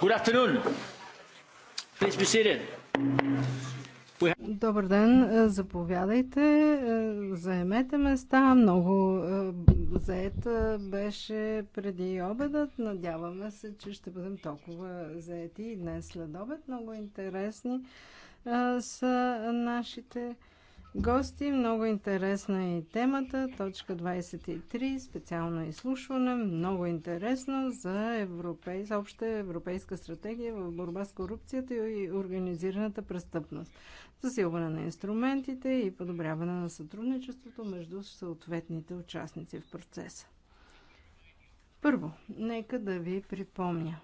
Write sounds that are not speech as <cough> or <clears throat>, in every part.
Good afternoon. Please be seated. Добър ден, е, заповядайте, е, заемете места. Много е, заед беше преди обедът. Надяваме се, че ще бъдем толкова заети и днес след обед. Много интересни са нашите гости. Много интересна е и темата. Точка 23. Специално изслушване. Много интересно за европейс, обща европейска стратегия в борба с корупцията и организираната престъпност. Засилване на инструментите и подобряване на сътрудничеството между съответните участници в процеса. Първо, нека да ви припомня.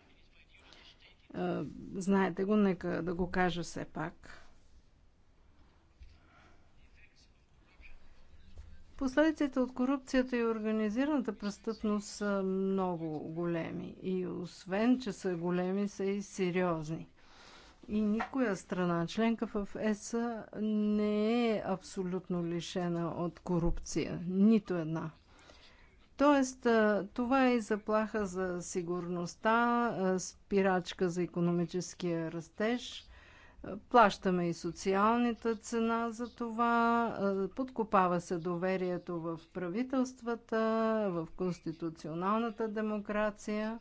Е, знаете го, нека да го кажа все пак Последиците от корупцията и организираната престъпност са много големи. И освен, че са големи, са и сериозни. И никоя страна, членка в ЕС, не е абсолютно лишена от корупция. Нито една. Тоест, това е и заплаха за сигурността, спирачка за економическия растеж – Плащаме и социалната цена за това, подкопава се доверието в правителствата, в конституционалната демокрация.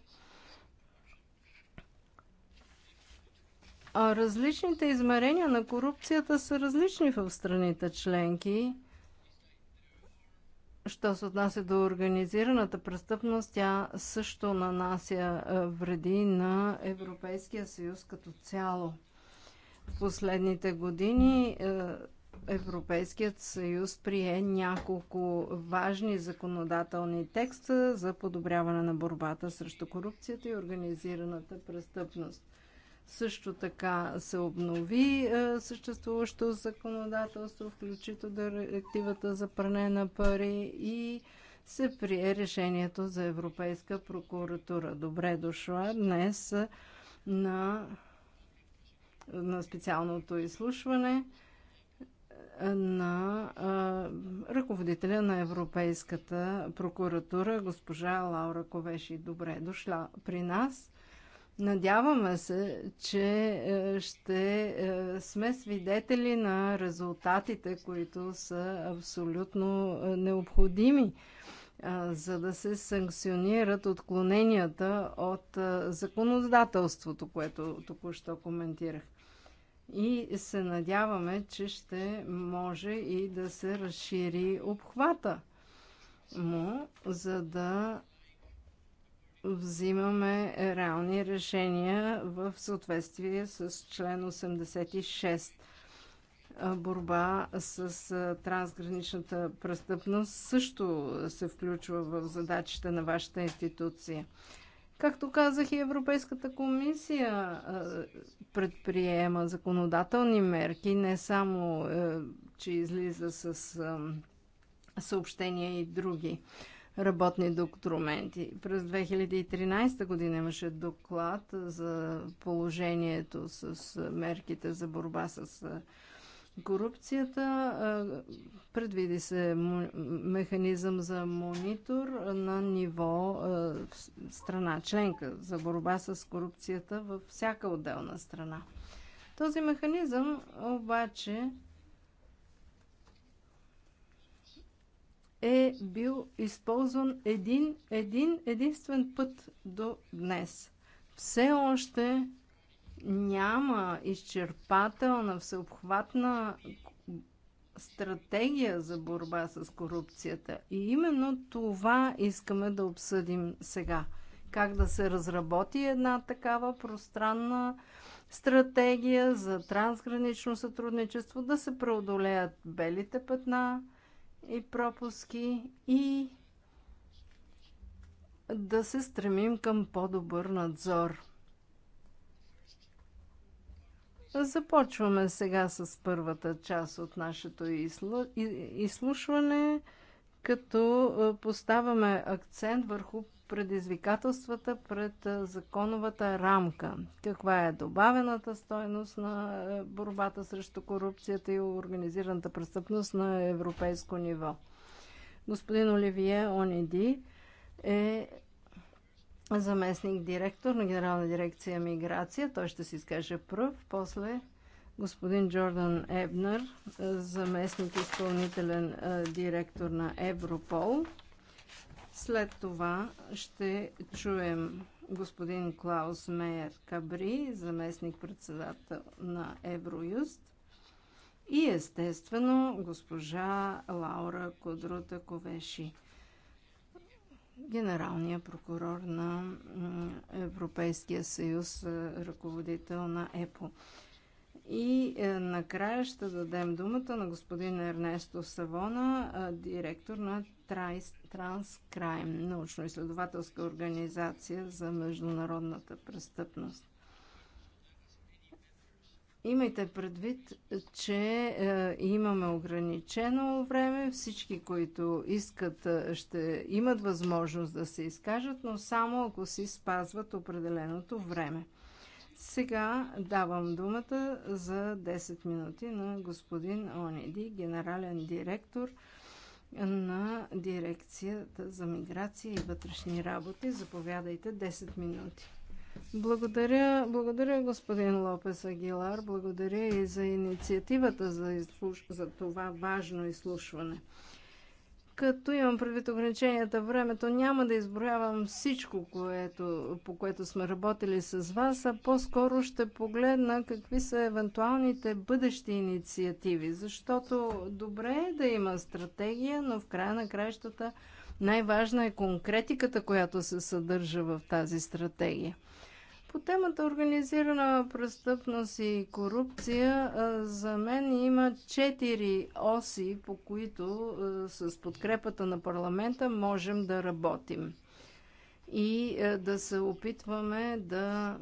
А различните измерения на корупцията са различни в страните членки. Що се отнася до организираната престъпност, тя също нанася вреди на Европейския съюз като цяло последните години е, Европейският съюз прие няколко важни законодателни текста за подобряване на борбата срещу корупцията и организираната престъпност. Също така се обнови е, съществуващо законодателство, включително директивата за пране на пари и се прие решението за Европейска прокуратура. Добре дошла днес на на специалното изслушване на а, ръководителя на Европейската прокуратура, госпожа Лаура Ковеши. Добре дошла при нас. Надяваме се, че е, ще е, сме свидетели на резултатите, които са абсолютно е, необходими, за да се санкционират отклоненията от законодателството, което току-що коментирах и се надяваме, че ще може и да се разшири обхвата му, за да взимаме реални решения в съответствие с член 86 борба с трансграничната престъпност също се включва в задачите на вашата институция. Както казах и Европейската комисия предприема законодателни мерки, не само, че излиза с съобщения и други работни документи. През 2013 година имаше доклад за положението с мерките за борба с корупцията. Предвиди се механизъм за монитор на ниво страна членка за борба с корупцията във всяка отделна страна. Този механизъм обаче е бил използван един, един единствен път до днес. Все още няма изчерпателна, всеобхватна стратегия за борба с корупцията. И именно това искаме да обсъдим сега. Как да се разработи една такава пространна стратегия за трансгранично сътрудничество, да се преодолеят белите петна и пропуски и да се стремим към по-добър надзор. Започваме сега с първата част от нашето изслушване, като поставяме акцент върху предизвикателствата пред законовата рамка. Каква е добавената стойност на борбата срещу корупцията и организираната престъпност на европейско ниво? Господин Оливие Ониди е заместник директор на Генерална дирекция Миграция. Той ще се изкаже пръв, после господин Джордан Ебнер, е, заместник изпълнителен е, директор на Европол. След това ще чуем господин Клаус Мейер Кабри, заместник председател на Евроюст. И естествено госпожа Лаура Кодрута Ковеши генералния прокурор на Европейския съюз, е, ръководител на ЕПО. И е, накрая ще дадем думата на господин Ернесто Савона, е, директор на Транскрайм, научно-изследователска организация за международната престъпност. Имайте предвид, че е, имаме ограничено време. Всички, които искат, е, ще имат възможност да се изкажат, но само ако си спазват определеното време. Сега давам думата за 10 минути на господин Онеди, генерален директор на Дирекцията за миграция и вътрешни работи. Заповядайте 10 минути. Благодаря, благодаря господин Лопес Агилар, благодаря и за инициативата за, изслуш... за това важно изслушване. Като имам предвид ограниченията времето, няма да изброявам всичко, което, по което сме работили с вас, а по-скоро ще погледна какви са евентуалните бъдещи инициативи. Защото добре е да има стратегия, но в края на краищата най-важна е конкретиката, която се съдържа в тази стратегия. По темата организирана престъпност и корупция, за мен има четири оси, по които с подкрепата на парламента можем да работим и да се опитваме да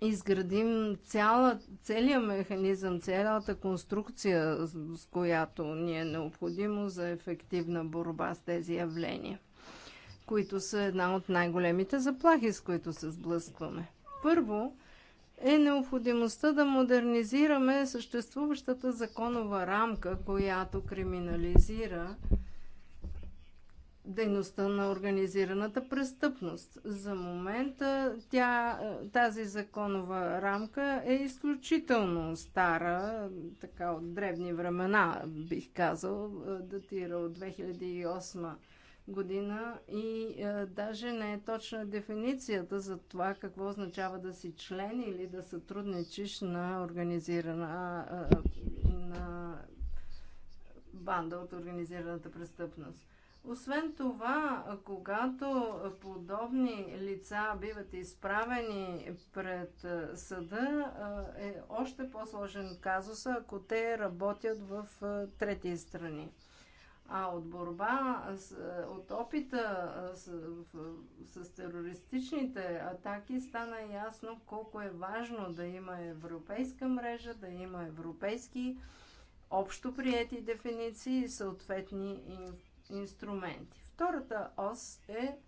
изградим цяла, целият механизъм, цялата конструкция, с която ни е необходимо за ефективна борба с тези явления които са една от най-големите заплахи, с които се сблъскваме. Първо е необходимостта да модернизираме съществуващата законова рамка, която криминализира дейността на организираната престъпност. За момента тя, тази законова рамка е изключително стара, така от древни времена, бих казал, датира от 2008 година и е, даже не е точна дефиницията за това какво означава да си член или да сътрудничиш на организирана е, на банда от организираната престъпност. Освен това, когато подобни лица биват изправени пред е, съда, е, е още по-сложен казус, ако те работят в е, трети страни. А от борба, е, от опита е, с, с, терористичните атаки стана ясно колко е важно да има европейска мрежа, да има европейски общо приети дефиниции и съответни инструменти. Втората ос е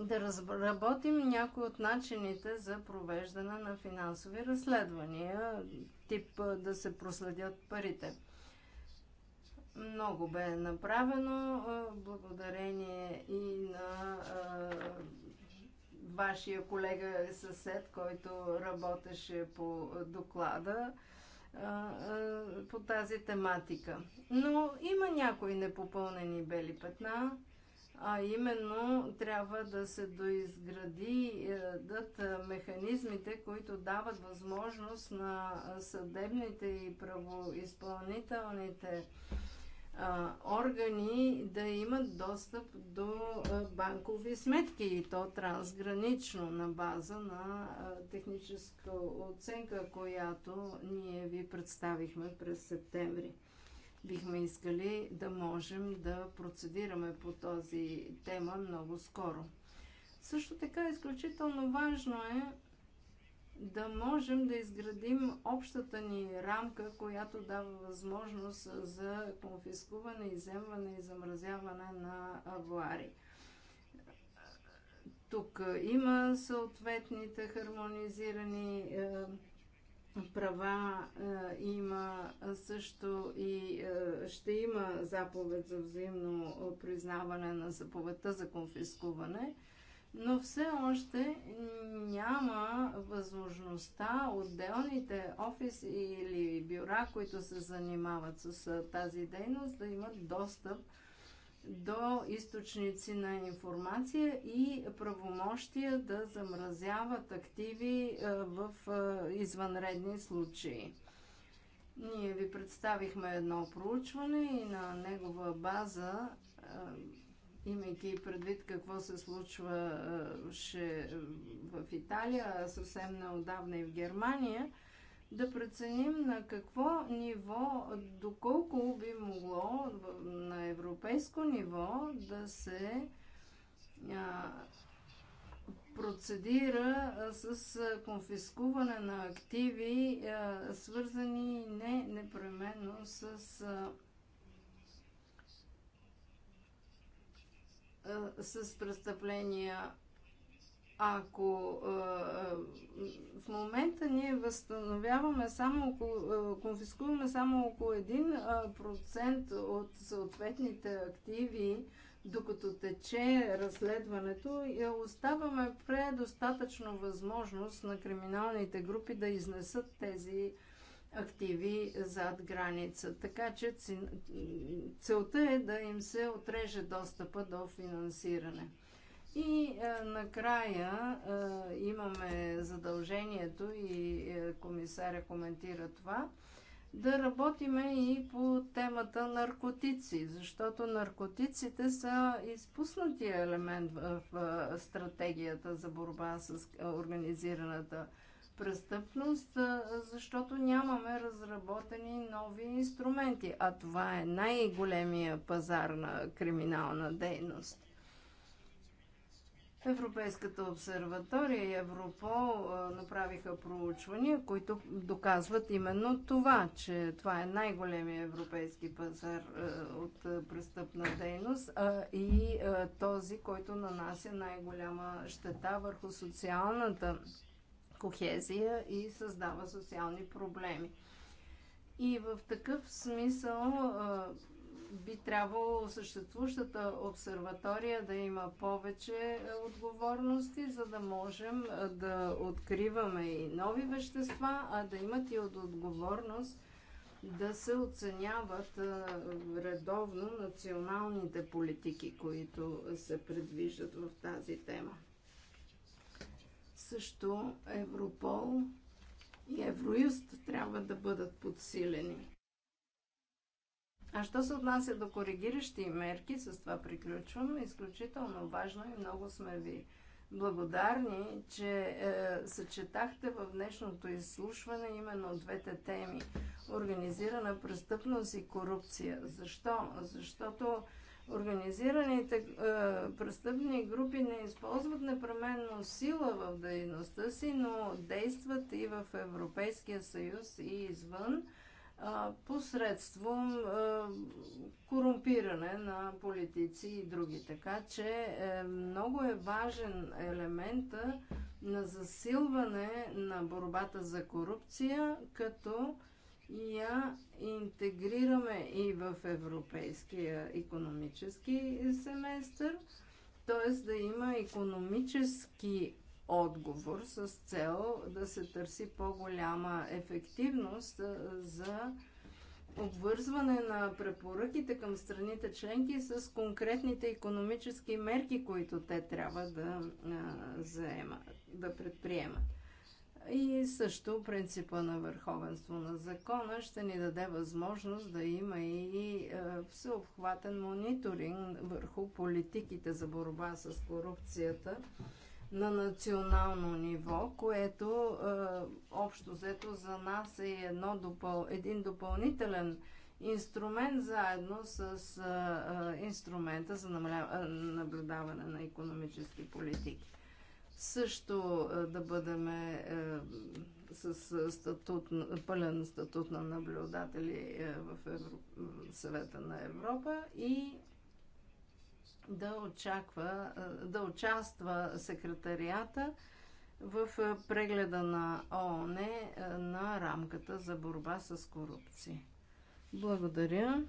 да разработим някои от начините за провеждане на финансови разследвания, тип е, да се проследят парите. Много бе направено благодарение и на вашия колега съсед, който работеше по доклада по тази тематика. Но има някои непопълнени бели петна, а именно трябва да се доизгради е, дат е, механизмите, които дават възможност на съдебните и правоизпълнителните органи да имат достъп до банкови сметки и то трансгранично на база на техническа оценка, която ние ви представихме през септември. Бихме искали да можем да процедираме по този тема много скоро. Също така изключително важно е да можем да изградим общата ни рамка, която дава възможност за конфискуване, иземване и замразяване на авуари. Тук има съответните хармонизирани е, права, е, има също и е, ще има заповед за взаимно признаване на заповедта за конфискуване но все още няма възможността отделните офиси или бюра, които се занимават с тази дейност, да имат достъп до източници на информация и правомощия да замразяват активи в извънредни случаи. Ние ви представихме едно проучване и на негова база имайки предвид какво се ще е, в Италия, а съвсем неодавна и в Германия, да преценим на какво ниво, доколко би могло на европейско ниво да се а, процедира с конфискуване на активи, а, свързани не непременно с а, с престъпления. Ако в момента ние възстановяваме само около, конфискуваме само около 1% от съответните активи, докато тече разследването, оставаме предостатъчно възможност на криминалните групи да изнесат тези активи зад граница. Така че целта е да им се отреже достъпа до финансиране. И а, е, накрая а, е, имаме задължението и е, комисаря коментира това, да работиме и по темата наркотици, защото наркотиците са изпуснатия елемент в, в стратегията за борба с организираната престъпност, защото нямаме разработени нови инструменти, а това е най-големия пазар на криминална дейност. Европейската обсерватория и Европол направиха проучвания, които доказват именно това, че това е най-големия европейски пазар от престъпна дейност и този, който нанася най-голяма щета върху социалната кохезия и създава социални проблеми. И в такъв смисъл би трябвало съществуващата обсерватория да има повече е, отговорности, за да можем да откриваме и нови вещества, а да имат и от отговорност да се оценяват редовно националните политики, които се предвиждат в тази тема. Също Европол и Евроюст трябва да бъдат подсилени. А що се отнася до коригиращи мерки, с това приключвам, изключително важно и много сме ви благодарни, че е, съчетахте в днешното изслушване именно двете теми – организирана престъпност и корупция. Защо? Защото Организираните е, престъпни групи не използват непременно сила в дейността си, но действат и в Европейския съюз и извън е, посредством е, корумпиране на политици и други. Така че е, много е важен елемента на засилване на борбата за корупция, като я интегрираме и в европейския економически семестър, т.е. да има економически отговор с цел да се търси по-голяма ефективност за обвързване на препоръките към страните членки с конкретните економически мерки, които те трябва да, заема, да предприемат. И също принципа на върховенство на закона ще ни даде възможност да има и е, всеобхватен мониторинг върху политиките за борба с корупцията на национално ниво, което е, общо взето за нас е едно допъл... един допълнителен инструмент заедно с е, инструмента за намаля... наблюдаване на економически политики също е, да бъдем е, с е, статут, пълен статут на наблюдатели в Евро... съвета на Европа и да, очаква, да участва секретарията в прегледа на ООН на рамката за борба с корупция. Благодаря.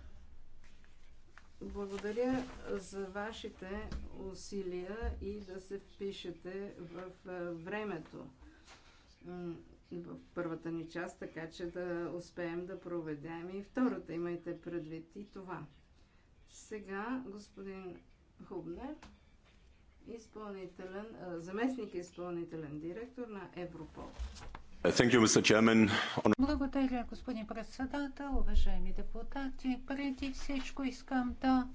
Благодаря за вашите усилия и да се впишете в времето в първата ни част, така че да успеем да проведем и втората. Имайте предвид и това. Сега господин Хубнер, изпълнителен, заместник изпълнителен директор на Европол. Благодаря, господин председател, уважаеми депутати. Преди всичко искам да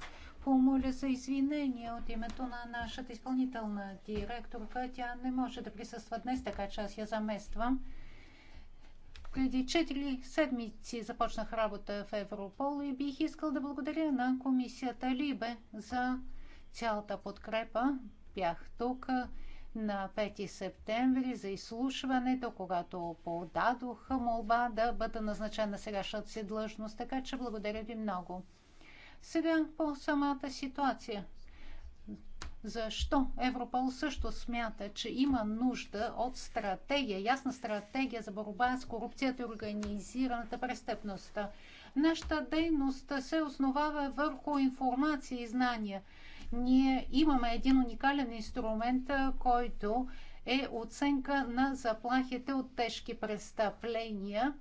помоля за извинение от името на нашата изпълнителна директорка. Тя не може да присъства днес, така че аз я замествам. Преди 4 седмици започнах работа в Европол и бих искал да благодаря на комисията Либе за цялата подкрепа. Бях тук на 5 септември за изслушването, когато подадох молба да бъда назначена на сегашната си длъжност. Така че благодаря ви много. Сега по самата ситуация. Защо Европол също смята, че има нужда от стратегия, ясна стратегия за борба с корупцията и организираната престъпност? Нашата дейност се основава върху информация и знания – ние имаме един уникален инструмент, който е оценка на заплахите от тежки престъпления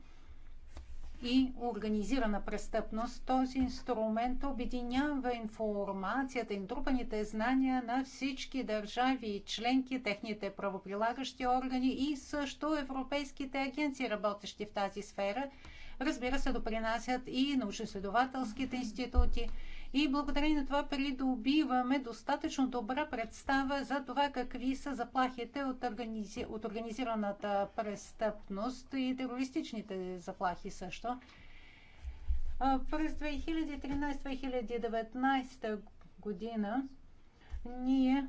и организирана престъпност. Този инструмент обединява информацията, интрупаните знания на всички държави и членки, техните правоприлагащи органи и също европейските агенции, работещи в тази сфера. Разбира се, допринасят и научно-следователските институти, и благодарение на това придобиваме достатъчно добра представа за това какви са заплахите от, организ... от организираната престъпност и терористичните заплахи също. През 2013-2019 година ние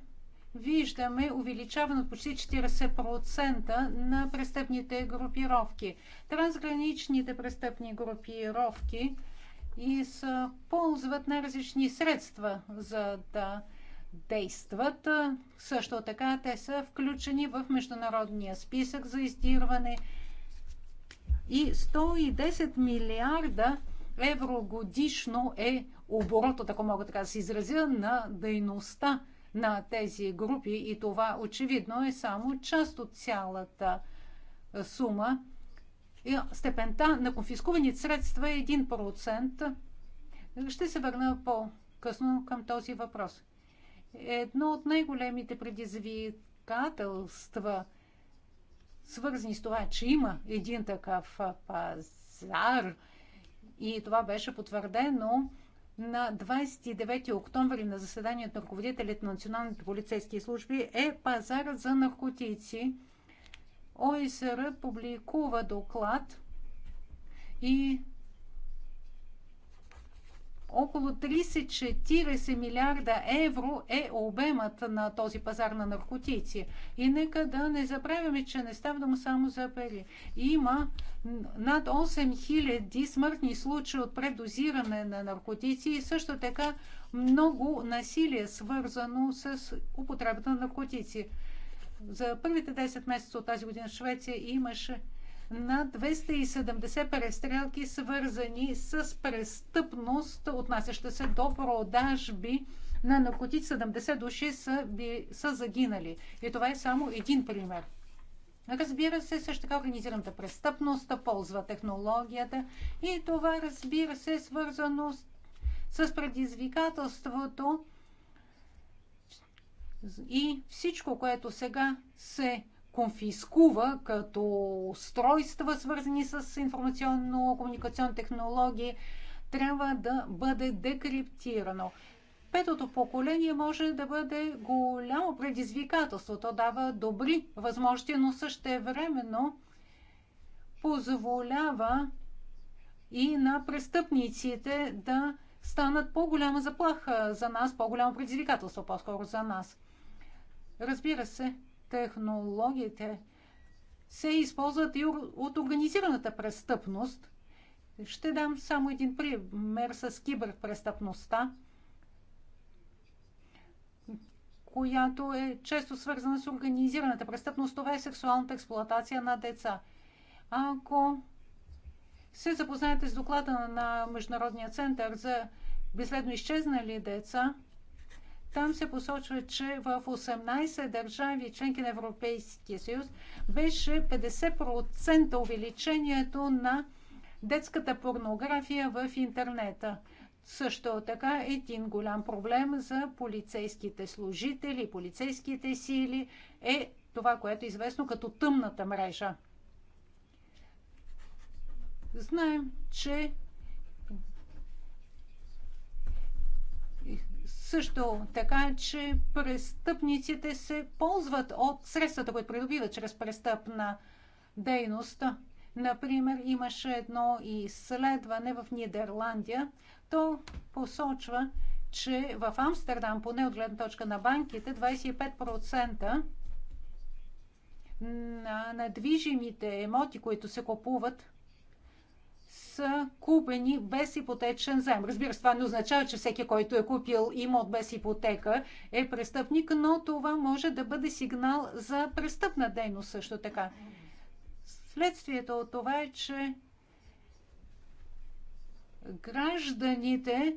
виждаме увеличаване от почти 40% на престъпните групировки. Трансграничните престъпни групировки и се ползват на различни средства, за да действат. Също така те са включени в международния списък за издирване и 110 милиарда евро годишно е оборот, ако мога така да се изразя, на дейността на тези групи и това очевидно е само част от цялата сума степента на конфискуваните средства е 1%. Ще се върна по-късно към този въпрос. Едно от най-големите предизвикателства, свързани с това, че има един такъв пазар, и това беше потвърдено на 29 октомври на заседанието на ръководителите на националните полицейски служби, е пазар за наркотици – ОСР публикува доклад и около 30-40 милиарда евро е обемът на този пазар на наркотици. И нека да не забравяме, че не става дума само за пари. Има над 8000 смъртни случаи от предозиране на наркотици и също така много насилие, свързано с употребата на наркотици. За първите 10 месеца от тази година в Швеция имаше на 270 престрелки, свързани с престъпност, отнасяща се до продажби на наркотици. 70 души са, би, са загинали. И това е само един пример. Разбира се, също така организираната престъпност ползва технологията и това, разбира се, е свързано с, с предизвикателството и всичко, което сега се конфискува като устройства, свързани с информационно-комуникационни технологии, трябва да бъде декриптирано. Петото поколение може да бъде голямо предизвикателство. То дава добри възможности, но също времено позволява и на престъпниците да станат по-голяма заплаха за нас, по-голямо предизвикателство по-скоро за нас. Разбира се, технологиите се използват и от организираната престъпност. Ще дам само един пример с киберпрестъпността, която е често свързана с организираната престъпност. Това е сексуалната експлоатация на деца. Ако се запознаете с доклада на Международния център за безследно изчезнали деца, там се посочва, че в 18 държави, членки на Европейския съюз, беше 50% увеличението на детската порнография в интернета. Също така един голям проблем за полицейските служители, полицейските сили е това, което е известно като тъмната мрежа. Знаем, че Също така, че престъпниците се ползват от средствата, които придобиват чрез престъпна дейност. Например, имаше едно изследване в Нидерландия. То посочва, че в Амстердам, поне от гледна точка на банките, 25% на недвижимите емоти, които се купуват, са купени без ипотечен заем. Разбира се, това не означава, че всеки, който е купил имот без ипотека, е престъпник, но това може да бъде сигнал за престъпна дейност също така. Следствието от това е, че гражданите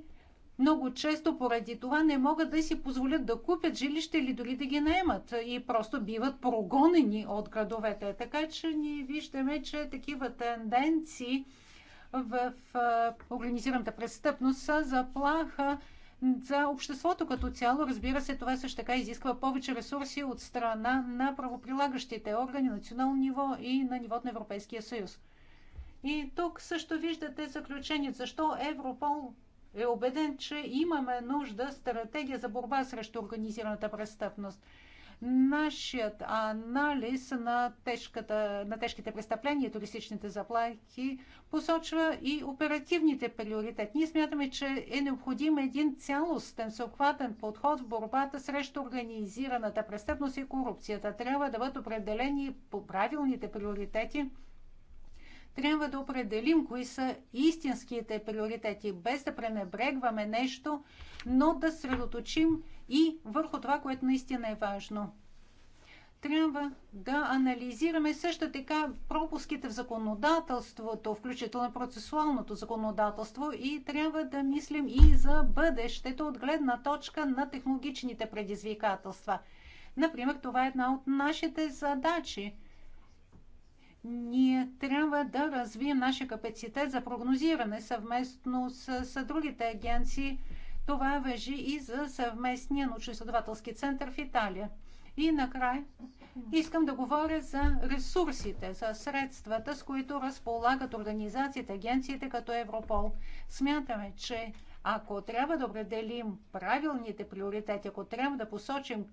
много често поради това не могат да си позволят да купят жилище или дори да ги наемат и просто биват прогонени от градовете. Така че ние виждаме, че такива тенденции в организираната престъпност са заплаха за обществото като цяло. Разбира се, това също така изисква повече ресурси от страна на правоприлагащите органи на национално ниво и на нивото на Европейския съюз. И тук също виждате заключение, защо Европол е убеден, че имаме нужда стратегия за борба срещу организираната престъпност – Нашият анализ на, тежката, на тежките престъпления и туристичните заплахи посочва и оперативните приоритети. Ние смятаме, че е необходим един цялостен, съобхватен подход в борбата срещу организираната престъпност и корупцията. Трябва да бъдат определени по правилните приоритети – трябва да определим кои са истинските приоритети, без да пренебрегваме нещо, но да средоточим и върху това, което наистина е важно. Трябва да анализираме също така пропуските в законодателството, включително процесуалното законодателство и трябва да мислим и за бъдещето от гледна точка на технологичните предизвикателства. Например, това е една от нашите задачи – ние трябва да развием нашия капацитет за прогнозиране съвместно с, с другите агенции. Това въжи и за съвместния научно-изследователски център в Италия. И накрая искам да говоря за ресурсите, за средствата, с които разполагат организациите, агенциите като Европол. Смятаме, че ако трябва да определим правилните приоритети, ако трябва да посочим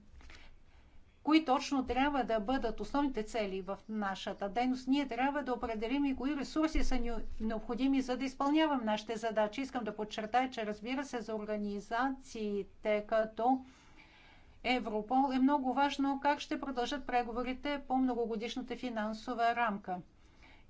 кои точно трябва да бъдат основните цели в нашата дейност, ние трябва да определим и кои ресурси са ни необходими, за да изпълнявам нашите задачи. Искам да подчертая, че разбира се, за организациите като Европол е много важно как ще продължат преговорите по многогодишната финансова рамка.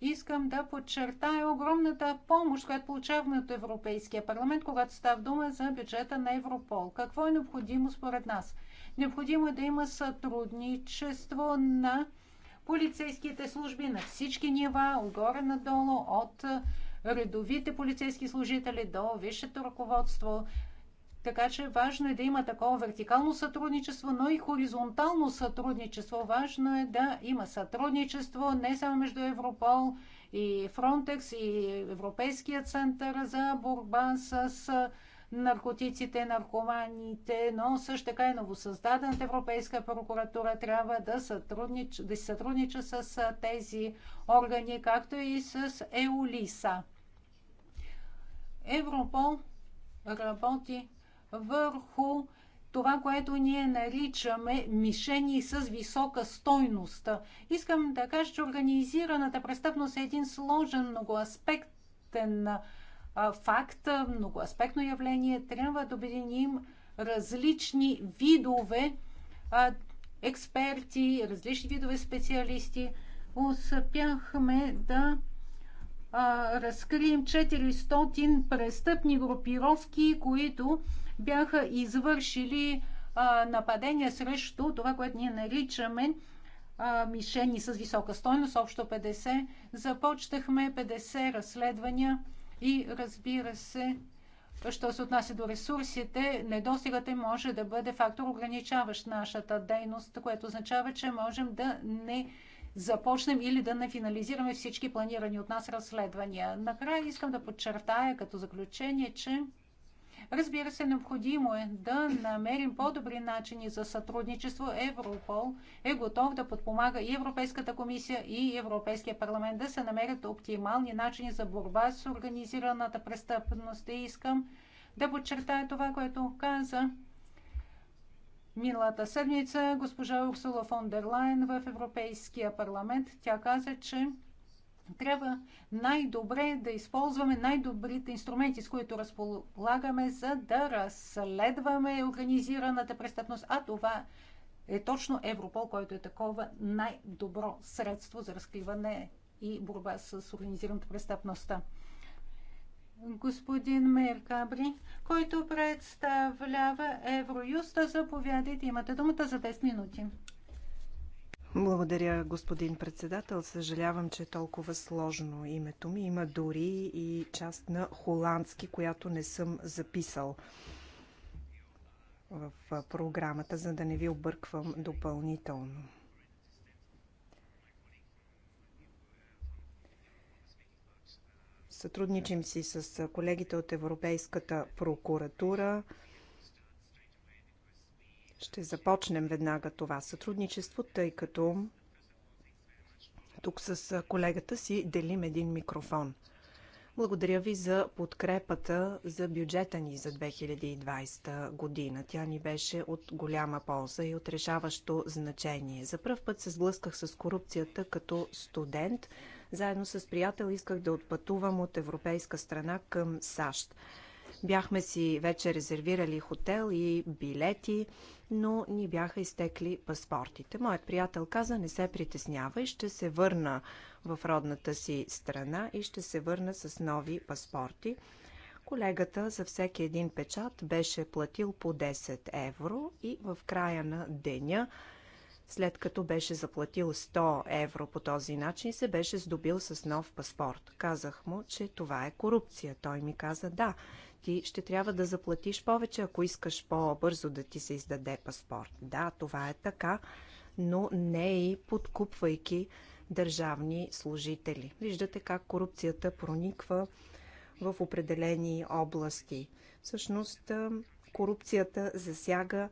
Искам да подчертая огромната помощ, която получаваме от Европейския парламент, когато става дума за бюджета на Европол. Какво е необходимо според нас? Необходимо е да има сътрудничество на полицейските служби на всички нива, отгоре надолу, от редовите полицейски служители до висшето ръководство. Така че важно е да има такова вертикално сътрудничество, но и хоризонтално сътрудничество. Важно е да има сътрудничество не само между Европол и Фронтекс и Европейския център за борба с наркотиците, наркоманите, но също така и новосъздадената Европейска прокуратура трябва да, сътруднич, да сътруднича с тези органи, както и с ЕОЛИСА. Европол работи върху това, което ние наричаме мишени с висока стойност. Искам да кажа, че организираната престъпност е един сложен многоаспектен факт, многоаспектно явление. Трябва да обединим различни видове експерти, различни видове специалисти. Успяхме да разкрием 400 престъпни групировки, които бяха извършили нападения срещу това, което ние наричаме мишени с висока стойност, общо 50. Започнахме 50 разследвания и разбира се, що се отнася до ресурсите, недостигът им може да бъде фактор, ограничаващ нашата дейност, което означава, че можем да не започнем или да не финализираме всички планирани от нас разследвания. Накрая искам да подчертая като заключение, че Разбира се, необходимо е да намерим по-добри начини за сътрудничество. Европол е готов да подпомага и Европейската комисия, и Европейския парламент да се намерят оптимални начини за борба с организираната престъпност. И искам да подчертая това, което каза Миналата седмица госпожа Урсула фон дер Лайн в Европейския парламент тя каза, че трябва най-добре да използваме най-добрите инструменти, с които разполагаме, за да разследваме организираната престъпност, а това е точно Европол, който е такова най-добро средство за разкриване и борба с организираната престъпността. Господин Мейр Кабри, който представлява Евроюста, заповядайте, имате думата за 10 минути. Благодаря, господин председател. Съжалявам, че е толкова сложно името ми. Има дори и част на холандски, която не съм записал в програмата, за да не ви обърквам допълнително. Сътрудничим си с колегите от Европейската прокуратура. Ще започнем веднага това сътрудничество, тъй като тук с колегата си делим един микрофон. Благодаря ви за подкрепата за бюджета ни за 2020 година. Тя ни беше от голяма полза и от решаващо значение. За пръв път се сблъсках с корупцията като студент. Заедно с приятел исках да отпътувам от европейска страна към САЩ. Бяхме си вече резервирали хотел и билети, но ни бяха изтекли паспортите. Моят приятел каза, не се притеснявай, ще се върна в родната си страна и ще се върна с нови паспорти. Колегата за всеки един печат беше платил по 10 евро и в края на деня след като беше заплатил 100 евро по този начин, се беше здобил с нов паспорт. Казах му, че това е корупция. Той ми каза, да, ти ще трябва да заплатиш повече, ако искаш по-бързо да ти се издаде паспорт. Да, това е така, но не и подкупвайки държавни служители. Виждате как корупцията прониква в определени области. Всъщност, корупцията засяга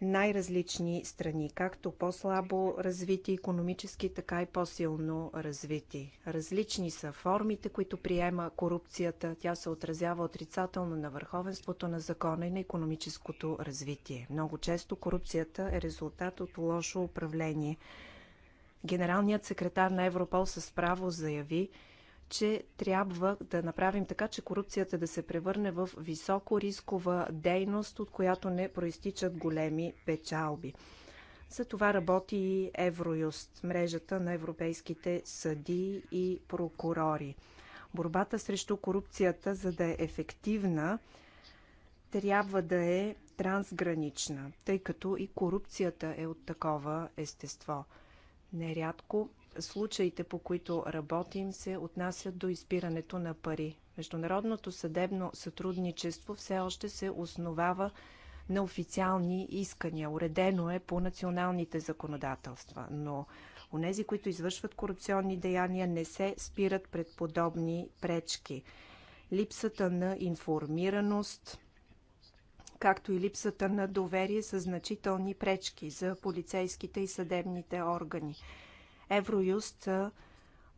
най-различни страни, както по-слабо развити економически, така и по-силно развити. Различни са формите, които приема корупцията. Тя се отразява отрицателно на върховенството на закона и на економическото развитие. Много често корупцията е резултат от лошо управление. Генералният секретар на Европол с право заяви, че трябва да направим така, че корупцията да се превърне в високо рискова дейност, от която не проистичат големи печалби. За това работи и Евроюст, мрежата на европейските съди и прокурори. Борбата срещу корупцията, за да е ефективна, трябва да е трансгранична, тъй като и корупцията е от такова естество. Нерядко случаите, по които работим, се отнасят до изпирането на пари. Международното съдебно сътрудничество все още се основава на официални искания. Уредено е по националните законодателства, но онези, които извършват корупционни деяния, не се спират пред подобни пречки. Липсата на информираност, както и липсата на доверие са значителни пречки за полицейските и съдебните органи. Евроюст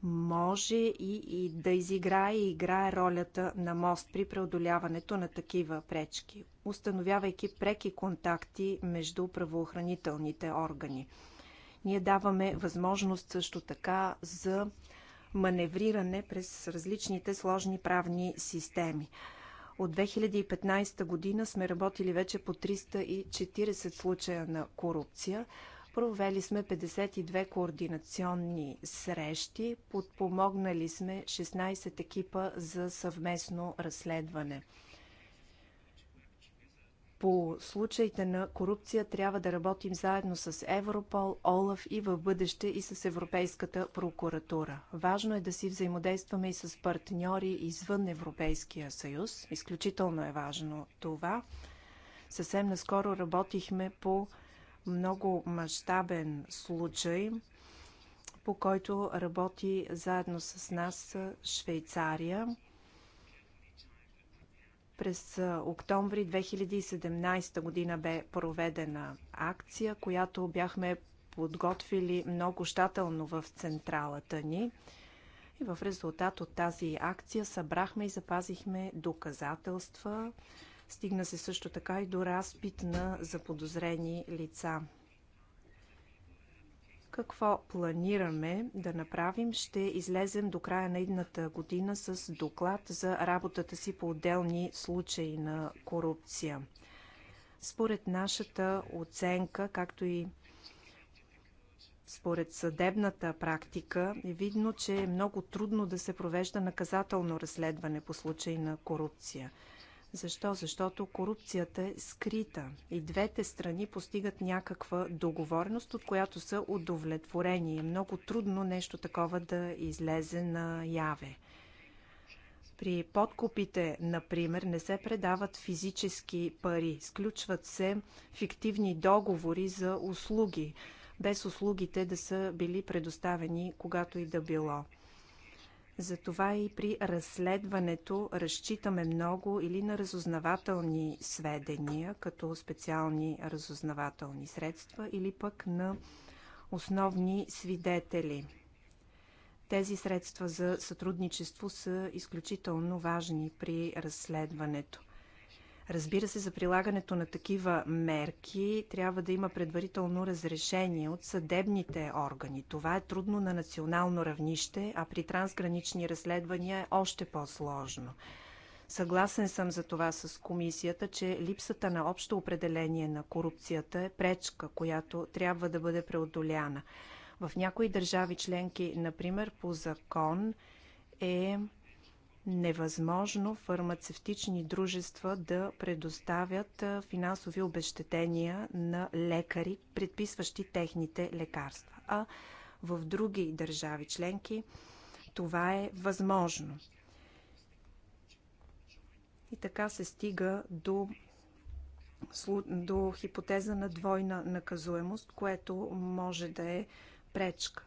може и, и да изиграе и играе ролята на мост при преодоляването на такива пречки, установявайки преки контакти между правоохранителните органи. Ние даваме възможност също така за маневриране през различните сложни правни системи. От 2015 година сме работили вече по 340 случая на корупция. Провели сме 52 координационни срещи, подпомогнали сме 16 екипа за съвместно разследване. По случаите на корупция трябва да работим заедно с Европол, ОЛАФ и в бъдеще и с Европейската прокуратура. Важно е да си взаимодействаме и с партньори извън Европейския съюз. Изключително е важно това. Съвсем наскоро работихме по много мащабен случай, по който работи заедно с нас Швейцария. През октомври 2017 година бе проведена акция, която бяхме подготвили много щателно в централата ни. И в резултат от тази акция събрахме и запазихме доказателства, Стигна се също така и до разпит на заподозрени лица. Какво планираме да направим? Ще излезем до края на едната година с доклад за работата си по отделни случаи на корупция. Според нашата оценка, както и според съдебната практика е видно, че е много трудно да се провежда наказателно разследване по случай на корупция. Защо? Защото корупцията е скрита и двете страни постигат някаква договореност, от която са удовлетворени. Е много трудно нещо такова да излезе на яве. При подкупите, например, не се предават физически пари, сключват се фиктивни договори за услуги, без услугите да са били предоставени когато и да било. Затова и при разследването разчитаме много или на разузнавателни сведения, като специални разузнавателни средства, или пък на основни свидетели. Тези средства за сътрудничество са изключително важни при разследването. Разбира се, за прилагането на такива мерки трябва да има предварително разрешение от съдебните органи. Това е трудно на национално равнище, а при трансгранични разследвания е още по-сложно. Съгласен съм за това с комисията, че липсата на общо определение на корупцията е пречка, която трябва да бъде преодоляна. В някои държави членки, например по закон, е невъзможно фармацевтични дружества да предоставят финансови обещетения на лекари, предписващи техните лекарства. А в други държави членки това е възможно. И така се стига до, до хипотеза на двойна наказуемост, което може да е пречка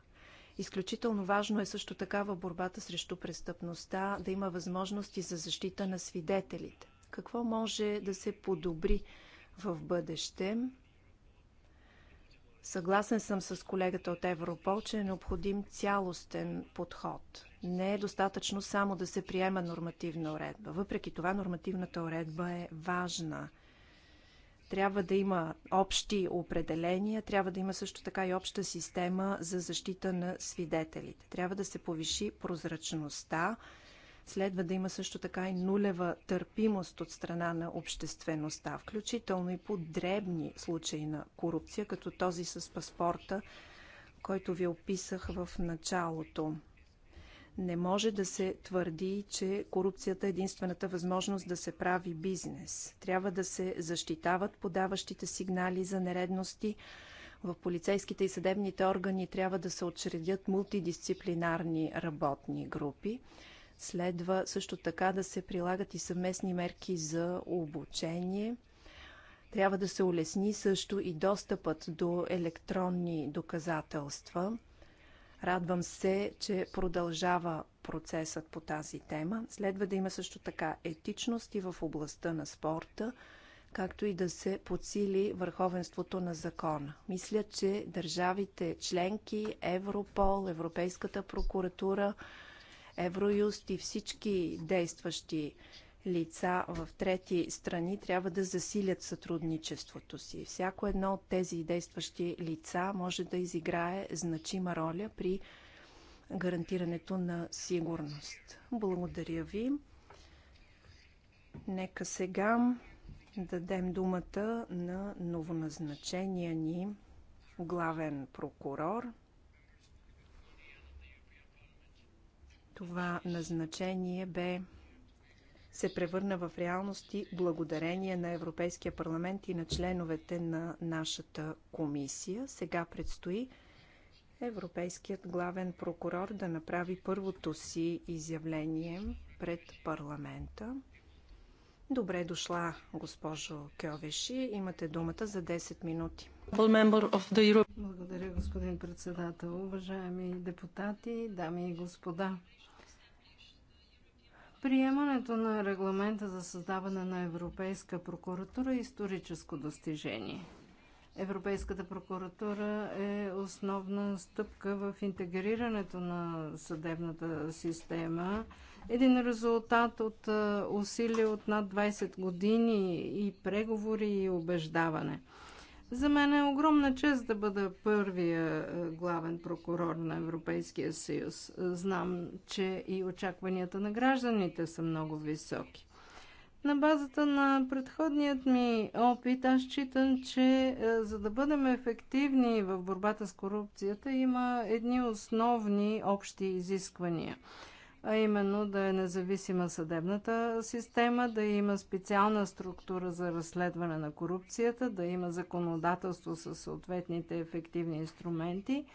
Изключително важно е също така в борбата срещу престъпността да има възможности за защита на свидетелите. Какво може да се подобри в бъдеще? Съгласен съм с колегата от Европол, че е необходим цялостен подход. Не е достатъчно само да се приема нормативна уредба. Въпреки това нормативната уредба е важна. Трябва да има общи определения, трябва да има също така и обща система за защита на свидетелите. Трябва да се повиши прозрачността, следва да има също така и нулева търпимост от страна на обществеността, включително и по дребни случаи на корупция, като този с паспорта, който ви описах в началото. Не може да се твърди, че корупцията е единствената възможност да се прави бизнес. Трябва да се защитават подаващите сигнали за нередности. В полицейските и съдебните органи трябва да се отчредят мултидисциплинарни работни групи. Следва също така да се прилагат и съвместни мерки за обучение. Трябва да се улесни също и достъпът до електронни доказателства Радвам се, че продължава процесът по тази тема. Следва да има също така етичност и в областта на спорта, както и да се подсили върховенството на закона. Мисля, че държавите членки, Европол, Европейската прокуратура, Евроюст и всички действащи лица в трети страни трябва да засилят сътрудничеството си. Всяко едно от тези действащи лица може да изиграе значима роля при гарантирането на сигурност. Благодаря ви. Нека сега дадем думата на новоназначения ни главен прокурор. Това назначение бе се превърна в реалности благодарение на Европейския парламент и на членовете на нашата комисия. Сега предстои Европейският главен прокурор да направи първото си изявление пред парламента. Добре дошла, госпожо Кьовеши. Имате думата за 10 минути. Благодаря, господин председател. Уважаеми депутати, дами и господа. Приемането на регламента за създаване на Европейска прокуратура е историческо достижение. Европейската прокуратура е основна стъпка в интегрирането на съдебната система. Един резултат от усилия от над 20 години и преговори и убеждаване – за мен е огромна чест да бъда първия е, главен прокурор на Европейския съюз. Знам, че и очакванията на гражданите са много високи. На базата на предходният ми опит, аз считам, че е, за да бъдем ефективни в борбата с корупцията, има едни основни общи изисквания – а именно да е независима съдебната система, да има специална структура за разследване на корупцията, да има законодателство с съответните ефективни инструменти,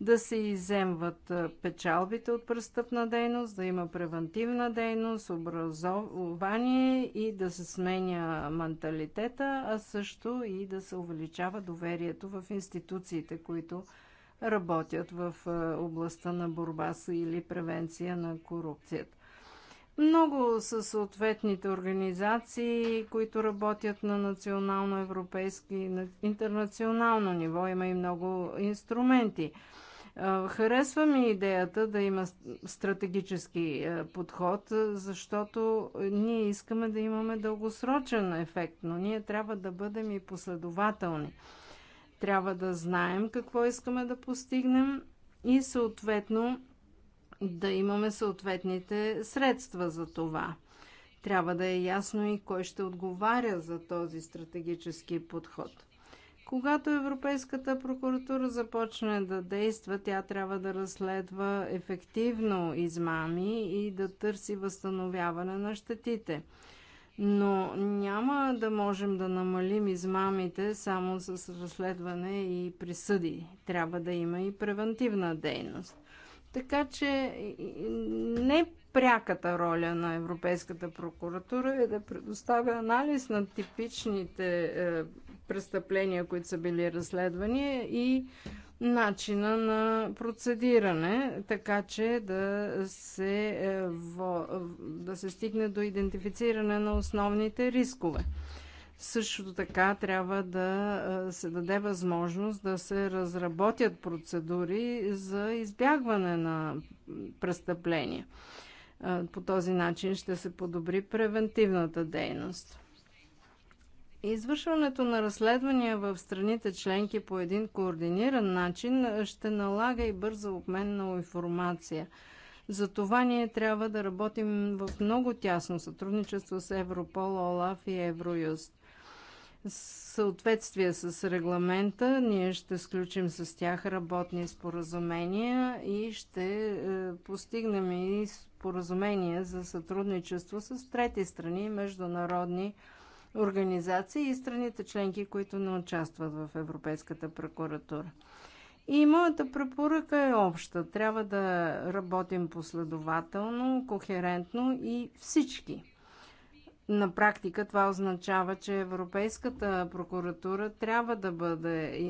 да се иземват печалбите от престъпна дейност, да има превентивна дейност, образование и да се сменя менталитета, а също и да се увеличава доверието в институциите, които работят в областта на борба с или превенция на корупцията. Много са съответните организации, които работят на национално, европейски и интернационално ниво. Има и много инструменти. Харесва ми идеята да има стратегически подход, защото ние искаме да имаме дългосрочен ефект, но ние трябва да бъдем и последователни. Трябва да знаем какво искаме да постигнем и съответно да имаме съответните средства за това. Трябва да е ясно и кой ще отговаря за този стратегически подход. Когато Европейската прокуратура започне да действа, тя трябва да разследва ефективно измами и да търси възстановяване на щетите но няма да можем да намалим измамите само с разследване и присъди. Трябва да има и превентивна дейност. Така че не пряката роля на Европейската прокуратура е да предоставя анализ на типичните е, престъпления, които са били разследвани и начина на процедиране, така че да се, е, да се стигне до идентифициране на основните рискове. Също така трябва да е, се даде възможност да се разработят процедури за избягване на престъпления. Е, по този начин ще се подобри превентивната дейност. Извършването на разследвания в страните членки по един координиран начин ще налага и бърза обмен на информация. За това ние трябва да работим в много тясно сътрудничество с Европол, ОЛАФ и Евроюст. съответствие с регламента, ние ще сключим с тях работни споразумения и ще е, постигнем и споразумения за сътрудничество с трети страни и международни организации организации и страните членки, които не участват в Европейската прокуратура. И моята препоръка е обща. Трябва да работим последователно, кохерентно и всички. На практика това означава, че Европейската прокуратура трябва да бъде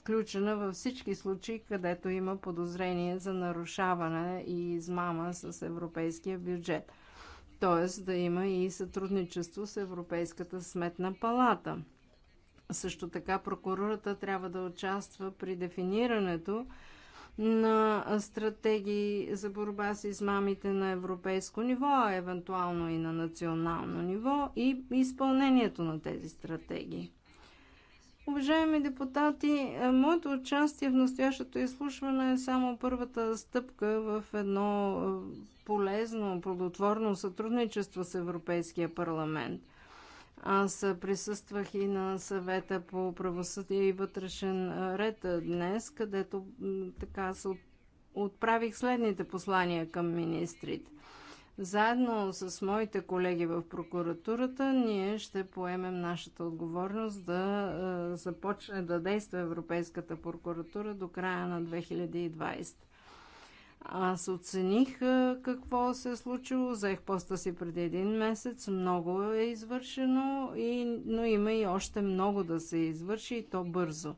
включена във всички случаи, където има подозрение за нарушаване и измама с европейския бюджет – т.е. да има и сътрудничество с Европейската сметна палата. Също така прокурората трябва да участва при дефинирането на стратегии за борба с измамите на европейско ниво, а евентуално и на национално ниво и изпълнението на тези стратегии. Уважаеми депутати, е, моето участие в настоящото изслушване е само първата стъпка в едно е, полезно, плодотворно сътрудничество с Европейския парламент. Аз е, присъствах и на съвета по правосъдие и вътрешен ред днес, където така се отправих следните послания към министрите. Заедно с моите колеги в прокуратурата ние ще поемем нашата отговорност да е, започне да действа Европейската прокуратура до края на 2020. Аз оцених е, какво се е случило, взех поста си преди един месец, много е извършено, и, но има и още много да се извърши и то бързо.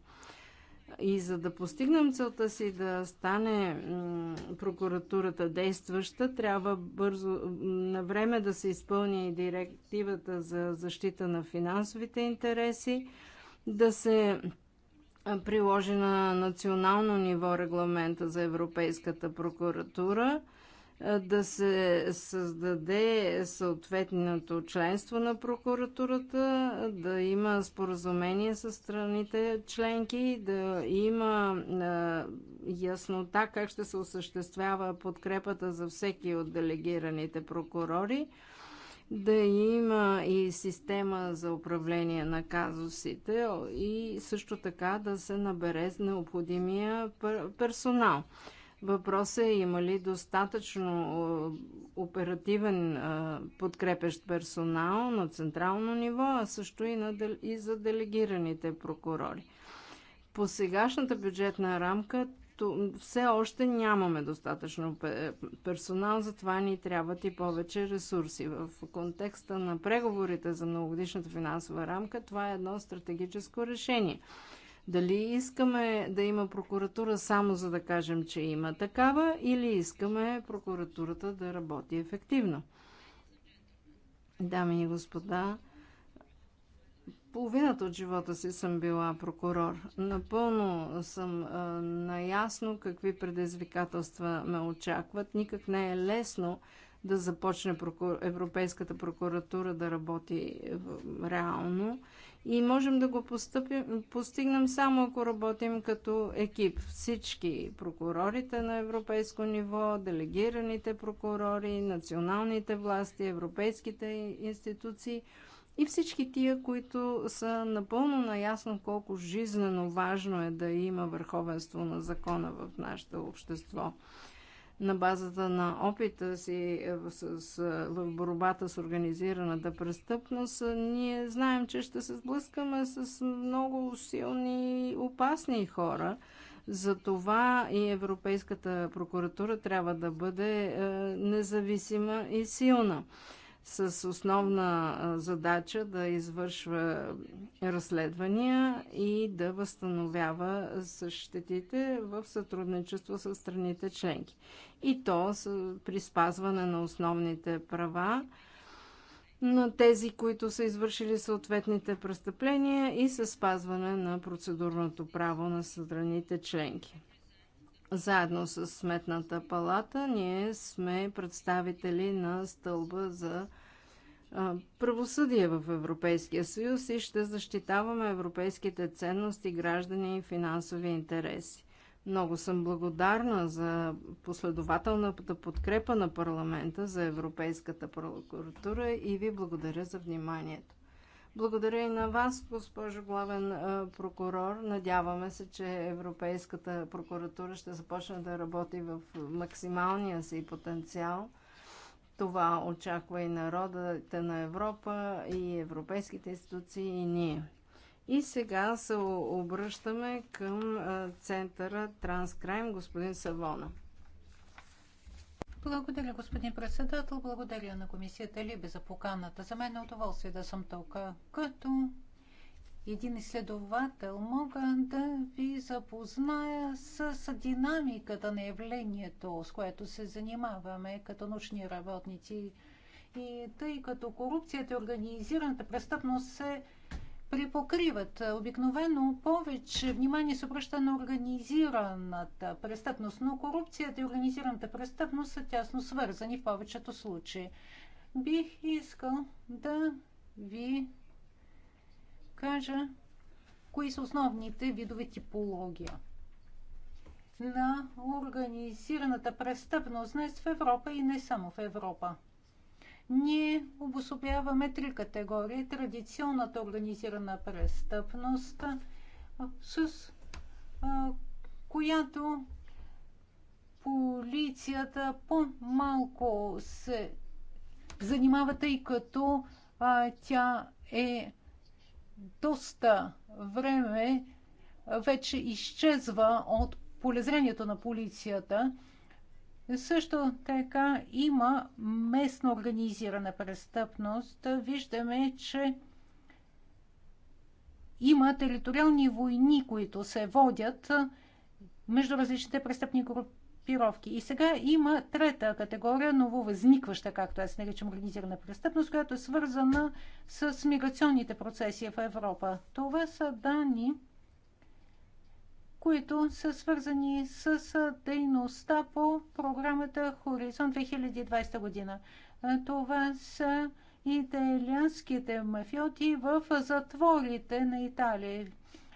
И за да постигнем целта си да стане прокуратурата действаща, трябва бързо на време да се изпълни и директивата за защита на финансовите интереси, да се приложи на национално ниво регламента за Европейската прокуратура – е, да се създаде съответното членство на прокуратурата, да има споразумение с страните членки, да има е, яснота как ще се осъществява подкрепата за всеки от делегираните прокурори, да има и система за управление на казусите и също така да се набере необходимия персонал. Въпросът е има ли достатъчно оперативен подкрепещ персонал на централно ниво, а също и, на, и за делегираните прокурори. По сегашната бюджетна рамка то все още нямаме достатъчно персонал, затова ни трябват и повече ресурси. В контекста на преговорите за многогодишната финансова рамка това е едно стратегическо решение – дали искаме да има прокуратура само за да кажем, че има такава, или искаме прокуратурата да работи ефективно? Дами и господа, половината от живота си съм била прокурор. Напълно съм а, наясно какви предизвикателства ме очакват. Никак не е лесно да започне прокур... Европейската прокуратура да работи реално и можем да го постъпим, постигнем само ако работим като екип. Всички прокурорите на европейско ниво, делегираните прокурори, националните власти, европейските институции и всички тия, които са напълно наясно колко жизнено важно е да има върховенство на закона в нашето общество на базата на опита си е, е, в борбата с организираната престъпност, е, ние знаем, че ще се сблъскаме с много силни и опасни хора. Затова и Европейската прокуратура трябва да бъде независима и силна с основна задача да извършва разследвания и да възстановява същитите в сътрудничество с страните членки. И то при спазване на основните права на тези, които са извършили съответните престъпления и със спазване на процедурното право на страните членки. Заедно с Сметната палата ние сме представители на стълба за правосъдие в Европейския съюз и ще защитаваме европейските ценности, граждани и финансови интереси. Много съм благодарна за последователната подкрепа на парламента за Европейската прокуратура и ви благодаря за вниманието. Благодаря и на вас, госпожо главен прокурор. Надяваме се, че Европейската прокуратура ще започне да работи в максималния си потенциал. Това очаква и народите на Европа, и европейските институции, и ние. И сега се обръщаме към центъра Транскрайм, господин Савона. Благодаря, господин председател. Благодаря на комисията Либе за поканата. За мен е удоволствие да съм тук. Като един изследовател мога да ви запозная с динамиката на явлението, с което се занимаваме като научни работници. И тъй като корупцията и организираната престъпност се припокриват. Обикновено повече внимание се обръща на организираната престъпност, но корупцията и организираната престъпност са тясно свързани в повечето случаи. Бих искал да ви кажа кои са основните видове типология на организираната престъпност днес в Европа и не само в Европа. Ние обособяваме три категории. Традиционната организирана престъпност, с която полицията по-малко се занимава, тъй като а, тя е доста време вече изчезва от полезрението на полицията. Също така има местно организирана престъпност. Виждаме, че има териториални войни, които се водят между различните престъпни групировки. И сега има трета категория, нововъзникваща, както аз наричам организирана престъпност, която е свързана с миграционните процеси в Европа. Това са данни, които са свързани с дейността по програмата Хоризонт 2020 година. Това са италианските мафиоти в затворите на Италия.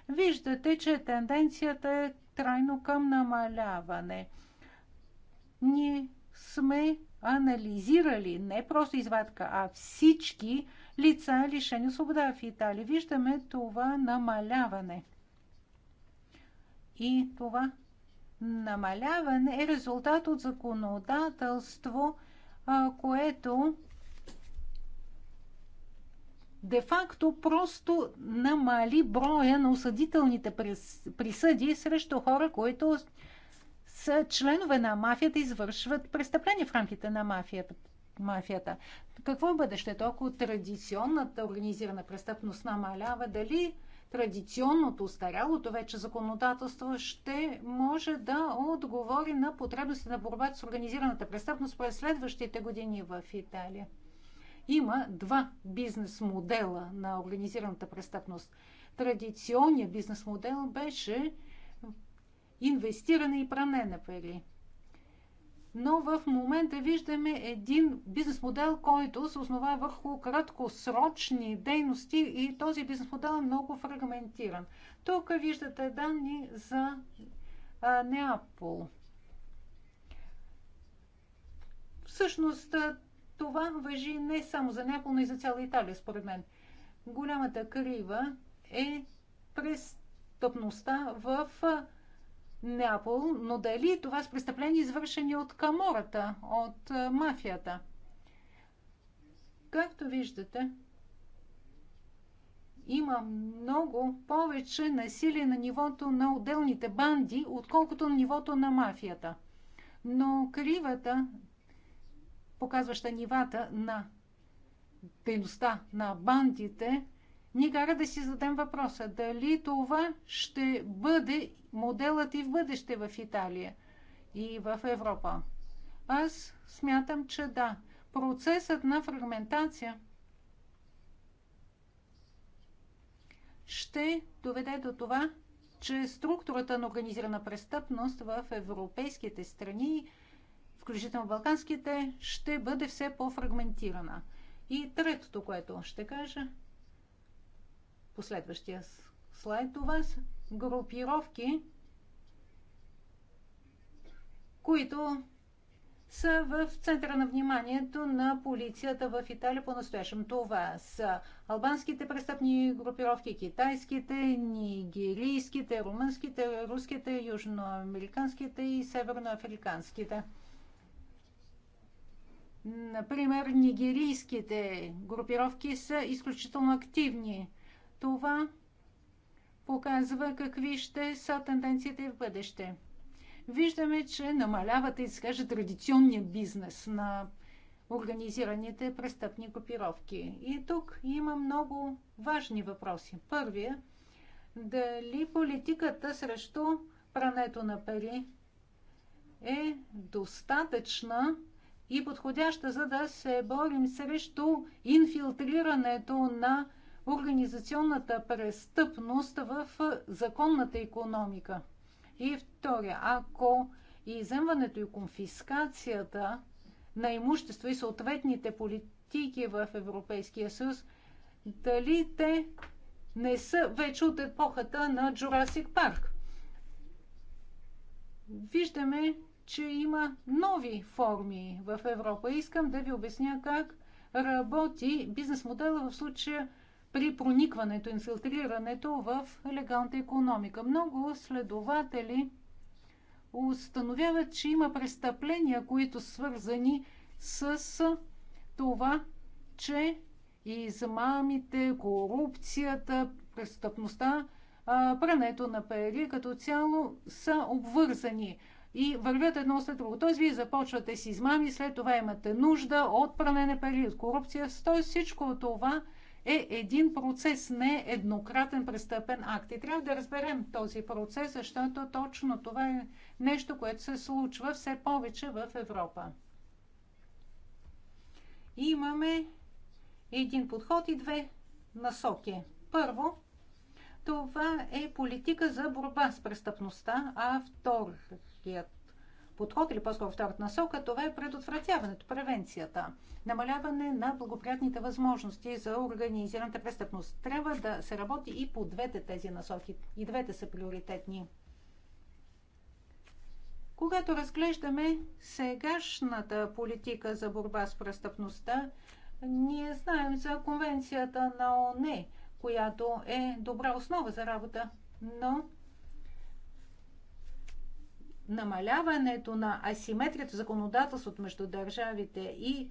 Виждате, че тенденцията е трайно към намаляване. Ние сме анализирали не просто извадка, а всички лица лишени свобода в Италия. Виждаме това намаляване. И това намаляване е резултат от законодателство, което де-факто просто намали броя на осъдителните присъди срещу хора, които са членове на мафията, извършват престъпления в рамките на мафията. мафията. Какво е бъдещето, ако традиционната организирана престъпност намалява? Дали традиционното, устарялото вече законодателство ще може да отговори на потребности на борбата с организираната престъпност през следващите години в Италия. Има два бизнес модела на организираната престъпност. Традиционният бизнес модел беше инвестиране и пране на пари но в момента виждаме един бизнес модел, който се основа върху краткосрочни дейности и този бизнес модел е много фрагментиран. Тук виждате данни за а, Неапол. Всъщност това въжи не само за Неапол, но и за цяла Италия, според мен. Голямата крива е престъпността в Неапол, но дали това е с престъпления извършени от камората, от е, мафията? Както виждате, има много повече насилие на нивото на отделните банди, отколкото на нивото на мафията. Но кривата, показваща нивата на дейността на бандите, ни кара да си зададем въпроса дали това ще бъде моделът и в бъдеще в Италия и в Европа? Аз смятам, че да. Процесът на фрагментация ще доведе до това, че структурата на организирана престъпност в европейските страни, включително балканските, ще бъде все по-фрагментирана. И третото, което ще кажа, последващия слайд до вас, групировки, които са в центъра на вниманието на полицията в Италия по-настоящем. Това са албанските престъпни групировки, китайските, нигерийските, румънските, руските, южноамериканските и северноафриканските. Например, нигерийските групировки са изключително активни. Това показва какви ще са тенденциите в бъдеще. Виждаме, че намалява, да се традиционния бизнес на организираните престъпни групировки. И тук има много важни въпроси. Първия дали политиката срещу прането на пари е достатъчна и подходяща, за да се борим срещу инфилтрирането на организационната престъпност в законната економика. И втория, ако иземването и конфискацията на имущество и съответните политики в Европейския съюз, дали те не са вече от епохата на Джурасик парк. Виждаме, че има нови форми в Европа. Искам да ви обясня как работи бизнес модела в случая при проникването, инфилтрирането в легалната економика. Много следователи установяват, че има престъпления, които свързани с това, че измамите, корупцията, престъпността, прането на пари като цяло са обвързани и вървят едно след друго. Тоест, вие започвате с измами, след това имате нужда от пране на пари, от корупция. Тоест, всичко това е един процес, не еднократен престъпен акт. И трябва да разберем този процес, защото точно това е нещо, което се случва все повече в Европа. И имаме един подход и две насоки. Първо, това е политика за борба с престъпността, а вторият подход или по-скоро втората насока, това е предотвратяването, превенцията, намаляване на благоприятните възможности за организираната престъпност. Трябва да се работи и по двете тези насоки. И двете са приоритетни. Когато разглеждаме сегашната политика за борба с престъпността, ние знаем за конвенцията на ОНЕ, която е добра основа за работа, но намаляването на асиметрията законодателство законодателството между държавите и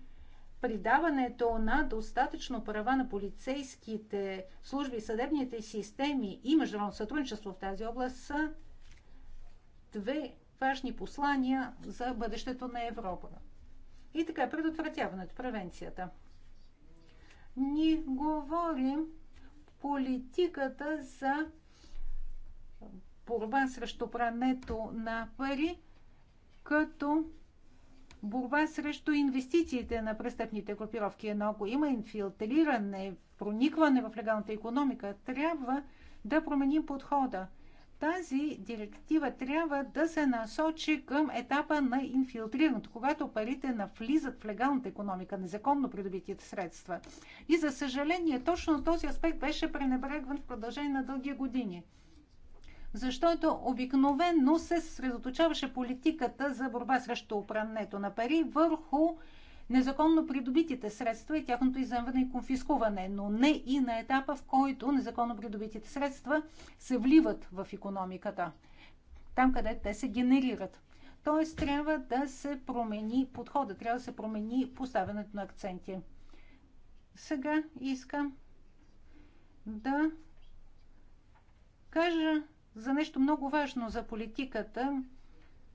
придаването на достатъчно права на полицейските служби, съдебните системи и международно сътрудничество в тази област са две важни послания за бъдещето на Европа. И така, предотвратяването, превенцията. Ние говорим политиката за борба срещу прането на пари, като борба срещу инвестициите на престъпните групировки. Но ако има инфилтриране, проникване в легалната економика, трябва да променим подхода. Тази директива трябва да се насочи към етапа на инфилтрирането, когато парите навлизат в легалната економика, незаконно придобитите средства. И за съжаление, точно този аспект беше пренебрегван в продължение на дълги години защото обикновено се средоточаваше политиката за борба срещу опрането на пари върху незаконно придобитите средства и тяхното иземване и конфискуване, но не и на етапа, в който незаконно придобитите средства се вливат в економиката, там къде те се генерират. Т.е. трябва да се промени подхода, трябва да се промени поставянето на акценти. Сега искам да кажа за нещо много важно за политиката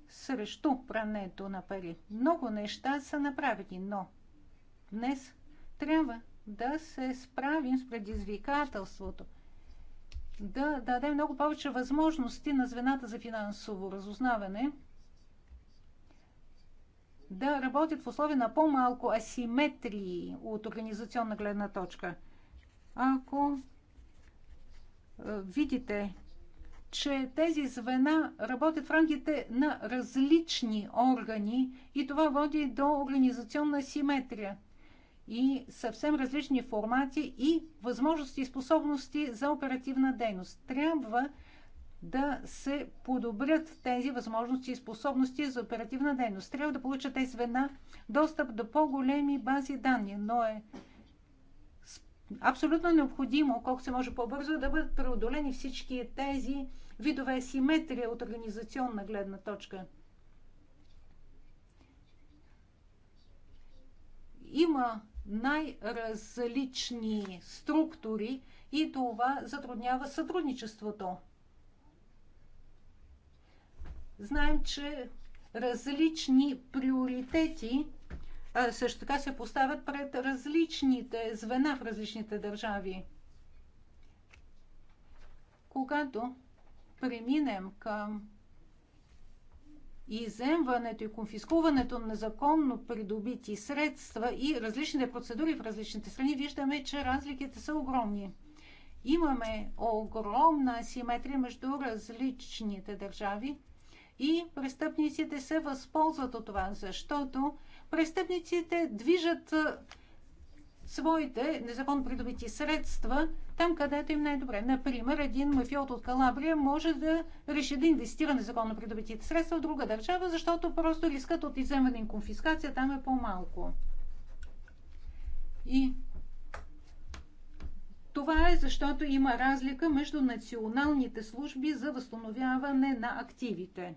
срещу прането на пари. Много неща са направени, но днес трябва да се справим с предизвикателството, да дадем много повече възможности на звената за финансово разузнаване да работят в условия на по-малко асиметрии от организационна гледна точка. Ако видите че тези звена работят в рамките на различни органи и това води до организационна симетрия и съвсем различни формати и възможности и способности за оперативна дейност. Трябва да се подобрят тези възможности и способности за оперативна дейност. Трябва да получат тези звена достъп до по-големи бази данни, но е абсолютно необходимо, колко се може по-бързо, да бъдат преодолени всички тези видове симетрия от организационна гледна точка. Има най-различни структури и това затруднява сътрудничеството. Знаем, че различни приоритети също така се поставят пред различните звена в различните държави. Когато преминем към иземването и конфискуването на незаконно придобити средства и различните процедури в различните страни, виждаме, че разликите са огромни. Имаме огромна асиметрия между различните държави и престъпниците се възползват от това, защото престъпниците движат своите незаконно придобити средства там, където им най-добре. Е Например, един мафиот от Калабрия може да реши да инвестира незаконно придобитите средства в друга държава, защото просто рискът от иземване и конфискация там е по-малко. И това е защото има разлика между националните служби за възстановяване на активите.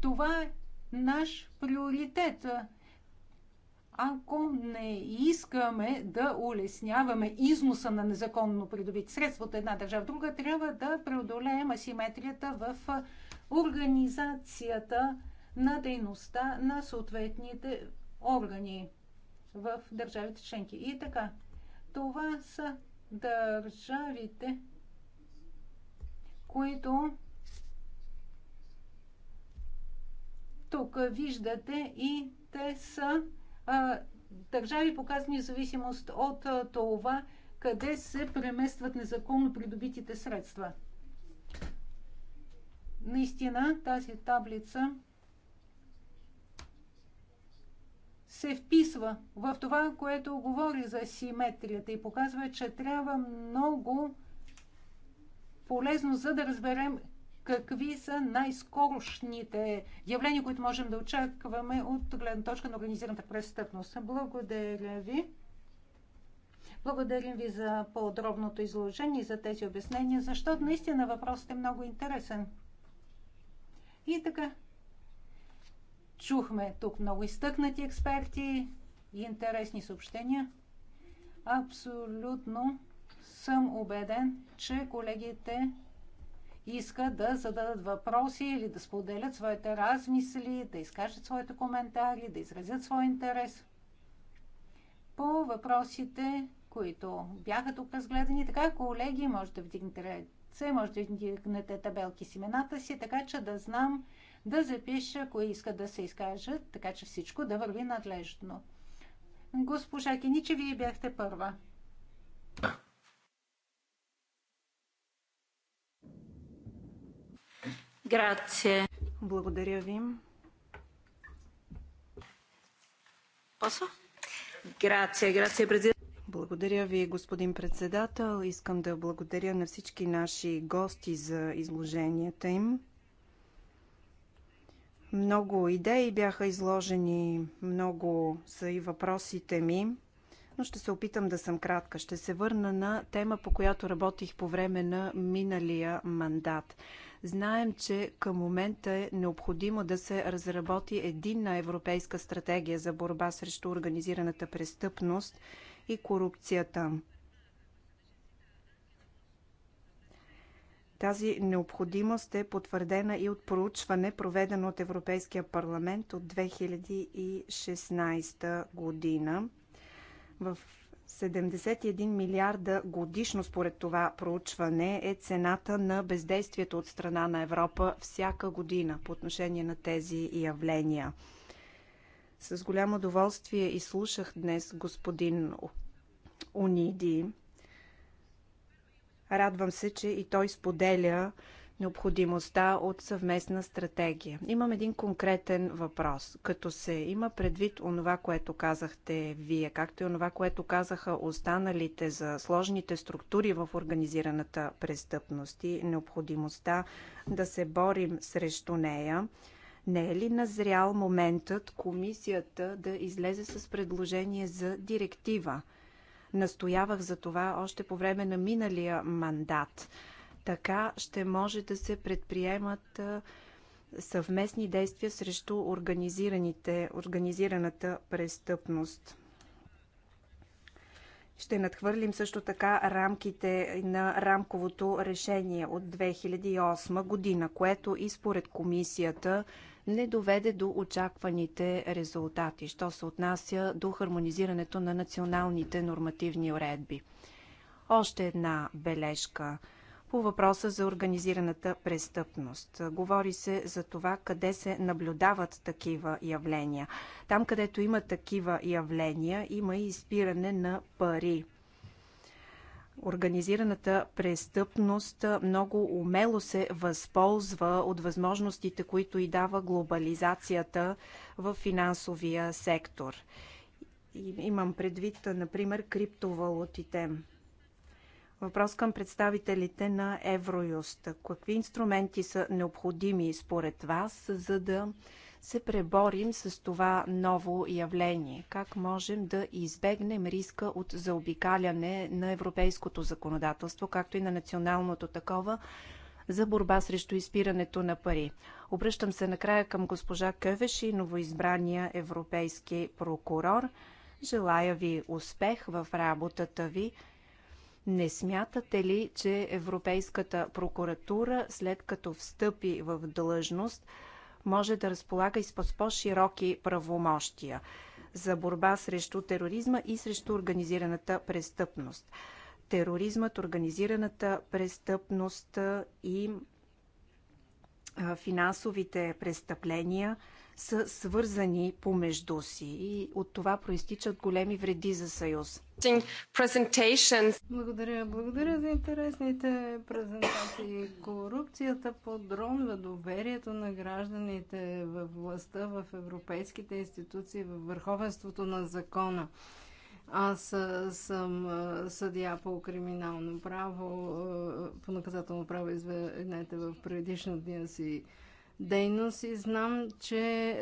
Това е наш приоритет ако не искаме да улесняваме износа на незаконно придобити средства от една държава в друга, трябва да преодолеем асиметрията в организацията на дейността на съответните органи в държавите членки. И така, това са държавите, които тук виждате и те са държави показват независимост от това, къде се преместват незаконно придобитите средства. Наистина тази таблица се вписва в това, което говори за симетрията и показва, че трябва много полезно, за да разберем какви са най-скорошните явления, които можем да очакваме от гледна точка на организираната престъпност. Благодаря ви. Благодарим ви за по-подробното изложение и за тези обяснения, защото наистина въпросът е много интересен. И така, чухме тук много изтъкнати експерти и интересни съобщения. Абсолютно съм убеден, че колегите искат да зададат въпроси или да споделят своите размисли, да изкажат своите коментари, да изразят своя интерес по въпросите, които бяха тук разгледани. Така, колеги, може да вдигнете ръце, може да вдигнете табелки с имената си, така че да знам да запиша, кои искат да се изкажат, така че всичко да върви надлежно. Госпожа Киниче, вие бяхте първа. Грация. Благодаря ви. Посо? Грация, грация, президент. Благодаря ви, господин председател. Искам да благодаря на всички наши гости за изложенията им. Много идеи бяха изложени, много са и въпросите ми, но ще се опитам да съм кратка. Ще се върна на тема, по която работих по време на миналия мандат – Знаем, че към момента е необходимо да се разработи единна европейска стратегия за борба срещу организираната престъпност и корупцията. Тази необходимост е потвърдена и от проучване, проведено от Европейския парламент от 2016 година. В 71 милиарда годишно според това проучване е цената на бездействието от страна на Европа всяка година по отношение на тези явления. С голямо удоволствие и слушах днес господин Униди. Радвам се, че и той споделя необходимостта от съвместна стратегия. Имам един конкретен въпрос. Като се има предвид онова, което казахте вие, както и онова, което казаха останалите за сложните структури в организираната престъпност и необходимостта да се борим срещу нея, не е ли назрял моментът комисията да излезе с предложение за директива? Настоявах за това още по време на миналия мандат – така ще може да се предприемат съвместни действия срещу организираната престъпност. Ще надхвърлим също така рамките на рамковото решение от 2008 година, което и според комисията не доведе до очакваните резултати, що се отнася до хармонизирането на националните нормативни уредби. Още една бележка – по въпроса за организираната престъпност. Говори се за това къде се наблюдават такива явления. Там, където има такива явления, има и изпиране на пари. Организираната престъпност много умело се възползва от възможностите, които и дава глобализацията в финансовия сектор. Имам предвид, например, криптовалутите. Въпрос към представителите на Евроюст. Какви инструменти са необходими според вас, за да се преборим с това ново явление? Как можем да избегнем риска от заобикаляне на европейското законодателство, както и на националното такова, за борба срещу изпирането на пари? Обръщам се накрая към госпожа Кевеши, новоизбрания европейски прокурор. Желая ви успех в работата ви. Не смятате ли, че Европейската прокуратура, след като встъпи в длъжност, може да разполага и с по-широки правомощия за борба срещу тероризма и срещу организираната престъпност? Тероризмът, организираната престъпност и финансовите престъпления – са свързани помежду си и от това проистичат големи вреди за Съюз. Благодаря, благодаря за интересните презентации. Корупцията подронва доверието на гражданите в властта, в европейските институции, в върховенството на закона. Аз съм съдия по криминално право, по наказателно право, извинете, в дня си дейност и знам, че е,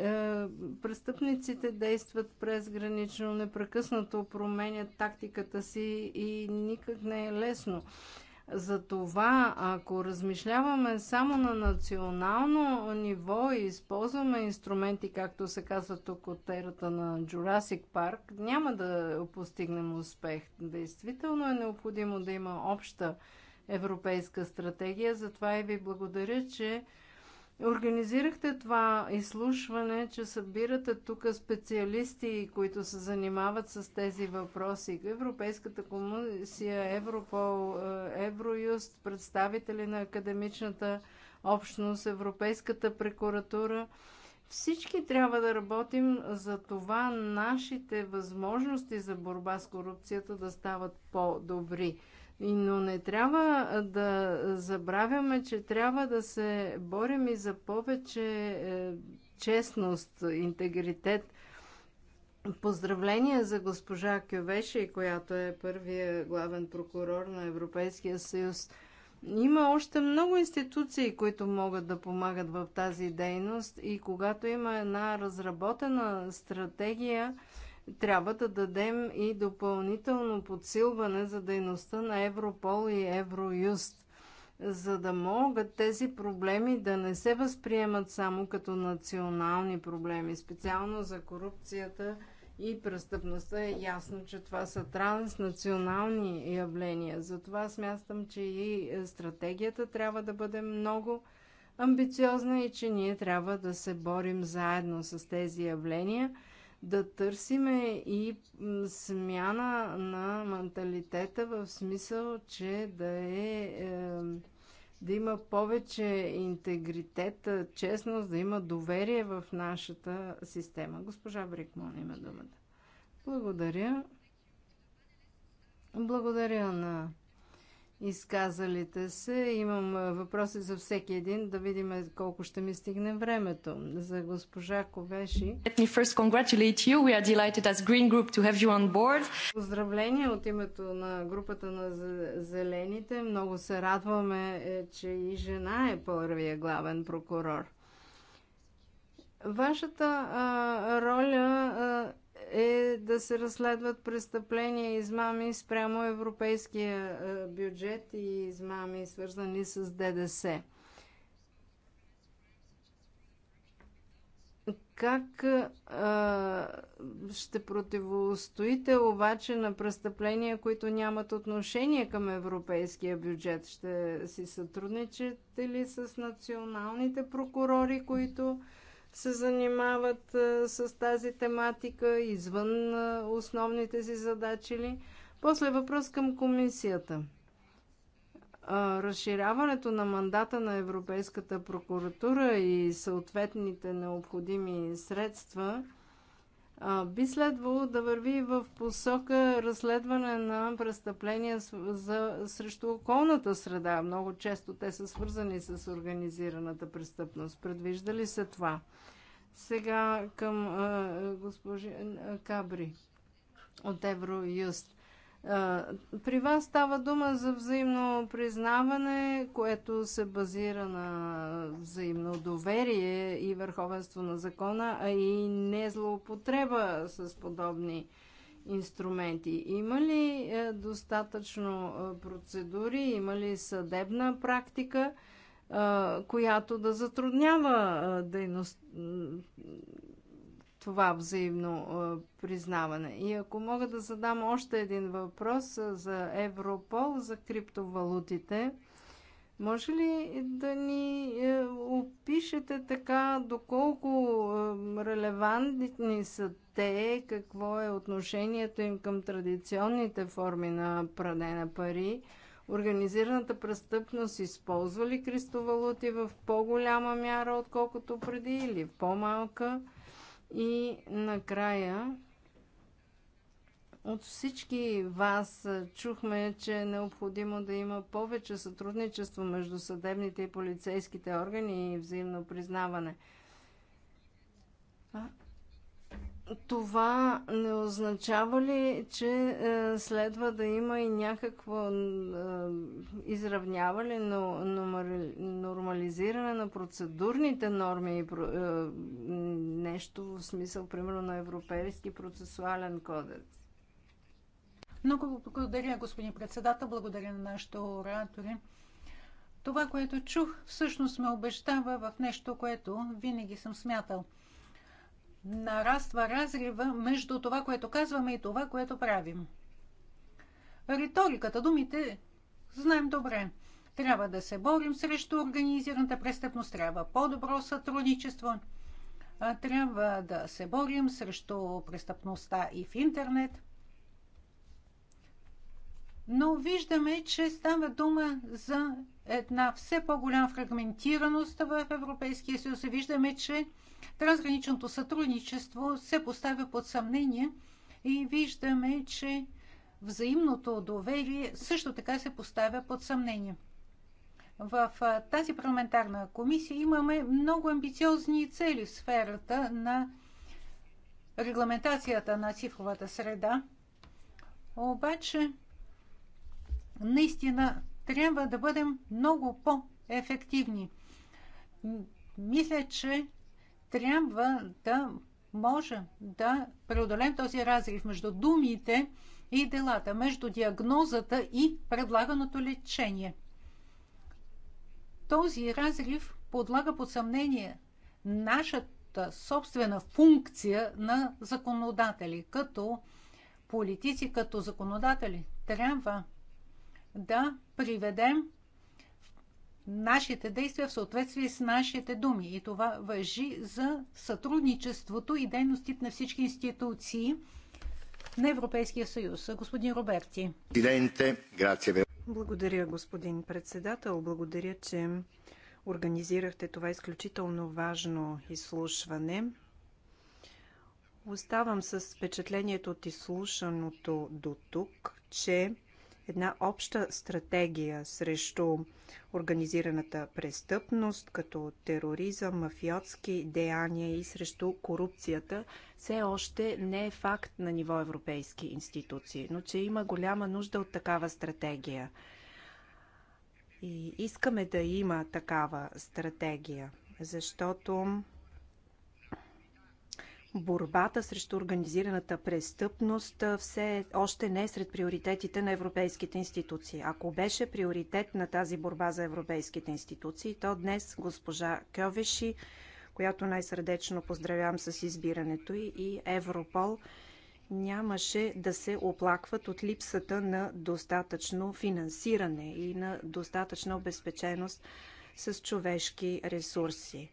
престъпниците действат през гранично, непрекъснато променят тактиката си и никак не е лесно. Затова, ако размишляваме само на национално ниво и използваме инструменти, както се казва тук от терата на Jurassic Park, няма да постигнем успех. Действително е необходимо да има обща европейска стратегия. Затова и ви благодаря, че Организирахте това изслушване, че събирате тук специалисти, които се занимават с тези въпроси. Европейската комисия, Европол, е, Евроюст, представители на академичната общност, Европейската прекуратура. Всички трябва да работим за това нашите възможности за борба с корупцията да стават по-добри. Но не трябва да забравяме, че трябва да се борим и за повече е, честност, интегритет. Поздравления за госпожа Кювеши, която е първия главен прокурор на Европейския съюз. Има още много институции, които могат да помагат в тази дейност и когато има една разработена стратегия, трябва да дадем и допълнително подсилване за дейността на Европол и Евроюст, за да могат тези проблеми да не се възприемат само като национални проблеми. Специално за корупцията и престъпността е ясно, че това са транснационални явления. Затова смятам, че и стратегията трябва да бъде много амбициозна и че ние трябва да се борим заедно с тези явления – да търсиме и смяна на менталитета в смисъл, че да е, да има повече интегритет, е, честност, да има доверие в нашата система. Госпожа Брикмон има думата. Благодаря. Благодаря на изказалите се. Имам въпроси за всеки един, да видим колко ще ми стигне времето. За госпожа Ковеши. Let me first congratulate you. We are delighted as Green Group to have you on board. Поздравления от името на групата на Зелените. Много се радваме, е, че и жена е първия главен прокурор. Вашата а, роля а, е да се разследват престъпления и измами спрямо европейския а, бюджет и измами, свързани с ДДС. Как а, ще противостоите обаче на престъпления, които нямат отношение към европейския бюджет? Ще си сътрудничате ли с националните прокурори, които а, се занимават с тази тематика, извън основните си задачи ли? После е въпрос към комисията. Разширяването на мандата на Европейската прокуратура и съответните необходими средства – би следвало да върви в посока разследване на престъпления за, срещу околната среда. Много често те са свързани с организираната престъпност. Предвижда ли се това? Сега към а, госпожи а, Кабри от Евроюст. При вас става дума за взаимно признаване, което се базира на взаимно доверие и върховенство на закона, а и не злоупотреба с подобни инструменти. Има ли е, достатъчно е, процедури, има ли съдебна практика, е, която да затруднява дейност, това взаимно признаване. И ако мога да задам още един въпрос за Европол, за криптовалутите, може ли да ни е, опишете така доколко е, релевантни са те, какво е отношението им към традиционните форми на пране на пари? Организираната престъпност използва ли криптовалути в по-голяма мяра, отколкото преди или в по-малка? И накрая от всички вас чухме, че е необходимо да има повече сътрудничество между съдебните и полицейските органи и взаимно признаване това не означава ли, че е, следва да има и някакво е, изравняване, но, нормализиране на процедурните норми, и е, нещо в смисъл, примерно, на Европейски процесуален кодекс? Много благодаря, господин председател, благодаря на нашите оратори. Това, което чух, всъщност ме обещава в нещо, което винаги съм смятал – нараства разрива между това, което казваме и това, което правим. Риториката, думите, знаем добре. Трябва да се борим срещу организираната престъпност, трябва по-добро сътрудничество, трябва да се борим срещу престъпността и в интернет. Но виждаме, че става дума за една все по-голяма фрагментираност в Европейския съюз. Виждаме, че трансграничното сътрудничество се поставя под съмнение и виждаме, че взаимното доверие също така се поставя под съмнение. В тази парламентарна комисия имаме много амбициозни цели в сферата на регламентацията на цифровата среда. Обаче, наистина трябва да бъдем много по-ефективни. Мисля, че трябва да може да преодолем този разрив между думите и делата, между диагнозата и предлаганото лечение. Този разрив подлага под съмнение нашата собствена функция на законодатели. Като политици, като законодатели трябва да приведем нашите действия в съответствие с нашите думи. И това въжи за сътрудничеството и дейностите на всички институции на Европейския съюз. Господин Роберти. Благодаря, господин председател. Благодаря, че организирахте това изключително важно изслушване. Оставам с впечатлението от изслушаното до тук, че една обща стратегия срещу организираната престъпност, като тероризъм, мафиотски деяния и срещу корупцията, все още не е факт на ниво европейски институции, но че има голяма нужда от такава стратегия. И искаме да има такава стратегия, защото борбата срещу организираната престъпност все още не е сред приоритетите на европейските институции. Ако беше приоритет на тази борба за европейските институции, то днес госпожа Кьовеши, която най-сърдечно поздравявам с избирането й, и Европол нямаше да се оплакват от липсата на достатъчно финансиране и на достатъчна обезпеченост с човешки ресурси.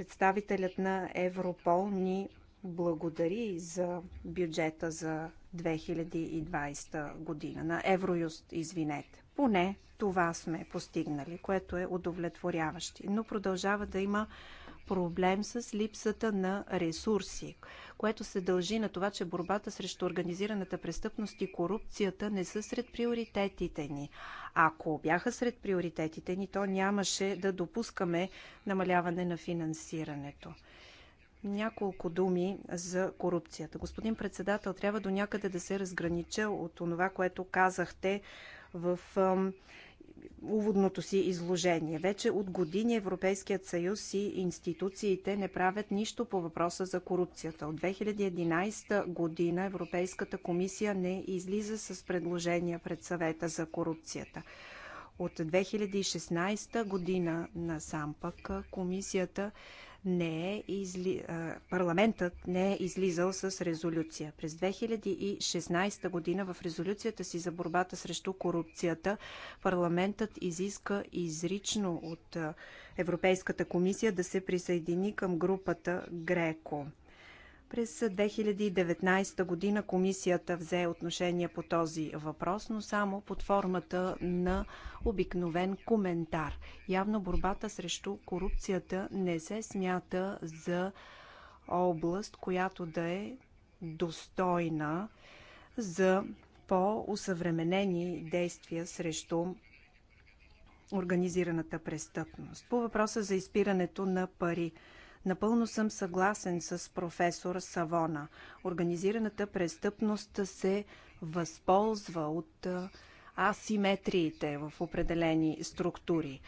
Представителят на Европол ни благодари за бюджета за 2020 година, на Евроюст, извинете. Поне това сме постигнали, което е удовлетворяващи, Но продължава да има проблем с липсата на ресурси, което се дължи на това, че борбата срещу организираната престъпност и корупцията не са сред приоритетите ни. Ако бяха сред приоритетите ни, то нямаше да допускаме намаляване на финансирането. Няколко думи за корупцията. Господин председател, трябва до някъде да се разгранича от това, което казахте в уводното си изложение. Вече от години Европейският съюз и институциите не правят нищо по въпроса за корупцията. От 2011 година Европейската комисия не излиза с предложения пред съвета за корупцията. От 2016 година насам пък комисията не е изли... парламентът не е излизал с резолюция. През 2016 година в резолюцията си за борбата срещу корупцията парламентът изиска изрично от Европейската комисия да се присъедини към групата Греко. През 2019 година комисията взе отношение по този въпрос, но само под формата на обикновен коментар. Явно борбата срещу корупцията не се смята за област, която да е достойна за по-усъвременени действия срещу организираната престъпност. По въпроса за изпирането на пари – Напълно съм съгласен с професор Савона. Организираната престъпност се възползва от асиметриите в определени структури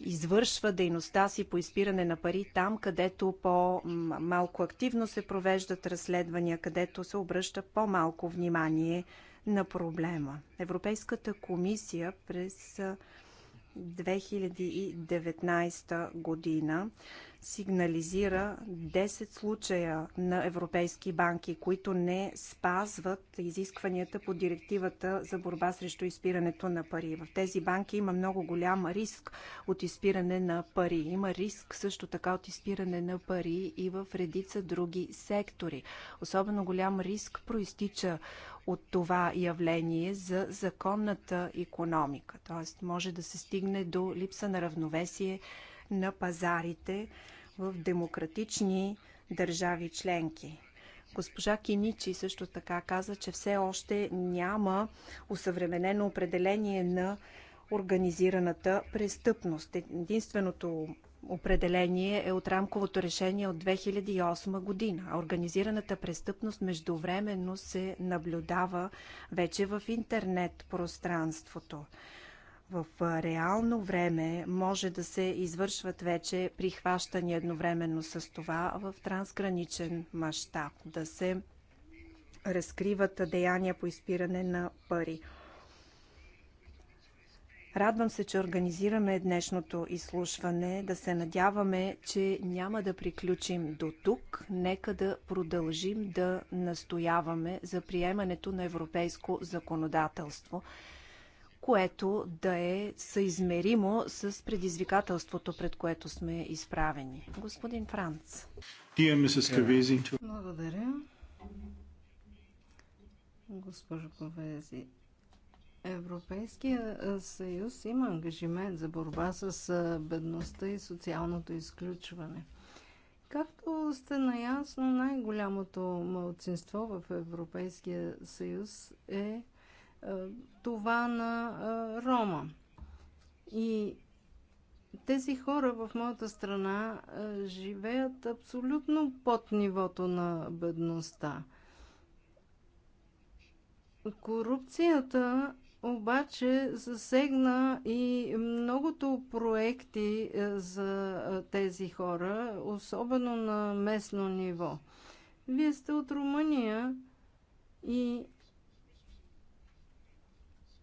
извършва дейността си по изпиране на пари там, където по-малко активно се провеждат разследвания, където се обръща по-малко внимание на проблема. Европейската комисия през 2019 година сигнализира 10 случая на европейски банки, които не спазват изискванията по директивата за борба срещу изпирането на пари. В тези банки има много голям риск от изпиране на пари. Има риск също така от изпиране на пари и в редица други сектори. Особено голям риск проистича от това явление за законната економика. Т.е. може да се стигне до липса на равновесие на пазарите в демократични държави членки. Госпожа Киничи също така каза, че все още няма усъвременено определение на организираната престъпност. Единственото определение е от рамковото решение от 2008 година. А организираната престъпност междувременно се наблюдава вече в интернет пространството. В реално време може да се извършват вече прихващания едновременно с това в трансграничен мащаб, да се разкриват деяния по изпиране на пари. Радвам се, че организираме днешното изслушване. Да се надяваме, че няма да приключим до тук. Нека да продължим да настояваме за приемането на европейско законодателство, което да е съизмеримо с предизвикателството, пред което сме изправени. Господин Франц. Благодаря. Госпожо Ковези, Европейския съюз има ангажимент за борба с бедността и социалното изключване. Както сте наясно, най-голямото мълцинство в Европейския съюз е това на Рома. И тези хора в моята страна живеят абсолютно под нивото на бедността. Корупцията обаче засегна и многото проекти е, за е, тези хора, особено на местно ниво. Вие сте от Румъния и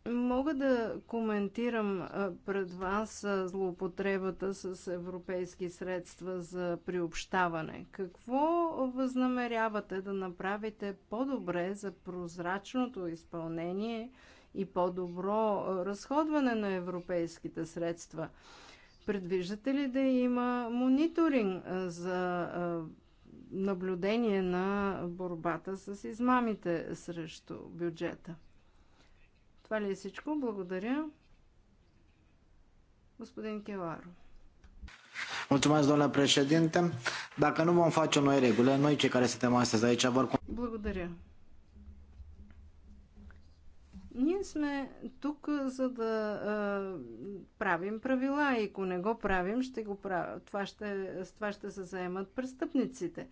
мога да коментирам е, пред вас злоупотребата с европейски средства за приобщаване. Какво възнамерявате да направите по-добре за прозрачното изпълнение – и по-добро разходване на европейските средства. Предвиждате ли да има мониторинг за наблюдение на борбата с измамите срещу бюджета? Това ли е всичко? Благодаря. Господин Келаро. Mulțumesc, domnule președinte. Dacă nu vom face noi regulile, noi cei care suntem astăzi aici vor... Благодаря. Ние сме тук, за да а, правим правила и ако не го правим, ще го правим. Това ще, с това ще се заемат престъпниците.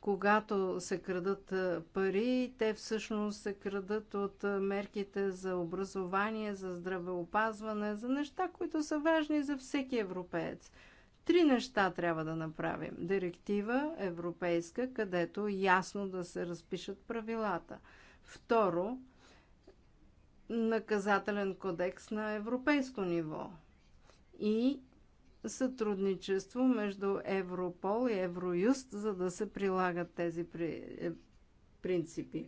Когато се крадат пари, те всъщност се крадат от мерките за образование, за здравеопазване, за неща, които са важни за всеки европеец. Три неща трябва да направим. Директива европейска, където ясно да се разпишат правилата. Второ, наказателен кодекс на европейско ниво и сътрудничество между Европол и Евроюст, за да се прилагат тези е, принципи.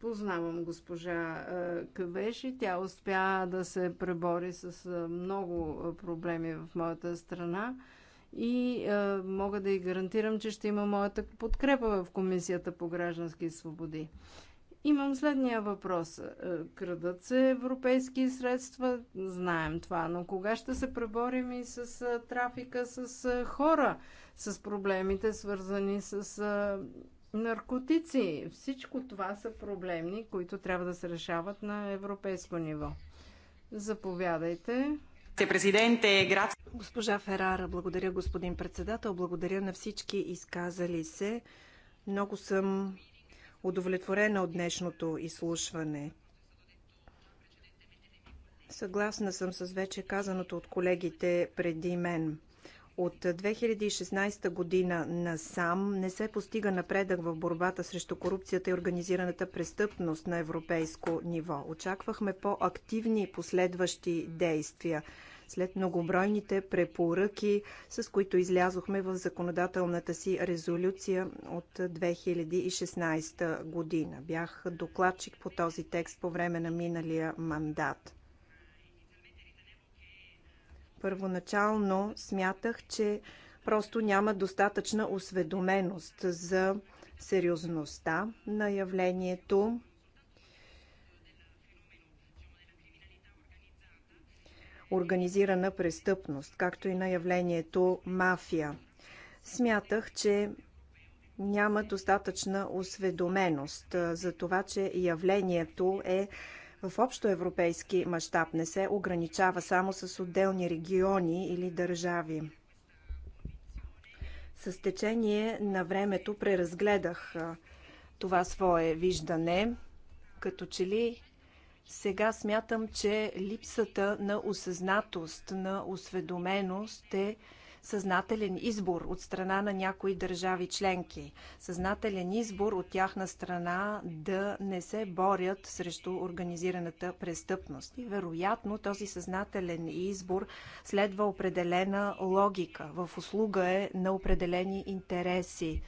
Познавам госпожа е, Къвеши, Тя успя да се пребори с е, много проблеми в моята страна и мога да й гарантирам, че ще има моята подкрепа в Комисията по граждански свободи. Имам следния въпрос. Е, крадат се европейски средства, знаем това, но кога ще се преборим и с е, трафика с е, хора, с проблемите свързани с наркотици? Всичко това са проблеми, които трябва да се решават на европейско ниво. Заповядайте. Госпожа Ферара, благодаря господин председател, благодаря на всички изказали се. Много съм удовлетворена от днешното изслушване. Съгласна съм с вече казаното от колегите преди мен. От 2016 година насам не се постига напредък в борбата срещу корупцията и организираната престъпност на европейско ниво. Очаквахме по-активни последващи действия след многобройните препоръки, с които излязохме в законодателната си резолюция от 2016 година. Бях докладчик по този текст по време на миналия мандат. Първоначално смятах, че просто няма достатъчна осведоменост за сериозността на явлението организирана престъпност, както и на явлението мафия. Смятах, че няма достатъчна осведоменост за това, че явлението е в общо европейски мащаб, не се ограничава само с отделни региони или държави. С течение на времето преразгледах това свое виждане, като че ли сега смятам, че липсата на осъзнатост, на осведоменост е съзнателен избор от страна на някои държави членки. Съзнателен избор от тяхна страна да не се борят срещу организираната престъпност. И вероятно този съзнателен избор следва определена логика. В услуга е на определени интереси.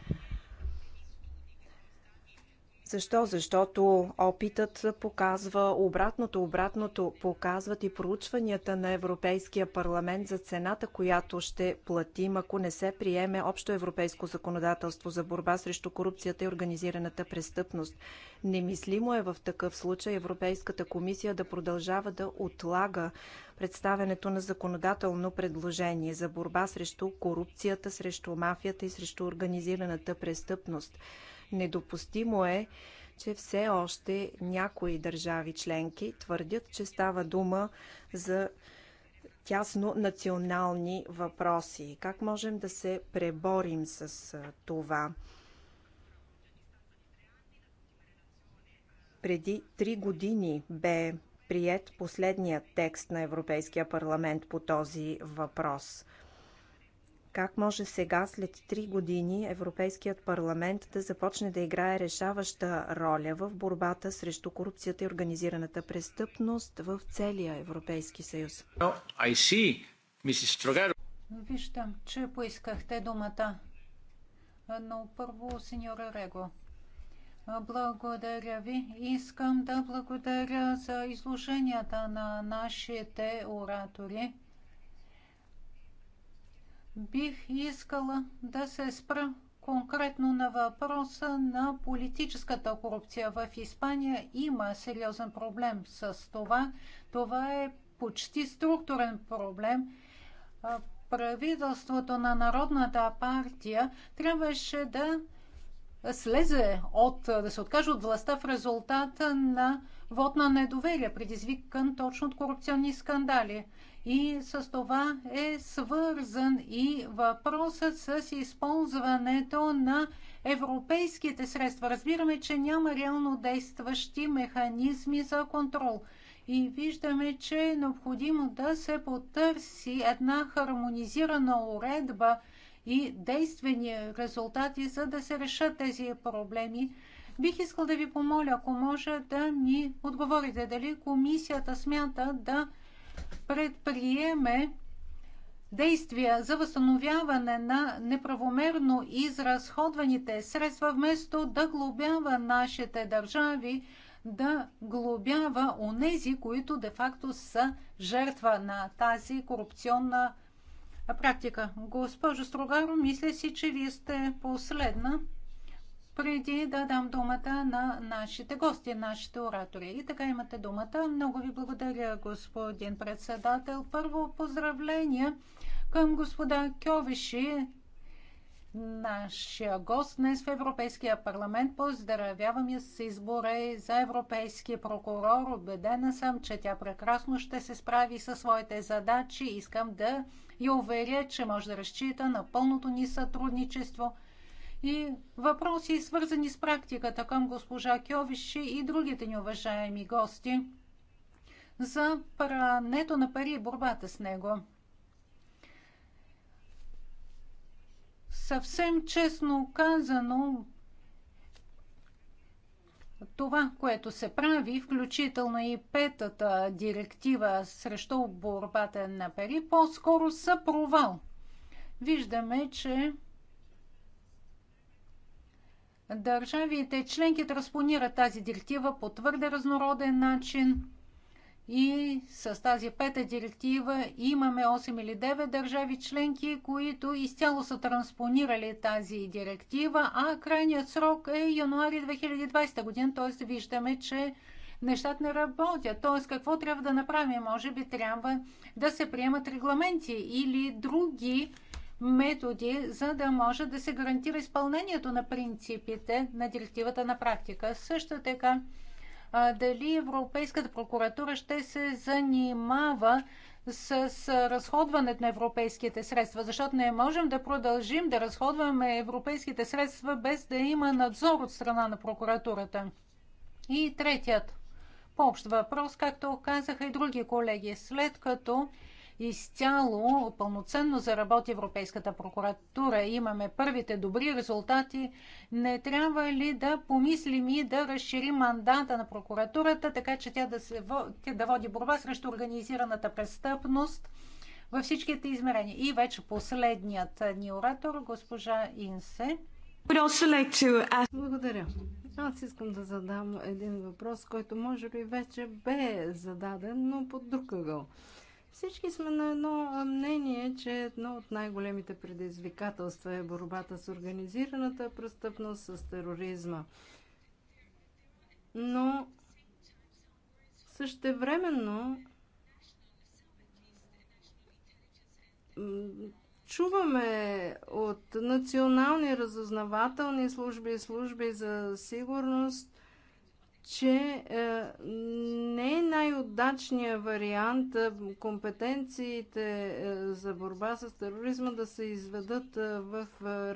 Защо? Защото опитът показва обратното. Обратното показват и проучванията на Европейския парламент за цената, която ще платим, ако не се приеме общо европейско законодателство за борба срещу корупцията и организираната престъпност. Немислимо е в такъв случай Европейската комисия да продължава да отлага представенето на законодателно предложение за борба срещу корупцията, срещу мафията и срещу организираната престъпност. Недопустимо е, че все още някои държави членки твърдят, че става дума за тясно национални въпроси. Как можем да се преборим с това? Преди три години бе прият последният текст на Европейския парламент по този въпрос – как може сега, след три години, Европейският парламент да започне да играе решаваща роля в борбата срещу корупцията и организираната престъпност в целия Европейски съюз? Виждам, че поискахте думата. Но първо, сеньора Рего. Благодаря ви. Искам да благодаря за изложенията на нашите оратори бих искала да се спра конкретно на въпроса на политическата корупция. В Испания има сериозен проблем с това. Това е почти структурен проблем. Правителството на Народната партия трябваше да слезе от, да се откаже от властта в резултата на вод на недоверие, предизвикан точно от корупционни скандали. И с това е свързан и въпросът с използването на европейските средства. Разбираме, че няма реално действащи механизми за контрол. И виждаме, че е необходимо да се потърси една хармонизирана уредба и действени резултати, за да се решат тези проблеми. Бих искал да ви помоля, ако може да ми отговорите дали комисията смята да предприеме действия за възстановяване на неправомерно изразходваните средства, вместо да глобява нашите държави, да глобява онези, които де-факто са жертва на тази корупционна практика. Госпожо Строгаро, мисля си, че вие сте последна преди да дам думата на нашите гости, нашите оратори. И така имате думата. Много ви благодаря, господин председател. Първо поздравление към господа Кьовиши, нашия гост днес в Европейския парламент. Поздравявам я с избора за европейски прокурор. Обедена съм, че тя прекрасно ще се справи със своите задачи. Искам да я уверя, че може да разчита на пълното ни сътрудничество – и въпроси, свързани с практиката към госпожа Кьовише и другите ни уважаеми гости за прането на пари и борбата с него. Съвсем честно казано, това, което се прави, включително и петата директива срещу борбата на пари, по-скоро са провал. Виждаме, че Държавите членки транспонират тази директива по твърде разнороден начин и с тази пета директива имаме 8 или 9 държави членки, които изцяло са транспонирали тази директива, а крайният срок е януари 2020 година, т.е. виждаме, че нещата не работят. Т.е. какво трябва да направим? Може би трябва да се приемат регламенти или други методи, за да може да се гарантира изпълнението на принципите на директивата на практика. Също така, дали Европейската прокуратура ще се занимава с, разходването на европейските средства, защото не можем да продължим да разходваме европейските средства без да има надзор от страна на прокуратурата. И третият по-общ въпрос, както казаха и други колеги, след като изцяло пълноценно заработи Европейската прокуратура, имаме първите добри резултати, не трябва ли да помислим и да разширим мандата на прокуратурата, така че тя да, се, тя да води борба срещу организираната престъпност във всичките измерения. И вече последният ни оратор, госпожа Инсе. Благодаря. Аз искам да задам един въпрос, който може би вече бе зададен, но под друг ъгъл. Всички сме на едно мнение, че едно от най-големите предизвикателства е борбата с организираната престъпност, с тероризма. Но същевременно чуваме от национални разузнавателни служби и служби за сигурност че е, не е най-удачният вариант е, компетенциите е, за борба с тероризма да се изведат в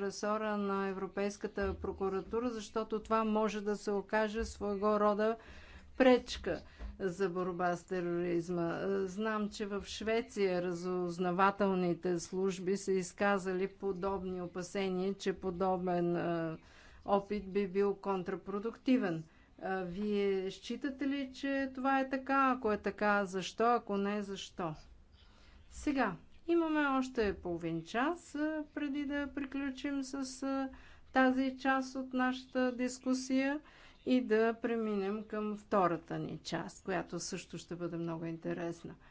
ресора на Европейската прокуратура, защото това може да се окаже своего рода пречка за борба с тероризма. Знам, че в Швеция разузнавателните служби са изказали подобни опасения, че подобен опит би бил контрапродуктивен – вие считате ли, че това е така? Ако е така, защо? Ако не, защо? Сега, имаме още половин час преди да приключим с тази част от нашата дискусия и да преминем към втората ни част, която също ще бъде много интересна –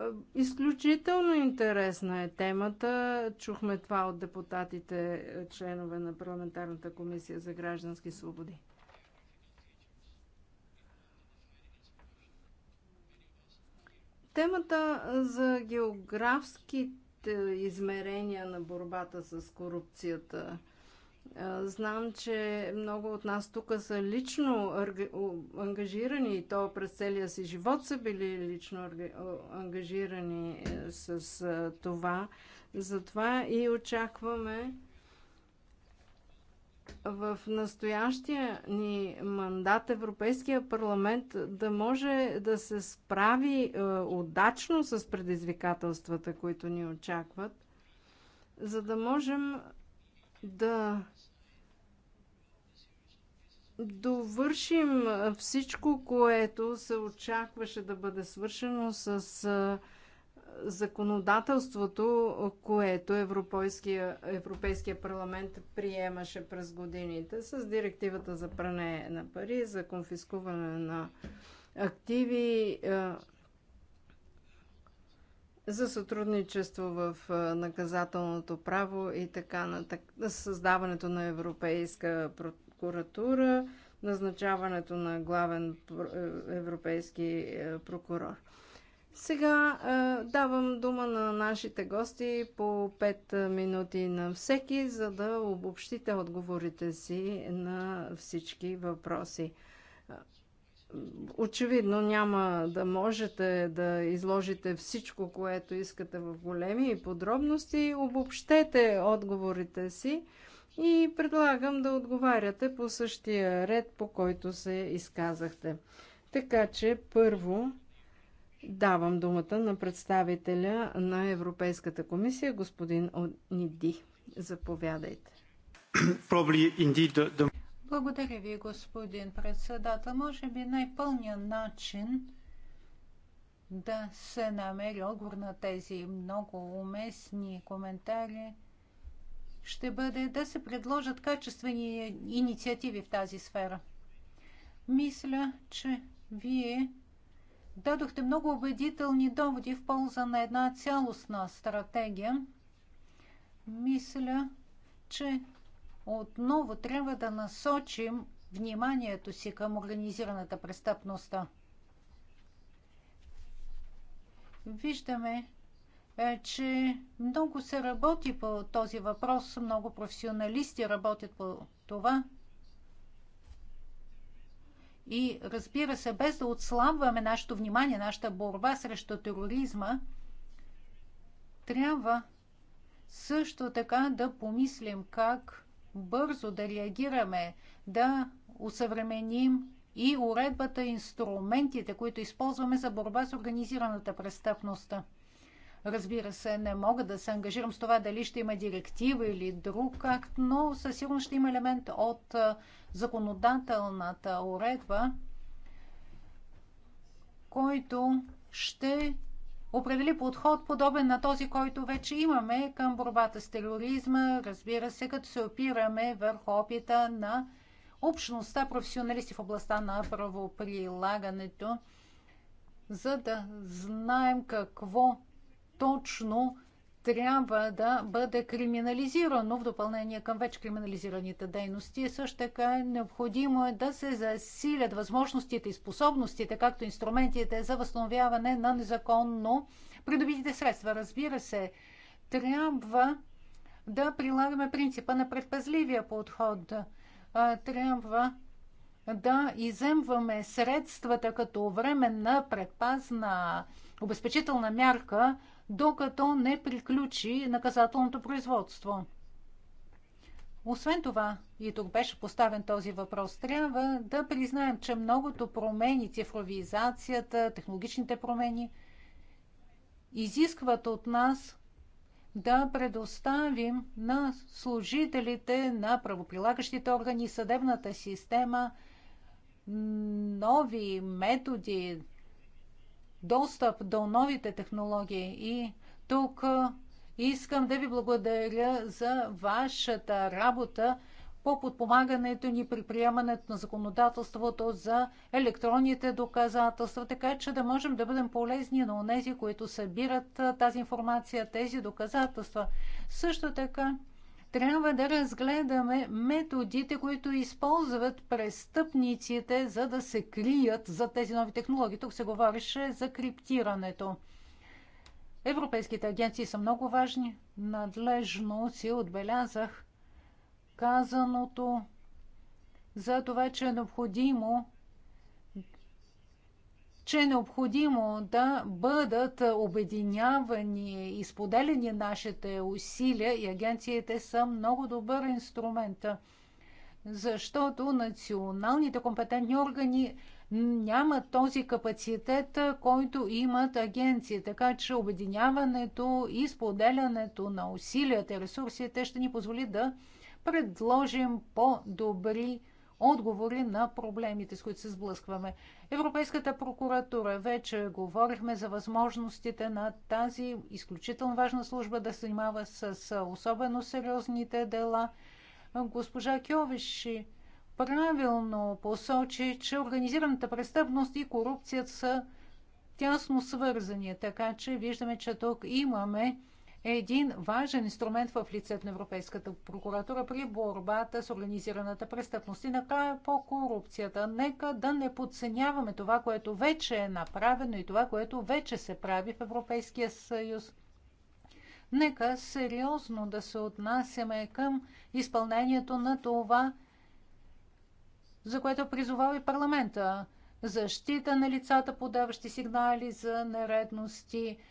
е, изключително интересна е темата. Чухме това от депутатите, е, членове на Парламентарната комисия за граждански свободи. Темата за географските измерения на борбата с корупцията – Знам, че много от нас тук са лично ангажирани и то през целия си живот са били лично ангажирани е, с това. Затова и очакваме в настоящия ни мандат Европейския парламент да може да се справи е, удачно с предизвикателствата, които ни очакват, за да можем да довършим всичко, което се очакваше да бъде свършено с законодателството, което Европейския, Европейския парламент приемаше през годините с директивата за пране на пари, за конфискуване на активи, за сътрудничество в наказателното право и така на създаването на Европейска прокуратура прокуратура, назначаването на главен е, европейски е, прокурор. Сега е, давам дума на нашите гости по 5 минути на всеки, за да обобщите отговорите си на всички въпроси. Очевидно няма да можете да изложите всичко, което искате в големи подробности. Обобщете отговорите си и предлагам да отговаряте по същия ред, по който се изказахте. Така че първо давам думата на представителя на Европейската комисия, господин Ониди. Заповядайте. <clears throat> Благодаря ви, господин председател. Може би най-пълният начин да се намери отговор на тези много уместни коментари – ще бъде да се предложат качествени инициативи в тази сфера. Мисля, че вие дадохте много убедителни доводи в полза на една цялостна стратегия. Мисля, че отново трябва да насочим вниманието си към организираната престъпността. Виждаме, е, че много се работи по този въпрос, много професионалисти работят по това. И разбира се, без да отслабваме нашето внимание, нашата борба срещу тероризма, трябва също така да помислим как бързо да реагираме, да усъвременим и уредбата, инструментите, които използваме за борба с организираната престъпност. Разбира се, не мога да се ангажирам с това дали ще има директива или друг акт, но със сигурност ще има елемент от законодателната уредба, който ще определи подход, подобен на този, който вече имаме към борбата с тероризма, разбира се, като се опираме върху опита на общността професионалисти в областта на правоприлагането, за да знаем какво точно трябва да бъде криминализирано в допълнение към вече криминализираните дейности. Също така е необходимо е да се засилят възможностите и способностите, както инструментите за възстановяване на незаконно придобитите средства. Разбира се, трябва да прилагаме принципа на предпазливия подход. Трябва да иземваме средствата като временна предпазна обезпечителна мярка докато не приключи наказателното производство. Освен това, и тук беше поставен този въпрос, трябва да признаем, че многото промени, цифровизацията, технологичните промени изискват от нас да предоставим на служителите на правоприлагащите органи съдебната система нови методи, достъп до новите технологии. И тук искам да ви благодаря за вашата работа по подпомагането ни при приемането на законодателството за електронните доказателства, така че да можем да бъдем полезни на онези, които събират тази информация, тези доказателства. Също така трябва да разгледаме методите, които използват престъпниците, за да се крият за тези нови технологии. Тук се говореше за криптирането. Европейските агенции са много важни. Надлежно си отбелязах казаното за това, че е необходимо че е необходимо да бъдат обединявани и споделени нашите усилия и агенциите са много добър инструмент, защото националните компетентни органи нямат този капацитет, който имат агенции. Така че обединяването и споделянето на усилията и ресурсите ще ни позволи да предложим по-добри отговори на проблемите, с които се сблъскваме. Европейската прокуратура, вече говорихме за възможностите на тази изключително важна служба да се занимава с особено сериозните дела. Госпожа Кьовиши правилно посочи, че организираната престъпност и корупцията са тясно свързани, така че виждаме, че тук имаме е един важен инструмент в лицето на Европейската прокуратура при борбата с организираната престъпност и накрая по корупцията. Нека да не подценяваме това, което вече е направено и това, което вече се прави в Европейския съюз. Нека сериозно да се отнасяме към изпълнението на това, за което е призовава и парламента. Защита на лицата, подаващи сигнали за нередности –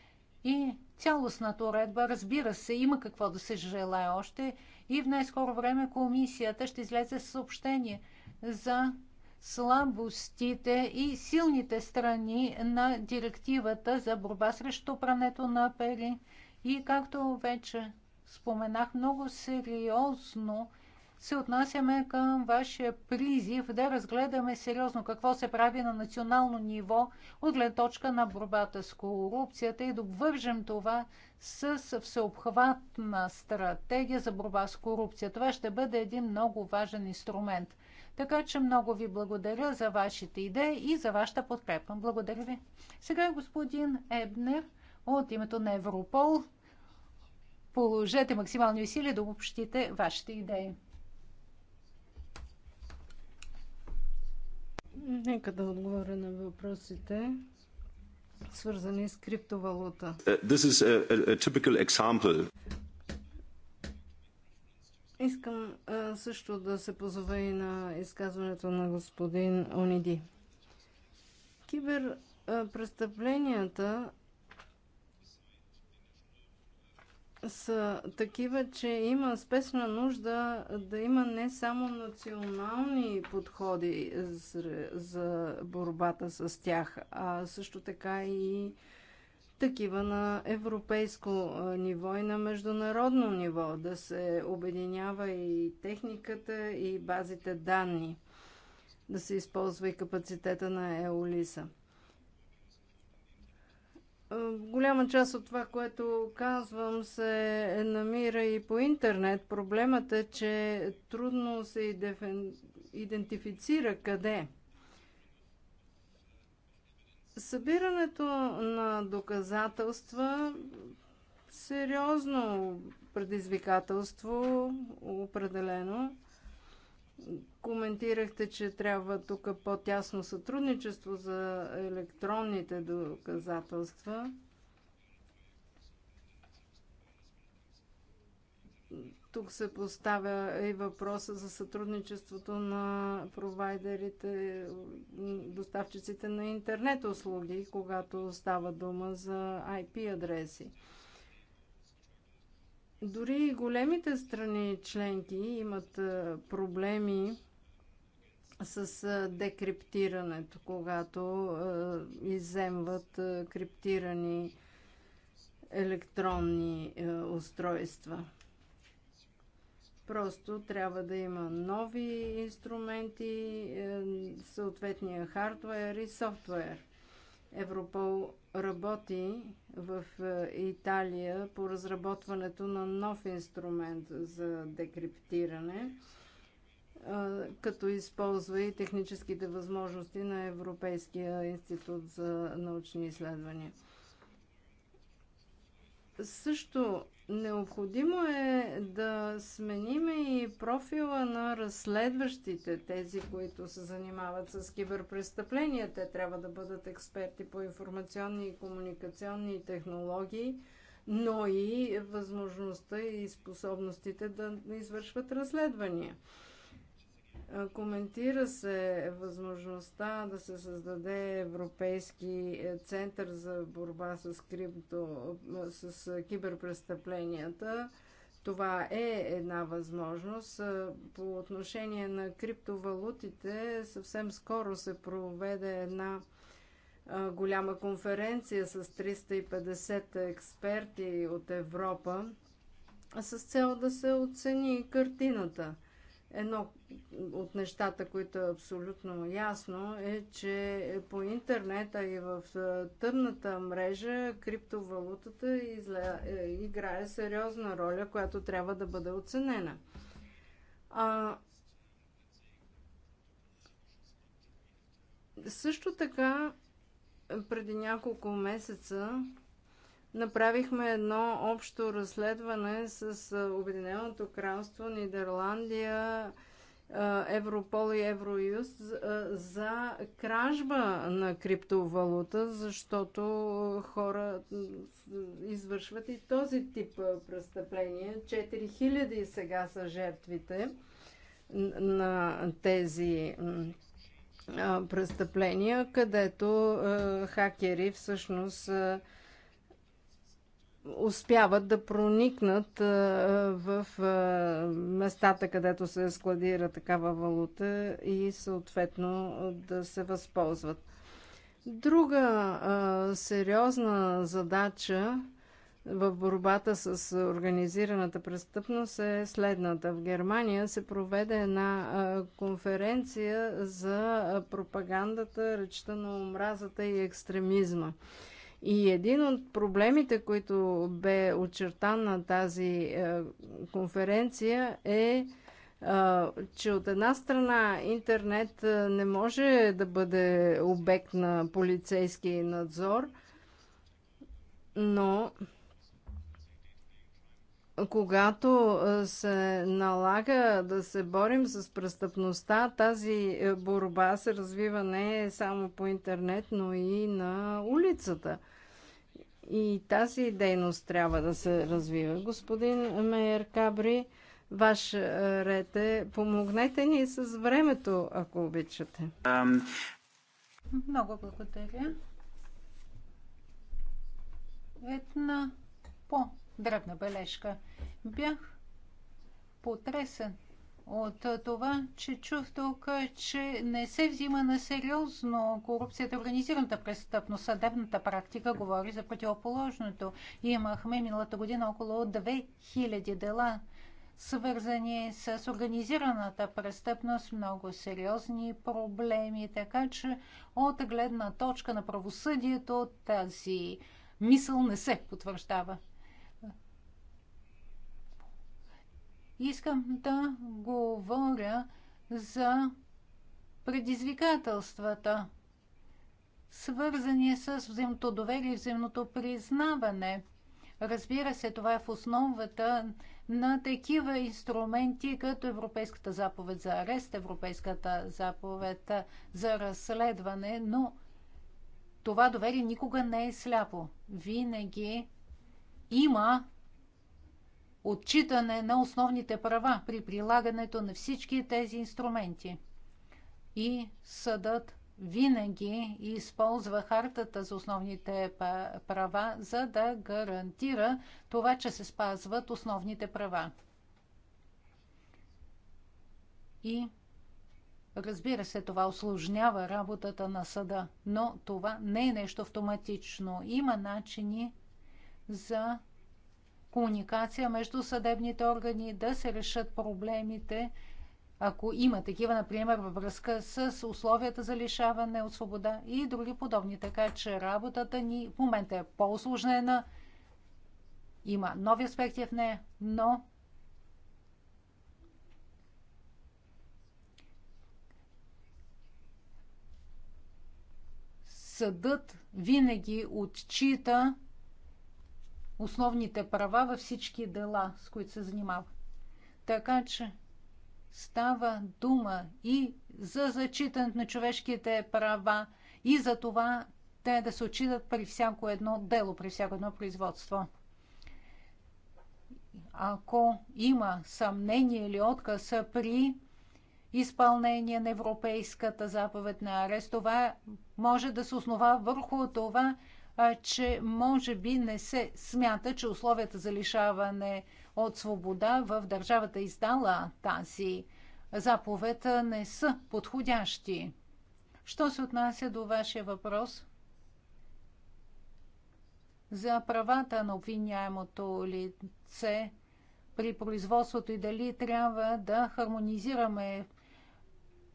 и цялостната уредба, разбира се, има какво да се желая още и в най-скоро време комисията ще излезе съобщение за слабостите и силните страни на директивата за борба срещу прането на пари. И както вече споменах, много сериозно се отнасяме към вашия призив да разгледаме сериозно какво се прави на национално ниво от гледна точка на борбата с корупцията и да обвържем това с всеобхватна стратегия за борба с корупция. Това ще бъде един много важен инструмент. Така че много ви благодаря за вашите идеи и за вашата подкрепа. Благодаря ви. Сега е господин Ебнер от името на Европол. Положете максимални усилия да обобщите вашите идеи. Нека да отговоря на въпросите, свързани с криптовалута. Е, this is a, a typical example. Искам uh, също да се позова и на изказването на господин Ониди. Киберпрестъпленията са такива, че има спешна нужда да има не само национални подходи за борбата с тях, а също така и такива на европейско ниво и на международно ниво, да се обединява и техниката и базите данни, да се използва и капацитета на Еолиса. Е, голяма част от това, което казвам, се намира и по интернет. Проблемът е, че трудно се идентифицира къде. Събирането на доказателства сериозно предизвикателство, определено. Коментирахте, че трябва тук по-тясно сътрудничество за електронните доказателства. Тук се поставя и въпроса за сътрудничеството на провайдерите, доставчиците на интернет услуги, когато става дума за IP адреси. Дори и големите страни членки имат проблеми с декриптирането, когато иземват криптирани електронни устройства. Просто трябва да има нови инструменти, е, съответния хардвер и софтуер. Европол работи в е, Италия по разработването на нов инструмент за декриптиране, е, като използва и техническите възможности на Европейския институт за научни изследвания. Също Необходимо е да сменим и профила на разследващите, тези, които се занимават с киберпрестъпления. Те трябва да бъдат експерти по информационни и комуникационни технологии, но и възможността и способностите да извършват разследвания. Коментира се възможността да се създаде Европейски е, център за борба с, крипто, е, с е, киберпрестъпленията. Това е една възможност. По отношение на криптовалутите, съвсем скоро се проведе една голяма конференция с 350 експерти от Европа с цел да се оцени картината. Едно от нещата, които е абсолютно ясно, е, че по интернета и в е, тъмната мрежа криптовалутата изля... Е, играе сериозна роля, която трябва да бъде оценена. А... Също така, преди няколко месеца направихме едно общо разследване с Обединеното кралство, Нидерландия, Европол и Евроюст за кражба на криптовалута, защото хора извършват и този тип престъпления. 4000 сега са жертвите на тези престъпления, където хакери всъщност успяват да проникнат в местата, където се складира такава валута и съответно да се възползват. Друга сериозна задача в борбата с организираната престъпност е следната. В Германия се проведе една конференция за пропагандата, речта на омразата и екстремизма. И един от проблемите, който бе очертан на тази е, конференция е, е, че от една страна интернет е, не може да бъде обект на полицейски надзор, но когато се налага да се борим с престъпността, тази борба се развива не само по интернет, но и на улицата. И тази дейност трябва да се развива. Господин Мейер Кабри, ваш е, ред е. Помогнете ни с времето, ако обичате. Много благодаря. Една по-дребна бележка. Бях потресен от това, че чувствах, тук, че не се взима на сериозно корупцията, организираната престъпност. Съдебната практика говори за противоположното. Имахме миналата година около 2000 дела, свързани с организираната престъпност, много сериозни проблеми, така че от гледна точка на правосъдието тази мисъл не се потвърждава. Искам да говоря за предизвикателствата, свързани с взаимното доверие и взаимното признаване. Разбира се, това е в основата на такива инструменти, като Европейската заповед за арест, Европейската заповед за разследване, но това доверие никога не е сляпо. Винаги има отчитане на основните права при прилагането на всички тези инструменти. И съдът винаги използва хартата за основните права, за да гарантира това, че се спазват основните права. И разбира се, това осложнява работата на съда, но това не е нещо автоматично. Има начини за комуникация между съдебните органи, да се решат проблемите, ако има такива, например, във връзка с условията за лишаване от свобода и други подобни. Така че работата ни в момента е по-осложнена, има нови аспекти в нея, но съдът винаги отчита основните права във всички дела, с които се занимава. Така че става дума и за зачитането на човешките права, и за това те да се отчитат при всяко едно дело, при всяко едно производство. Ако има съмнение или отказ при изпълнение на Европейската заповед на арест, това може да се основа върху това, че може би не се смята, че условията за лишаване от свобода в държавата издала тази заповед не са подходящи. Що се отнася до вашия въпрос за правата на обвиняемото лице при производството и дали трябва да хармонизираме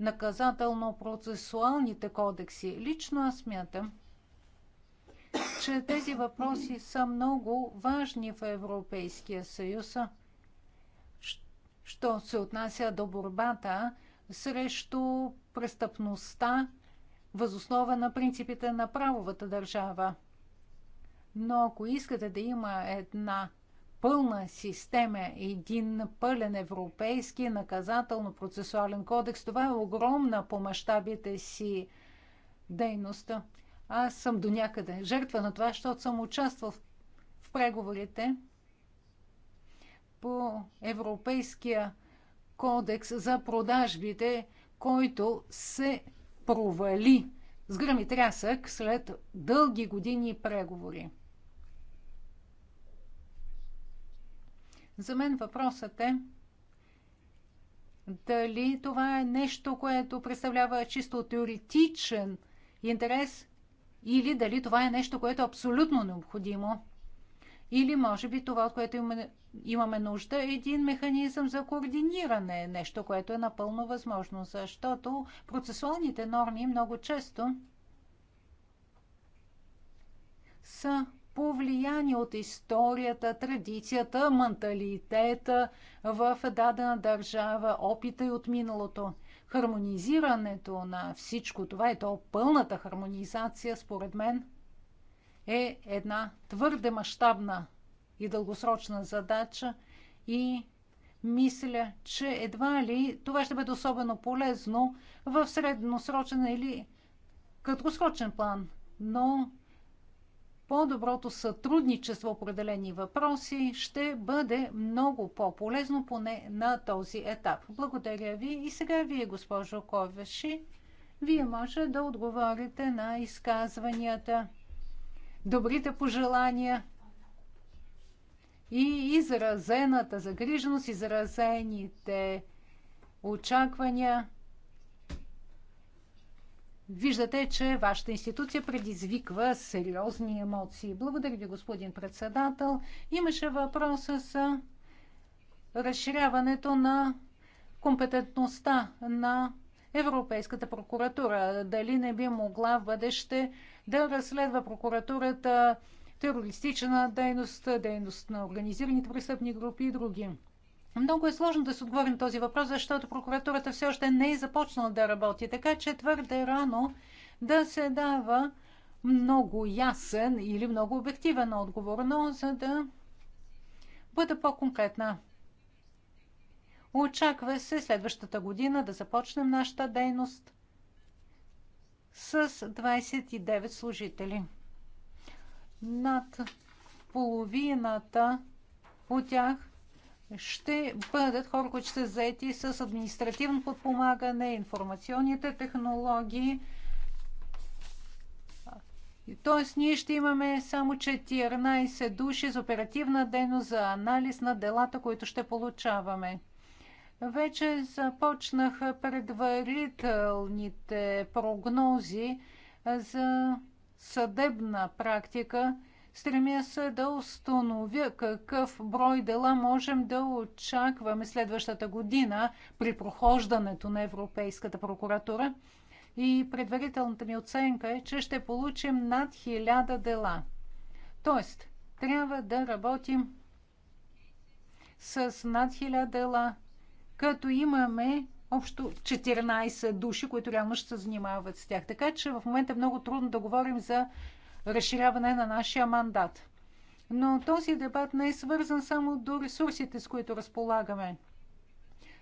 наказателно-процесуалните кодекси, лично аз смятам, че тези въпроси са много важни в Европейския съюз, що се отнася до борбата срещу престъпността възоснова на принципите на правовата държава. Но ако искате да има една пълна система, един пълен европейски наказателно-процесуален кодекс, това е огромна по мащабите си дейност. Аз съм до някъде жертва на това, защото съм участвал в преговорите по Европейския кодекс за продажбите, който се провали с гръм и трясък след дълги години преговори. За мен въпросът е дали това е нещо, което представлява чисто теоретичен интерес или дали това е нещо, което е абсолютно необходимо. Или може би това, от което имаме нужда, е един механизъм за координиране, нещо, което е напълно възможно, защото процесуалните норми много често са повлияни от историята, традицията, менталитета в дадена държава, опита и от миналото. Хармонизирането на всичко това и то пълната хармонизация, според мен, е една твърде мащабна и дългосрочна задача и мисля, че едва ли това ще бъде особено полезно в средносрочен или краткосрочен план. Но по-доброто сътрудничество, в определени въпроси, ще бъде много по-полезно поне на този етап. Благодаря ви. И сега вие, госпожо Ковеши, вие може да отговорите на изказванията, добрите пожелания и изразената загриженост, изразените очаквания – Виждате, че вашата институция предизвиква сериозни емоции. Благодаря ви, господин председател. Имаше въпроса с разширяването на компетентността на Европейската прокуратура. Дали не би могла в бъдеще да разследва прокуратурата терористична дейност, дейност на организираните престъпни групи и други. Много е сложно да се отговорим този въпрос, защото прокуратурата все още не е започнала да работи, така че твърде рано да се дава много ясен или много обективен отговор, но за да бъда по-конкретна. Очаква се следващата година да започнем нашата дейност с 29 служители. Над половината от тях ще бъдат хора, които ще са заети с административно подпомагане, информационните технологии. Тоест, ние ще имаме само 14 души за оперативна дейност, за анализ на делата, които ще получаваме. Вече започнаха предварителните прогнози за съдебна практика – Стремя се да установя какъв брой дела можем да очакваме следващата година при прохождането на Европейската прокуратура. И предварителната ми оценка е, че ще получим над 1000 дела. Тоест, трябва да работим с над 1000 дела, като имаме общо 14 души, които реално ще се занимават с тях. Така че в момента е много трудно да говорим за разширяване на нашия мандат. Но този дебат не е свързан само до ресурсите, с които разполагаме.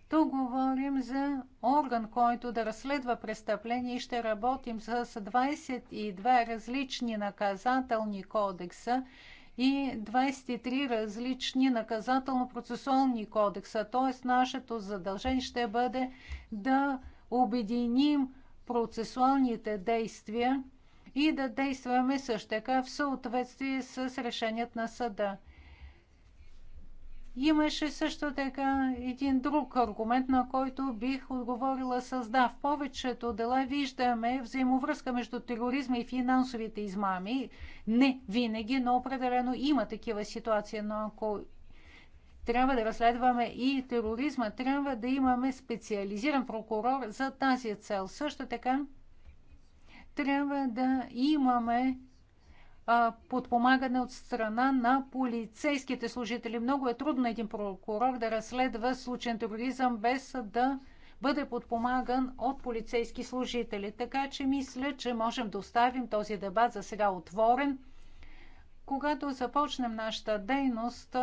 Тук говорим за орган, който да разследва престъпления и ще работим с 22 различни наказателни кодекса и 23 различни наказателно-процесуални кодекса. Т.е. нашето задължение ще бъде да обединим процесуалните действия и да действаме също така в съответствие с решението на съда. Имаше също така един друг аргумент, на който бих отговорила с да. В повечето дела виждаме взаимовръзка между тероризма и финансовите измами. Не винаги, но определено има такива ситуации, но ако трябва да разследваме и тероризма, трябва да имаме специализиран прокурор за тази цел. Също така трябва да имаме подпомагане от страна на полицейските служители. Много е трудно един прокурор да разследва случен тероризъм без да бъде подпомаган от полицейски служители. Така че мисля, че можем да оставим този дебат за сега отворен. Когато започнем нашата дейност,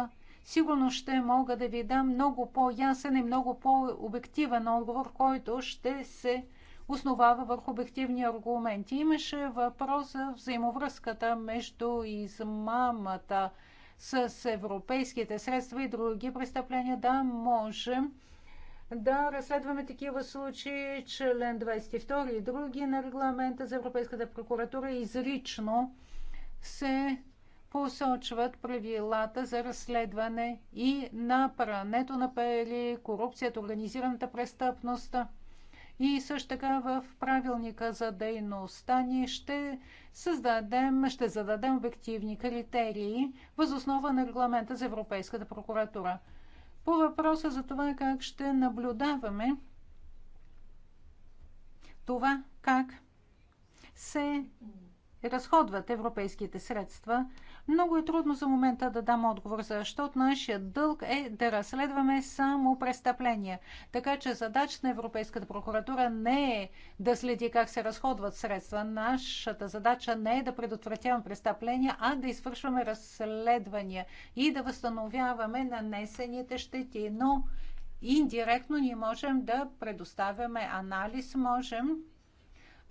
сигурно ще мога да ви дам много по-ясен и много по-обективен отговор, който ще се основава върху обективни аргументи. Имаше въпрос за взаимовръзката между измамата с европейските средства и други престъпления. Да, можем да разследваме такива случаи. Член 22 и други на регламента за Европейската прокуратура изрично се посочват правилата за разследване и на прането на пари, корупцията, организираната престъпност. И също така в правилника за дейността ни ще създадем, ще зададем обективни критерии възоснова на регламента за Европейската прокуратура. По въпроса за това как ще наблюдаваме това как се разходват европейските средства – много е трудно за момента да дам отговор, защото нашия дълг е да разследваме само престъпления. Така че задача на Европейската прокуратура не е да следи как се разходват средства. Нашата задача не е да предотвратяваме престъпления, а да извършваме разследвания и да възстановяваме нанесените щети. Но индиректно ние можем да предоставяме анализ, можем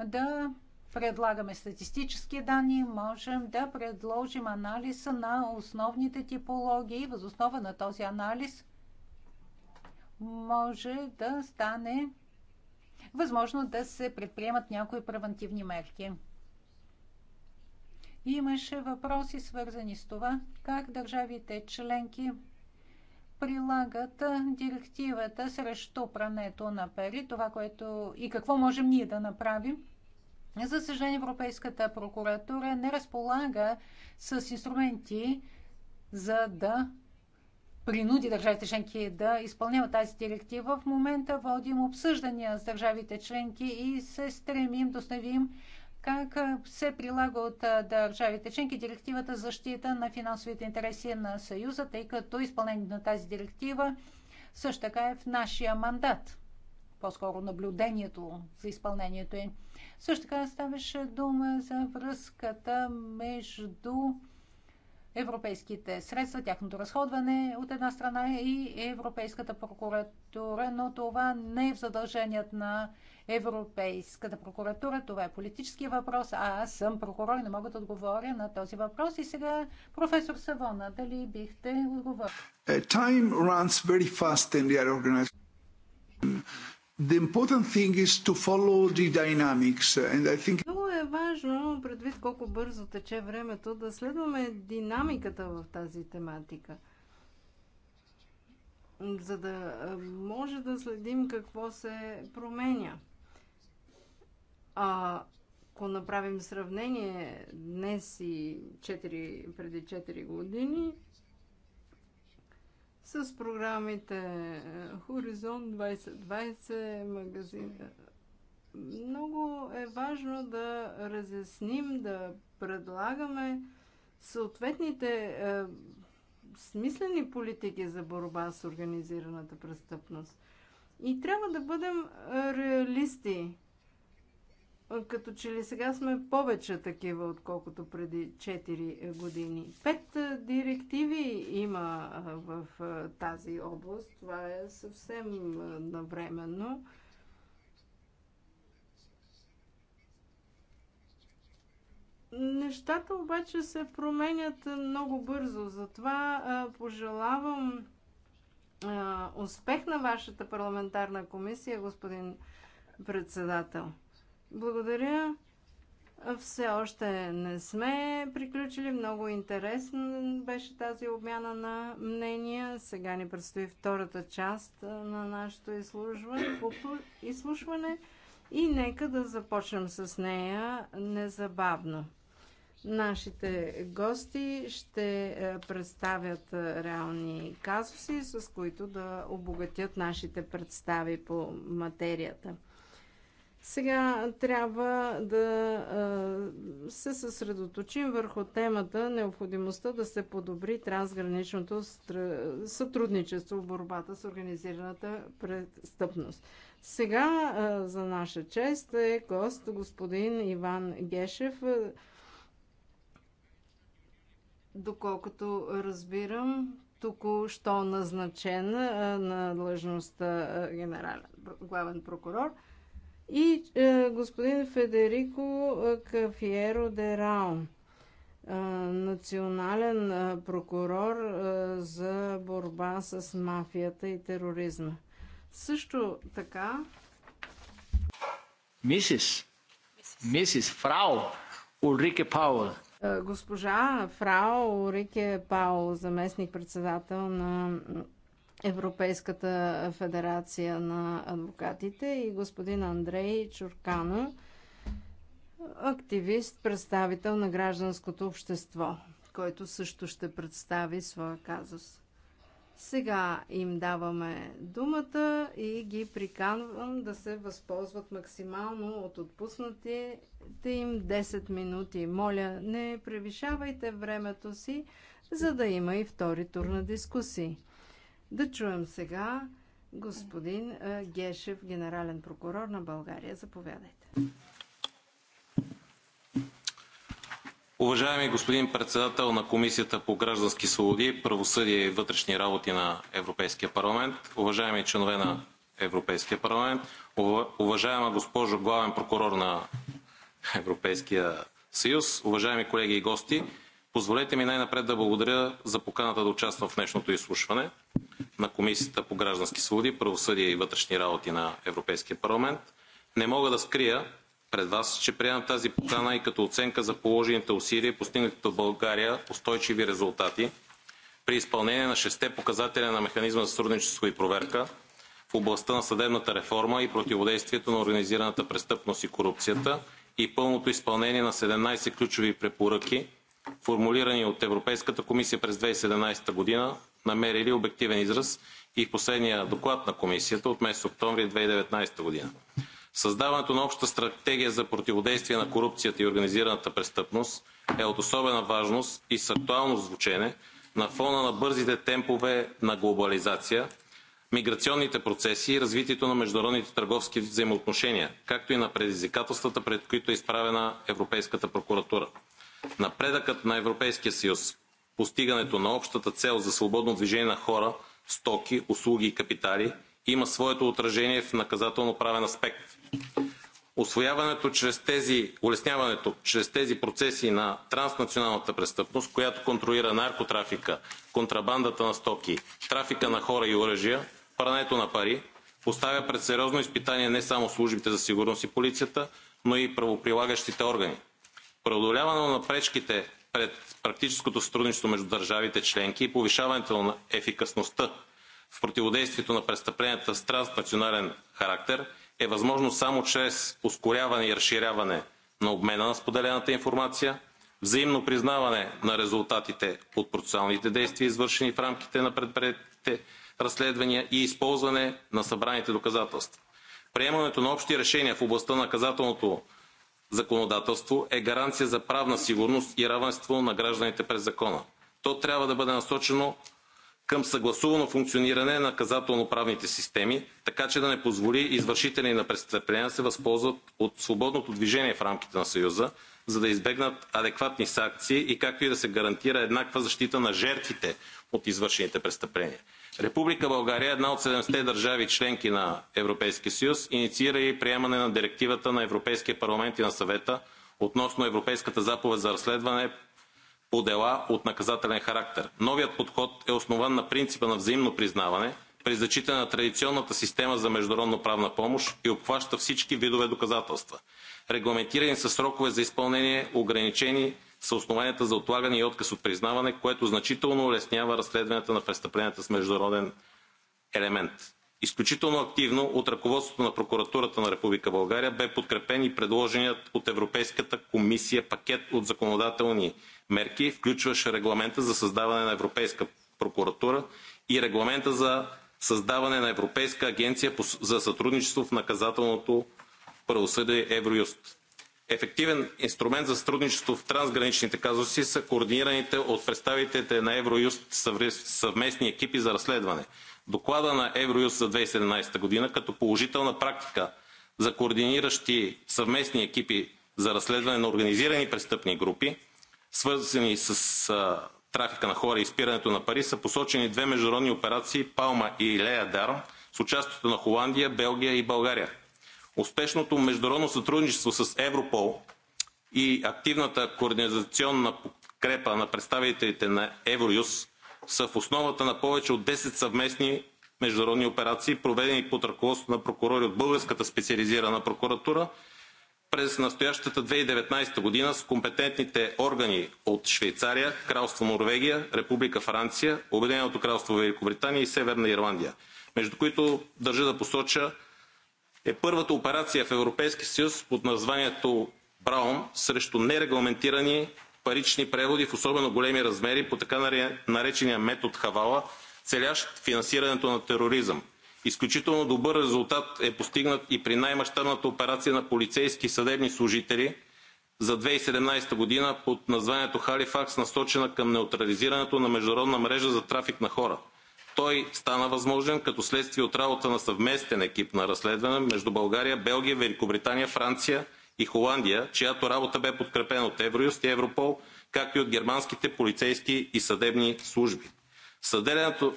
да предлагаме статистически данни, можем да предложим анализа на основните типологии Въз възоснова на този анализ може да стане възможно да се предприемат някои превентивни мерки. Имаше въпроси свързани с това как държавите членки прилагат директивата срещу прането на пари, това което и какво можем ние да направим. За съжаление, Европейската прокуратура не разполага с инструменти, за да принуди държавите членки да изпълняват тази директива. В момента водим обсъждания с държавите членки и се стремим да установим как се прилага от държавите членки директивата за защита на финансовите интереси на Съюза, тъй като изпълнението на тази директива също така е в нашия мандат по-скоро наблюдението за изпълнението им. Също така ставаше дума за връзката между европейските средства, тяхното разходване от една страна и Европейската прокуратура, но това не е в задълженият на Европейската прокуратура. Това е политически въпрос, а аз съм прокурор и не мога да отговоря на този въпрос. И сега, професор Савона, дали бихте отговорили? The important thing is to follow the dynamics and I think Много е важно, предвид колко бързо тече времето, да следваме динамиката в тази тематика. За да може да следим какво се променя. А ако направим сравнение днес и 4, преди 4 години, с програмите е, Хоризонт 2020, магазина. Е, много е важно да разясним, да предлагаме съответните е, смислени политики за борба с организираната престъпност. И трябва да бъдем е, реалисти като че ли сега сме повече такива, отколкото преди 4 години. Пет директиви има в тази област. Това е съвсем навременно. Нещата обаче се променят много бързо. Затова пожелавам успех на вашата парламентарна комисия, господин председател. Благодаря. Все още не сме приключили. Много интересно беше тази обмяна на мнения. Сега ни предстои втората част на нашето изслушване и нека да започнем с нея незабавно. Нашите гости ще представят реални казуси, с които да обогатят нашите представи по материята. Сега трябва да се съсредоточим върху темата необходимостта да се подобри трансграничното сътрудничество в борбата с организираната престъпност. Сега за наша чест е гост господин Иван Гешев. Доколкото разбирам, току-що назначен на длъжността генерален главен прокурор – и е, господин Федерико Кафиеро де Рао, е, национален е, прокурор е, за борба с мафията и тероризма. Също така. Мисис. Мисис Фрау Улрике Паул. Е, госпожа Фрау Урике Паул, заместник-председател на Европейската федерация на адвокатите и господин Андрей Чуркано, активист, представител на гражданското общество, който също ще представи своя казус. Сега им даваме думата и ги приканвам да се възползват максимално от отпуснатите им 10 минути. Моля, не превишавайте времето си, за да има и втори тур на дискусии. Да чуем сега господин е, Гешев, генерален прокурор на България. Заповядайте. Уважаеми господин председател на Комисията по граждански свободи, правосъдие и вътрешни работи на Европейския парламент, уважаеми членове на Европейския парламент, уважаема госпожо главен прокурор на Европейския съюз, уважаеми колеги и гости, Позволете ми най-напред да благодаря за поканата да участвам в днешното изслушване на Комисията по граждански свободи, правосъдие и вътрешни работи на Европейския парламент. Не мога да скрия пред Вас, че приемам тази покана и като оценка за положените усилия и постигнатите в България устойчиви резултати при изпълнение на шесте показателя на механизма за сътрудничество и проверка в областта на съдебната реформа и противодействието на организираната престъпност и корупцията и пълното изпълнение на 17 ключови препоръки формулирани от Европейската комисия през 2017 година, намерили обективен израз и в последния доклад на комисията от месец октомври 2019 година, Създаването на обща стратегия за противодействие на корупцията и организираната престъпност е от особена важност и с актуално звучене на фона на бързите темпове на глобализация, миграционните процеси и развитието на международните търговски взаимоотношения, както и на предизвикателствата, пред които е изправена Европейската прокуратура. Напредъкът на Европейския съюз, постигането на общата цел за свободно движение на хора, стоки, услуги и капитали има своето отражение в наказателно-правен аспект. Освояването чрез тези, улесняването чрез тези процеси на транснационалната престъпност, която контролира наркотрафика, контрабандата на стоки, трафика на хора и оръжия, прането на пари, поставя пред сериозно изпитание не само службите за сигурност и полицията, но и правоприлагащите органи преодоляване на пречките пред практическото сътрудничество между държавите членки и повишаването на ефикасността в противодействието на престъпленията с транснационален характер е възможно само чрез ускоряване и разширяване на обмена на споделената информация, взаимно признаване на резултатите от процесуалните действия, извършени в рамките на предпредните разследвания и използване на събраните доказателства. Приемането на общи решения в областта на наказателното законодателство е гаранция за правна сигурност и равенство на гражданите пред закона. То трябва да бъде насочено към съгласувано функциониране на наказателно-правните системи, така че да не позволи извършители на престъпления да се възползват от свободното движение в рамките на Съюза, за да избегнат адекватни санкции и както и да се гарантира еднаква защита на жертвите от извършените престъпления. Република България, е една от седемте държави членки на Европейския съюз, инициира и приемане на директивата на Европейския парламент и на съвета относно Европейската заповед за разследване по дела от наказателен характер. Новият подход е основан на принципа на взаимно признаване при зачитане на традиционната система за международно правна помощ и обхваща всички видове доказателства. Регламентирани са срокове за изпълнение, ограничени са основанията за отлагане и отказ от признаване, което значително улеснява разследването на престъпленията с международен елемент. Изключително активно от ръководството на прокуратурата на Република България бе подкрепен и предложеният от Европейската комисия пакет от законодателни мерки, включващ регламента за създаване на Европейска прокуратура и регламента за създаване на Европейска агенция за сътрудничество в наказателното правосъдие Евроюст. Ефективен инструмент за сътрудничество в трансграничните казуси са координираните от представителите на Евроюст съвместни екипи за разследване. Доклада на Евроюст за 2017 година като положителна практика за координиращи съвместни екипи за разследване на организирани престъпни групи, свързани с а, трафика на хора и спирането на пари, са посочени две международни операции Палма и Лея Дарм с участието на Холандия, Белгия и България. Успешното международно сътрудничество с Европол и активната координационна подкрепа на представителите на Евроюз са в основата на повече от 10 съвместни международни операции, проведени под ръководство на прокурори от Българската специализирана прокуратура през настоящата 2019 година с компетентните органи от Швейцария, Кралство Норвегия, Република Франция, Обединеното кралство Великобритания и Северна Ирландия, между които държа да посоча е първата операция в Европейския съюз под названието Браун срещу нерегламентирани парични преводи в особено големи размери по така наречения метод Хавала, целящ финансирането на тероризъм. Изключително добър резултат е постигнат и при най-мащабната операция на полицейски съдебни служители за 2017 година под названието Халифакс, насочена към неутрализирането на международна мрежа за трафик на хора. Той стана възможен като следствие от работа на съвместен екип на разследване между България, Белгия, Великобритания, Франция и Холандия, чиято работа бе подкрепена от Евроюст и Европол, както и от германските полицейски и съдебни служби.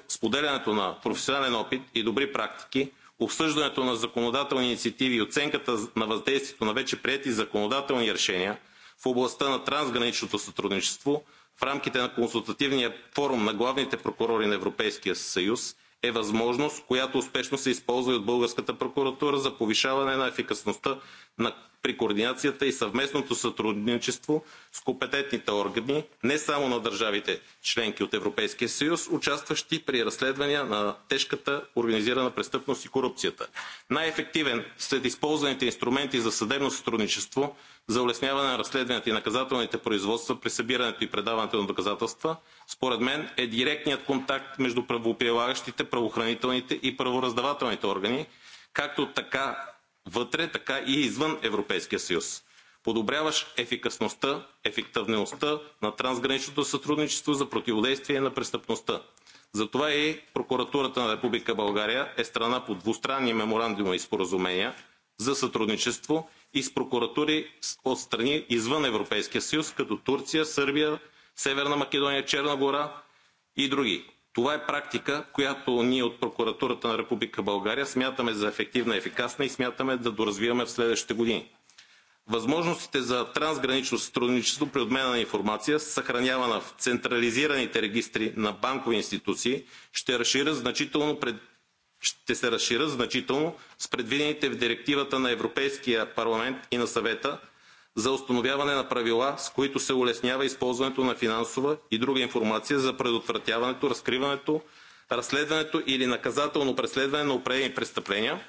Споделянето на професионален опит и добри практики, обсъждането на законодателни инициативи и оценката на въздействието на вече приети законодателни решения в областта на трансграничното сътрудничество – в рамките на консултативния форум на главните прокурори на Европейския съюз е възможност, която успешно се използва и от българската прокуратура за повишаване на ефикасността на при координацията и съвместното сътрудничество с компетентните органи не само на държавите членки от Европейския съюз, участващи при разследвания на тежката организирана престъпност и корупцията. Най-ефективен след използваните инструменти за съдебно сътрудничество, за улесняване на разследването и наказателните производства при събирането и предаването на доказателства, според мен е директният контакт между правоприлагащите, правоохранителните и правораздавателните органи, както така вътре, така и извън Европейския съюз, Подобряваш ефикасността, ефективността на трансграничното сътрудничество за противодействие на престъпността. Затова и Прокуратурата на Република България е страна по двустранни меморандуми и споразумения за сътрудничество и с прокуратури от страни извън Европейския съюз, като Турция, Сърбия, Северна Македония, Черна гора и други. Това е практика, която ние от Прокуратурата на Република България смятаме за ефективна и ефикасна и смятаме да доразвиваме в следващите години. Възможностите за трансгранично сътрудничество при обмена на информация, съхранявана в централизираните регистри на банкови институции, ще, разширят значително пред... ще се разширят значително с предвидените в директивата на Европейския парламент и на съвета за установяване на правила, с които се улеснява използването на финансова и друга информация за предотвратяването, разкриването, разследването или наказателно преследване на определени престъпления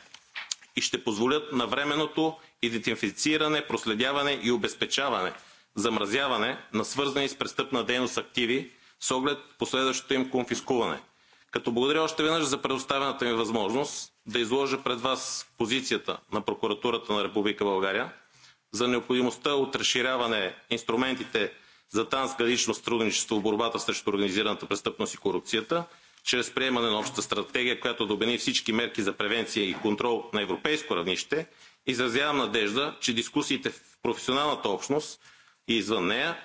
и ще позволят на временното идентифициране, проследяване и обезпечаване, замразяване на свързани с престъпна дейност активи с оглед последващото им конфискуване. Като благодаря още веднъж за предоставената ми възможност да изложа пред вас позицията на Прокуратурата на Република България за необходимостта от разширяване инструментите за трансгранично сътрудничество в борбата срещу организираната престъпност и корупцията чрез приемане на обща стратегия, която да обени всички мерки за превенция и контрол на европейско равнище, изразявам надежда, че дискусиите в професионалната общност и извън нея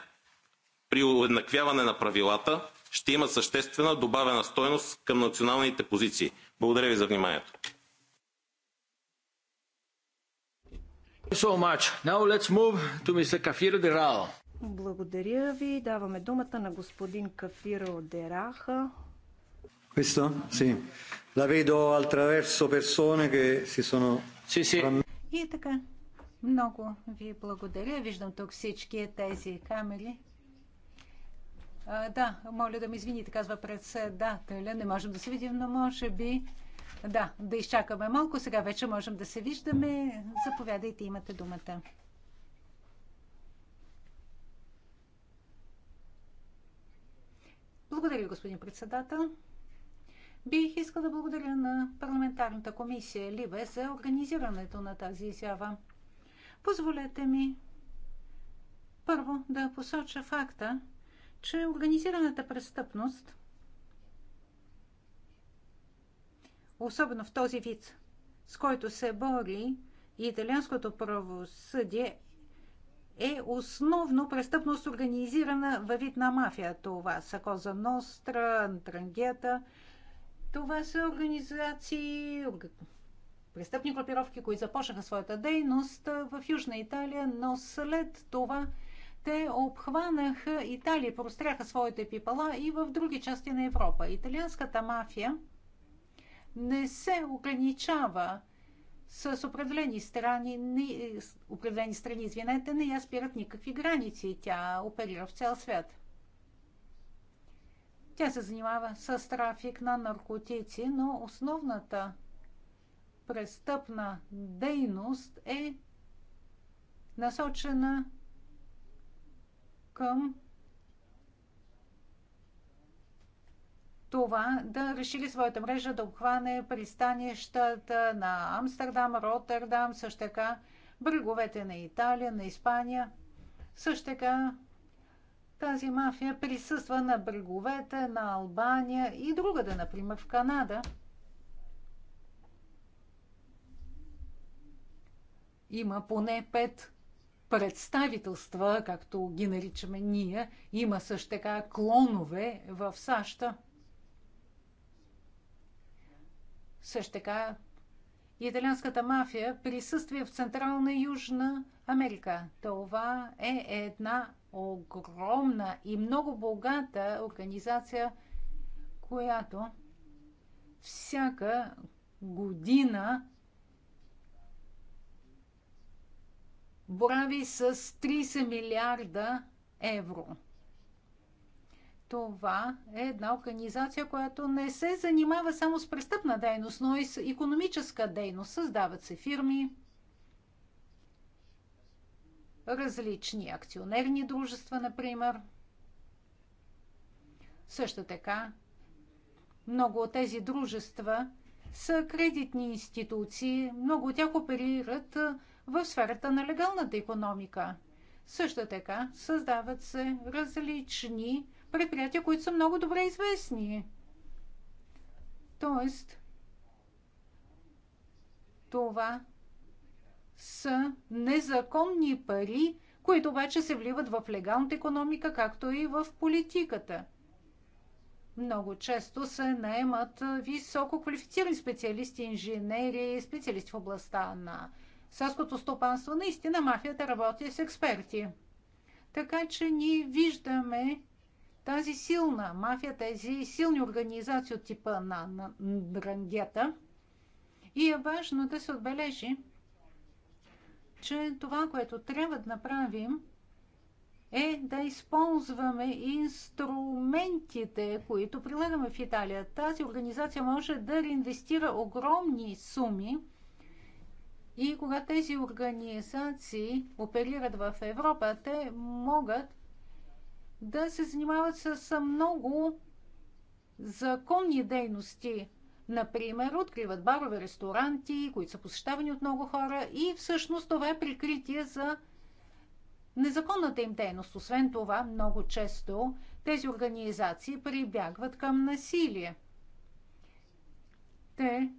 при уеднаквяване на правилата ще имат съществена добавена стойност към националните позиции. Благодаря ви за вниманието. So Благодаря ви. Даваме думата на господин Кафиро Дераха. Questo? Sì. La vedo attraverso persone che si sono... Sì, sì. И така, много ви благодаря. Виждам тук всички тези камери. А, да, моля да ме извините, казва председателя. Не можем да се видим, но може би да, да изчакаме малко. Сега вече можем да се виждаме. Заповядайте, имате думата. Благодаря ви, господин председател. Бих искал да благодаря на парламентарната комисия Либе за организирането на тази изява. Позволете ми първо да посоча факта, че организираната престъпност – особено в този вид, с който се бори италианското правосъдие, е основно престъпност организирана във вид на мафия. Това са Коза Ностра, Антрангета. Това са организации, престъпни групировки, които започнаха своята дейност в Южна Италия, но след това те обхванаха Италия, простряха своите пипала и в други части на Европа. Италианската мафия – не се ограничава с определени страни, не, определени страни, извинете, не я спират никакви граници. Тя оперира в цял свят. Тя се занимава с трафик на наркотици, но основната престъпна дейност е насочена към това да решили своята мрежа да обхване пристанищата на Амстердам, Роттердам, също така бреговете на Италия, на Испания. Също така тази мафия присъства на бреговете на Албания и другата, например в Канада. Има поне пет представителства, както ги наричаме ние. Има също така клонове в САЩ. Също така, италианската мафия присъствие в Централна и Южна Америка. Това е една огромна и много богата организация, която всяка година борави с 30 милиарда евро това е една организация, която не се занимава само с престъпна дейност, но и с економическа дейност. Създават се фирми, различни акционерни дружества, например. Също така, много от тези дружества са кредитни институции, много от тях оперират в сферата на легалната економика. Също така създават се различни предприятия, които са много добре известни. Тоест, това са незаконни пари, които обаче се вливат в легалната економика, както и в политиката. Много често се наемат високо квалифицирани специалисти, инженери, специалисти в областта на селското стопанство. Наистина мафията работи с експерти. Така че ние виждаме тази силна мафия, тези силни организации от типа на, на, на дрангета. И е важно да се отбележи, че това, което трябва да направим, е да използваме инструментите, които прилагаме в Италия. Тази организация може да реинвестира огромни суми и когато тези организации оперират в Европа, те могат да се занимават с много законни дейности. Например, откриват барове, ресторанти, които са посещавани от много хора и всъщност това е прикритие за незаконната им дейност. Освен това, много често тези организации прибягват към насилие. Те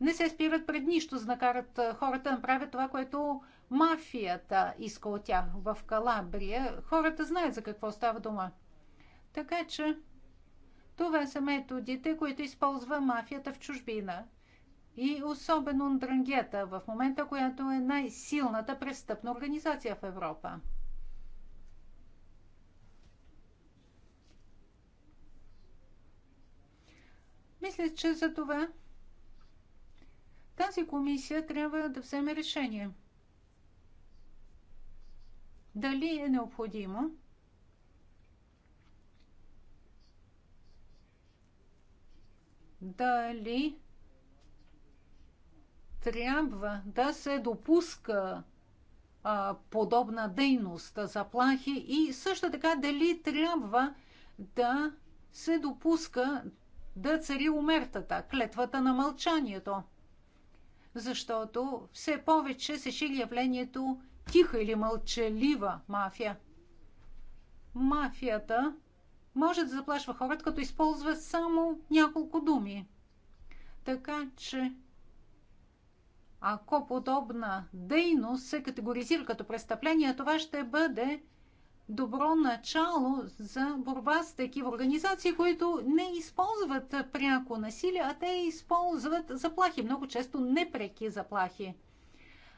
не се спират пред нищо, за да накарат хората да направят това, което мафията иска от тях в Калабрия. Хората знаят за какво става дума. Така че това са методите, които използва мафията в чужбина. И особено Дрангета в момента, която е най-силната престъпна организация в Европа. Мисля, че за това тази комисия трябва да вземе решение. Дали е необходимо дали трябва да се допуска а, подобна дейност, заплахи и също така дали трябва да се допуска да цари умертата, клетвата на мълчанието. Защото все повече се шири явлението тиха или мълчалива мафия. Мафията може да заплашва хората, като използва само няколко думи. Така че, ако подобна дейност се категоризира като престъпление, това ще бъде добро начало за борба с такива организации, които не използват пряко насилие, а те използват заплахи, много често непреки заплахи.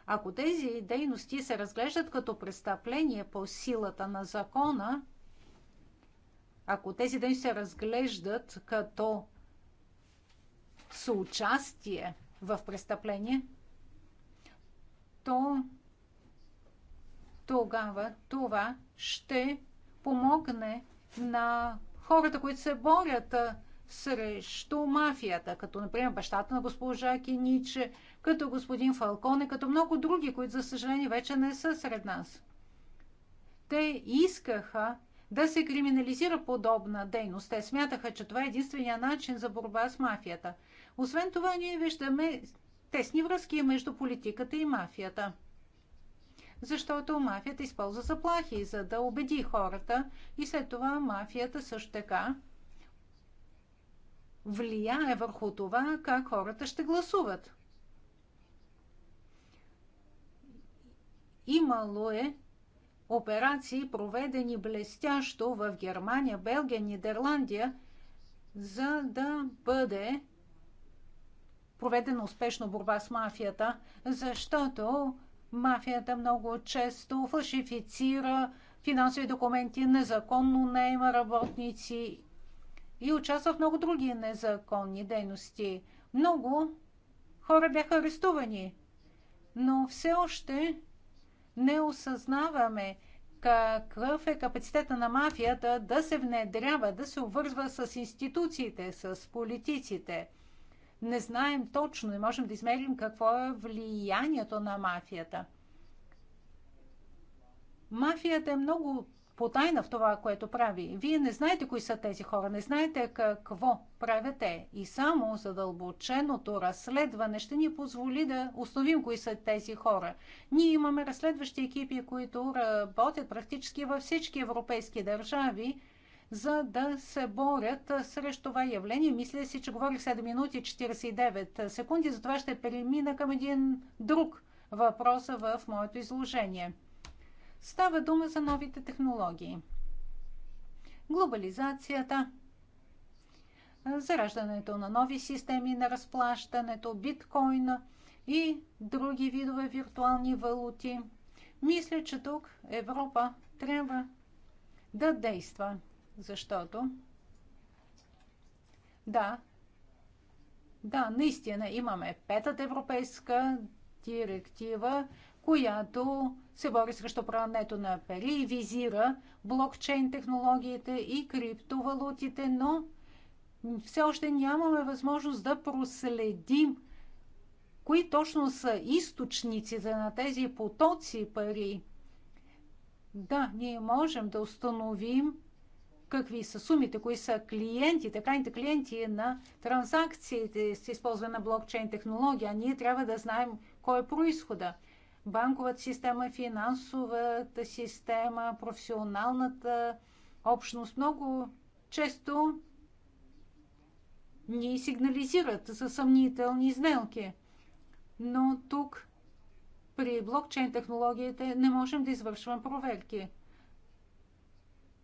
Ако тези дейности се разглеждат като престъпление по силата на закона, ако тези дейности се разглеждат като съучастие в престъпление, то тогава това ще помогне на хората, които се борят срещу мафията, като например бащата на госпожа Кениче, като господин Фалконе, като много други, които за съжаление вече не са сред нас. Те искаха да се криминализира подобна дейност. Те смятаха, че това е единствения начин за борба с мафията. Освен това, ние виждаме тесни връзки между политиката и мафията. Защото мафията използва заплахи, за да убеди хората и след това мафията също така влияе върху това как хората ще гласуват. Имало е операции, проведени блестящо в Германия, Белгия, Нидерландия, за да бъде проведена успешно борба с мафията, защото мафията много често фалшифицира финансови документи, незаконно не има работници и участва в много други незаконни дейности. Много хора бяха арестувани, но все още не осъзнаваме какъв е капацитета на мафията да се внедрява, да се обвързва с институциите, с политиците. Не знаем точно, и можем да измерим какво е влиянието на мафията. Мафията е много потайна в това, което прави. Вие не знаете кои са тези хора, не знаете какво правят те. И само задълбоченото разследване ще ни позволи да установим кои са тези хора. Ние имаме разследващи екипи, които работят практически във всички европейски държави, за да се борят срещу това явление. Мисля си, че говорих 7 минути 49 секунди, затова ще премина към един друг въпрос в моето изложение – Става дума за новите технологии. Глобализацията, зараждането на нови системи на разплащането, биткоина и други видове виртуални валути. Мисля, че тук Европа трябва да действа, защото да, да, наистина имаме петата европейска директива, която се бори срещу прането на пари и визира блокчейн технологиите и криптовалутите, но все още нямаме възможност да проследим кои точно са източниците на тези потоци пари. Да, ние можем да установим какви са сумите, кои са клиентите, крайните клиенти на транзакциите с използване на блокчейн технология. Ние трябва да знаем кой е происхода банковата система, финансовата система, професионалната общност. Много често ни сигнализират за съмнителни сделки. Но тук при блокчейн технологиите не можем да извършваме проверки.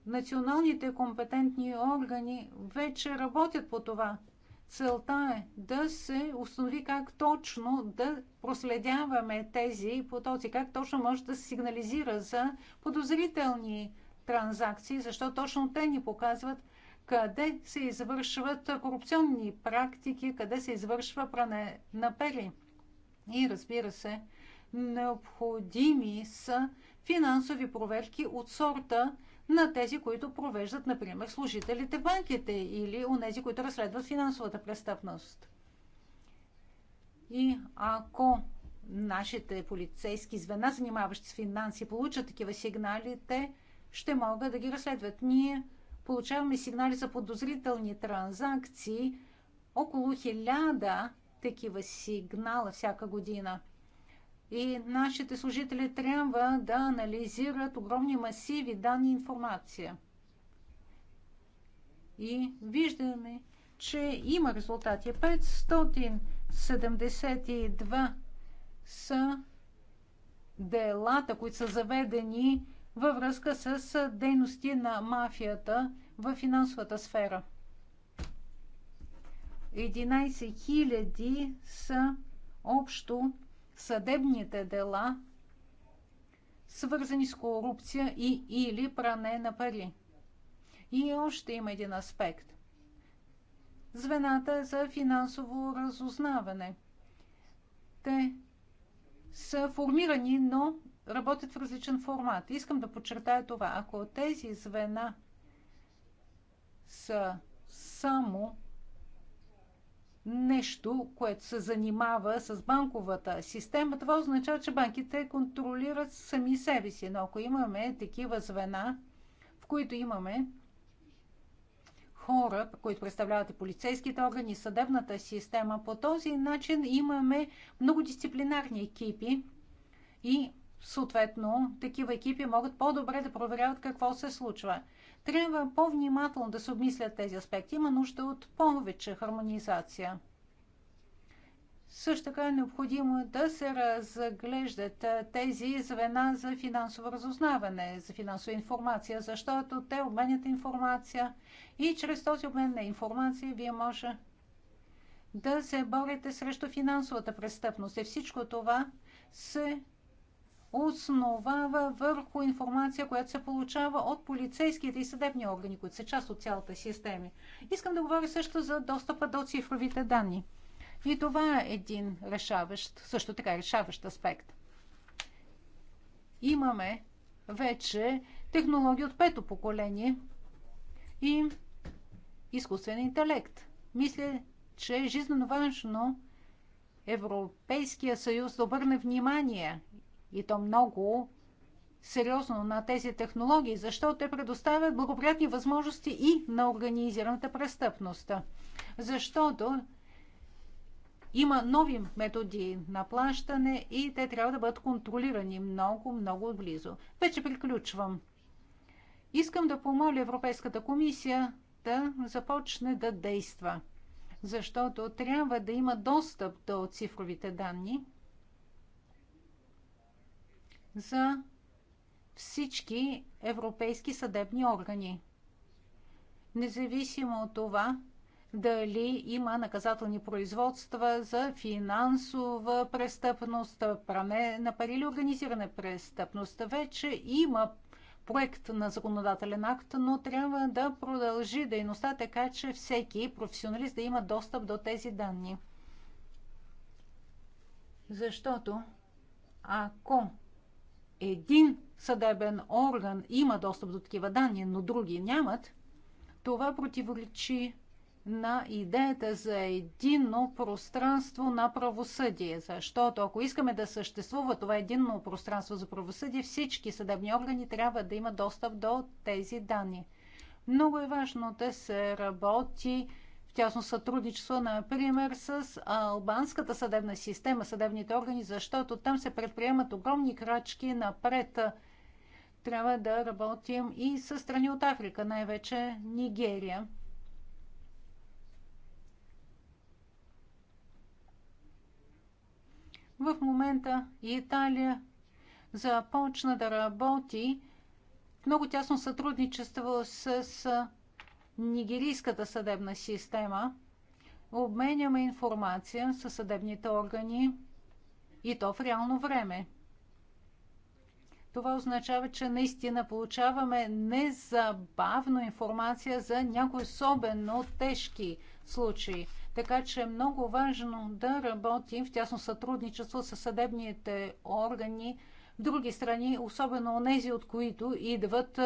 Националните компетентни органи вече работят по това – Целта е да се установи как точно да проследяваме тези потоци, как точно може да се сигнализира за подозрителни транзакции, защото точно те ни показват къде се извършват корупционни практики, къде се извършва пране на пери. И разбира се, необходими са финансови проверки от сорта, на тези, които провеждат, например, служителите в банките или у нези, които разследват финансовата престъпност. И ако нашите полицейски звена, занимаващи с финанси, получат такива сигнали, те ще могат да ги разследват. Ние получаваме сигнали за подозрителни транзакции, около хиляда такива сигнала всяка година – и нашите служители трябва да анализират огромни масиви данни и информация. И виждаме, че има резултати. 572 са делата, които са заведени във връзка с дейности на мафията в финансовата сфера. 11 000 са общо съдебните дела, свързани с корупция и или пране на пари. И още има един аспект. Звената за финансово разузнаване. Те са формирани, но работят в различен формат. Искам да подчертая това. Ако тези звена са само нещо, което се занимава с банковата система, това означава, че банките контролират сами себе си. Но ако имаме такива звена, в които имаме хора, които представляват и полицейските органи, съдебната система, по този начин имаме много дисциплинарни екипи и съответно такива екипи могат по-добре да проверяват какво се случва. Трябва по-внимателно да се обмислят тези аспекти. Има нужда от повече хармонизация. Също така е необходимо да се разглеждат тези звена за финансово разузнаване, за финансова информация, защото те обменят информация и чрез този обмен на информация вие може да се борите срещу финансовата престъпност. И всичко това се основава върху информация, която се получава от полицейските и съдебни органи, които са част от цялата система. Искам да говоря също за достъпа до цифровите данни. И това е един решаващ, също така решаващ аспект. Имаме вече технологии от пето поколение и изкуствен интелект. Мисля, че е жизненно важно Европейския съюз да обърне внимание и то много сериозно на тези технологии, защото те предоставят благоприятни възможности и на организираната престъпност. Защото има нови методи на плащане и те трябва да бъдат контролирани много, много близо. Вече приключвам. Искам да помоля Европейската комисия да започне да действа, защото трябва да има достъп до цифровите данни – за всички европейски съдебни органи. Независимо от това, дали има наказателни производства за финансова престъпност, пране на пари или организирана престъпност. Вече има проект на законодателен акт, но трябва да продължи дейността така, че всеки професионалист да има достъп до тези данни. Защото ако един съдебен орган има достъп до такива данни, но други нямат, това противоречи на идеята за единно пространство на правосъдие. Защото ако искаме да съществува това единно пространство за правосъдие, всички съдебни органи трябва да имат достъп до тези данни. Много е важно да се работи в тясно сътрудничество, например, с албанската съдебна система, съдебните органи, защото там се предприемат огромни крачки напред. Трябва да работим и с страни от Африка, най-вече Нигерия. В момента Италия започна да работи много тясно сътрудничество с нигерийската съдебна система. Обменяме информация със съдебните органи и то в реално време. Това означава, че наистина получаваме незабавно информация за някои особено тежки случаи. Така че е много важно да работим в тясно сътрудничество с съдебните органи в други страни, особено тези, от които идват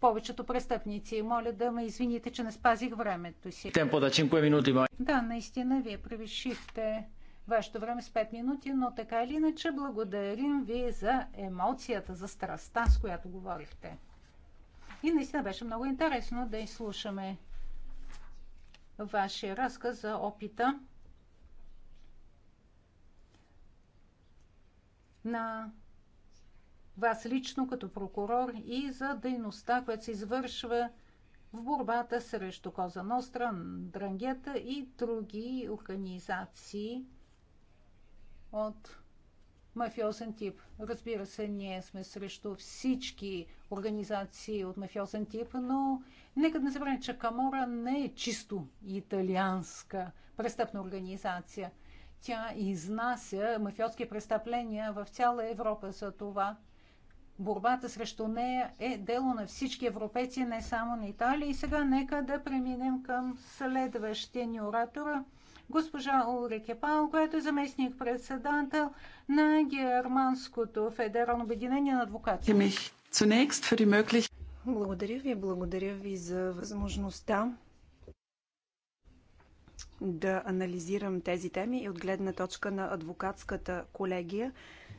повечето престъпници. Моля да ме извините, че не спазих времето си. Темпо да 5 минути, Да, наистина, вие превишихте вашето време с 5 минути, но така или иначе благодарим ви за емоцията, за страстта, с която говорихте. И наистина беше много интересно да изслушаме вашия разказ за опита на вас лично като прокурор и за дейността, която се извършва в борбата срещу Коза Ностра, Дрангета и други организации от мафиозен тип. Разбира се, ние сме срещу всички организации от мафиозен тип, но нека да не забравим, че Камора не е чисто италианска престъпна организация. Тя изнася мафиотски престъпления в цяла Европа за това борбата срещу нея е дело на всички европейци, не само на Италия. И сега нека да преминем към следващия ни оратора, госпожа Улрике Пао, която е заместник председател на Германското федерално обединение на адвокати. Благодаря ви, благодаря ви за възможността да анализирам тези теми и от гледна точка на адвокатската колегия.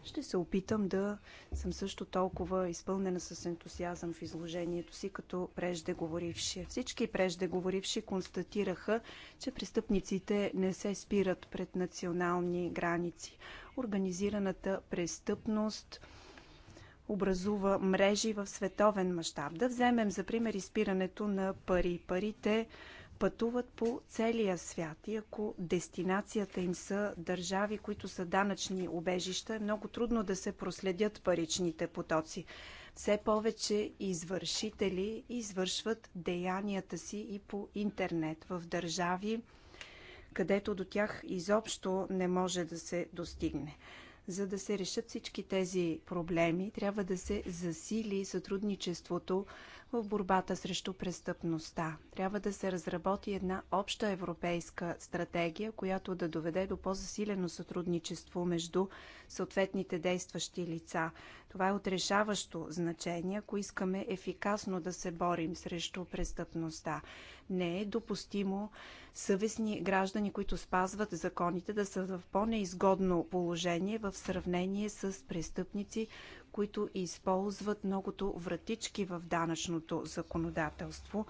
Ще се опитам да съм също толкова изпълнена с ентусиазъм в изложението си, като преждеговоривши. Всички преждеговоривши констатираха, че престъпниците не се спират пред национални граници. Организираната престъпност образува мрежи в световен мащаб. Да вземем за пример изпирането на пари. Парите пътуват по целия свят и ако дестинацията им са държави, които са данъчни убежища, е много трудно да се проследят паричните потоци. Все повече извършители извършват деянията си и по интернет в държави, където до тях изобщо не може да се достигне. За да се решат всички тези проблеми, трябва да се засили сътрудничеството в борбата срещу престъпността. Трябва да се разработи една обща европейска стратегия, която да доведе до по-засилено сътрудничество между съответните действащи лица. Това е отрешаващо значение, ако искаме ефикасно да се борим срещу престъпността. Не е допустимо съвестни граждани, които спазват законите, да са в по-неизгодно положение в сравнение с престъпници, които използват многото вратички в данъчното законодателство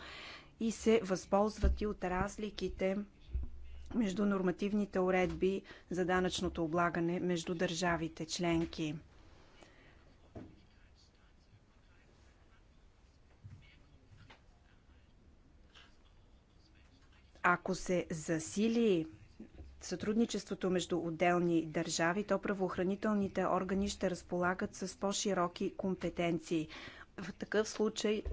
и се възползват и от разликите между нормативните уредби за данъчното облагане между държавите членки. Ако се засили сътрудничеството между отделни държави, то правоохранителните органи ще разполагат с по-широки компетенции. В такъв случай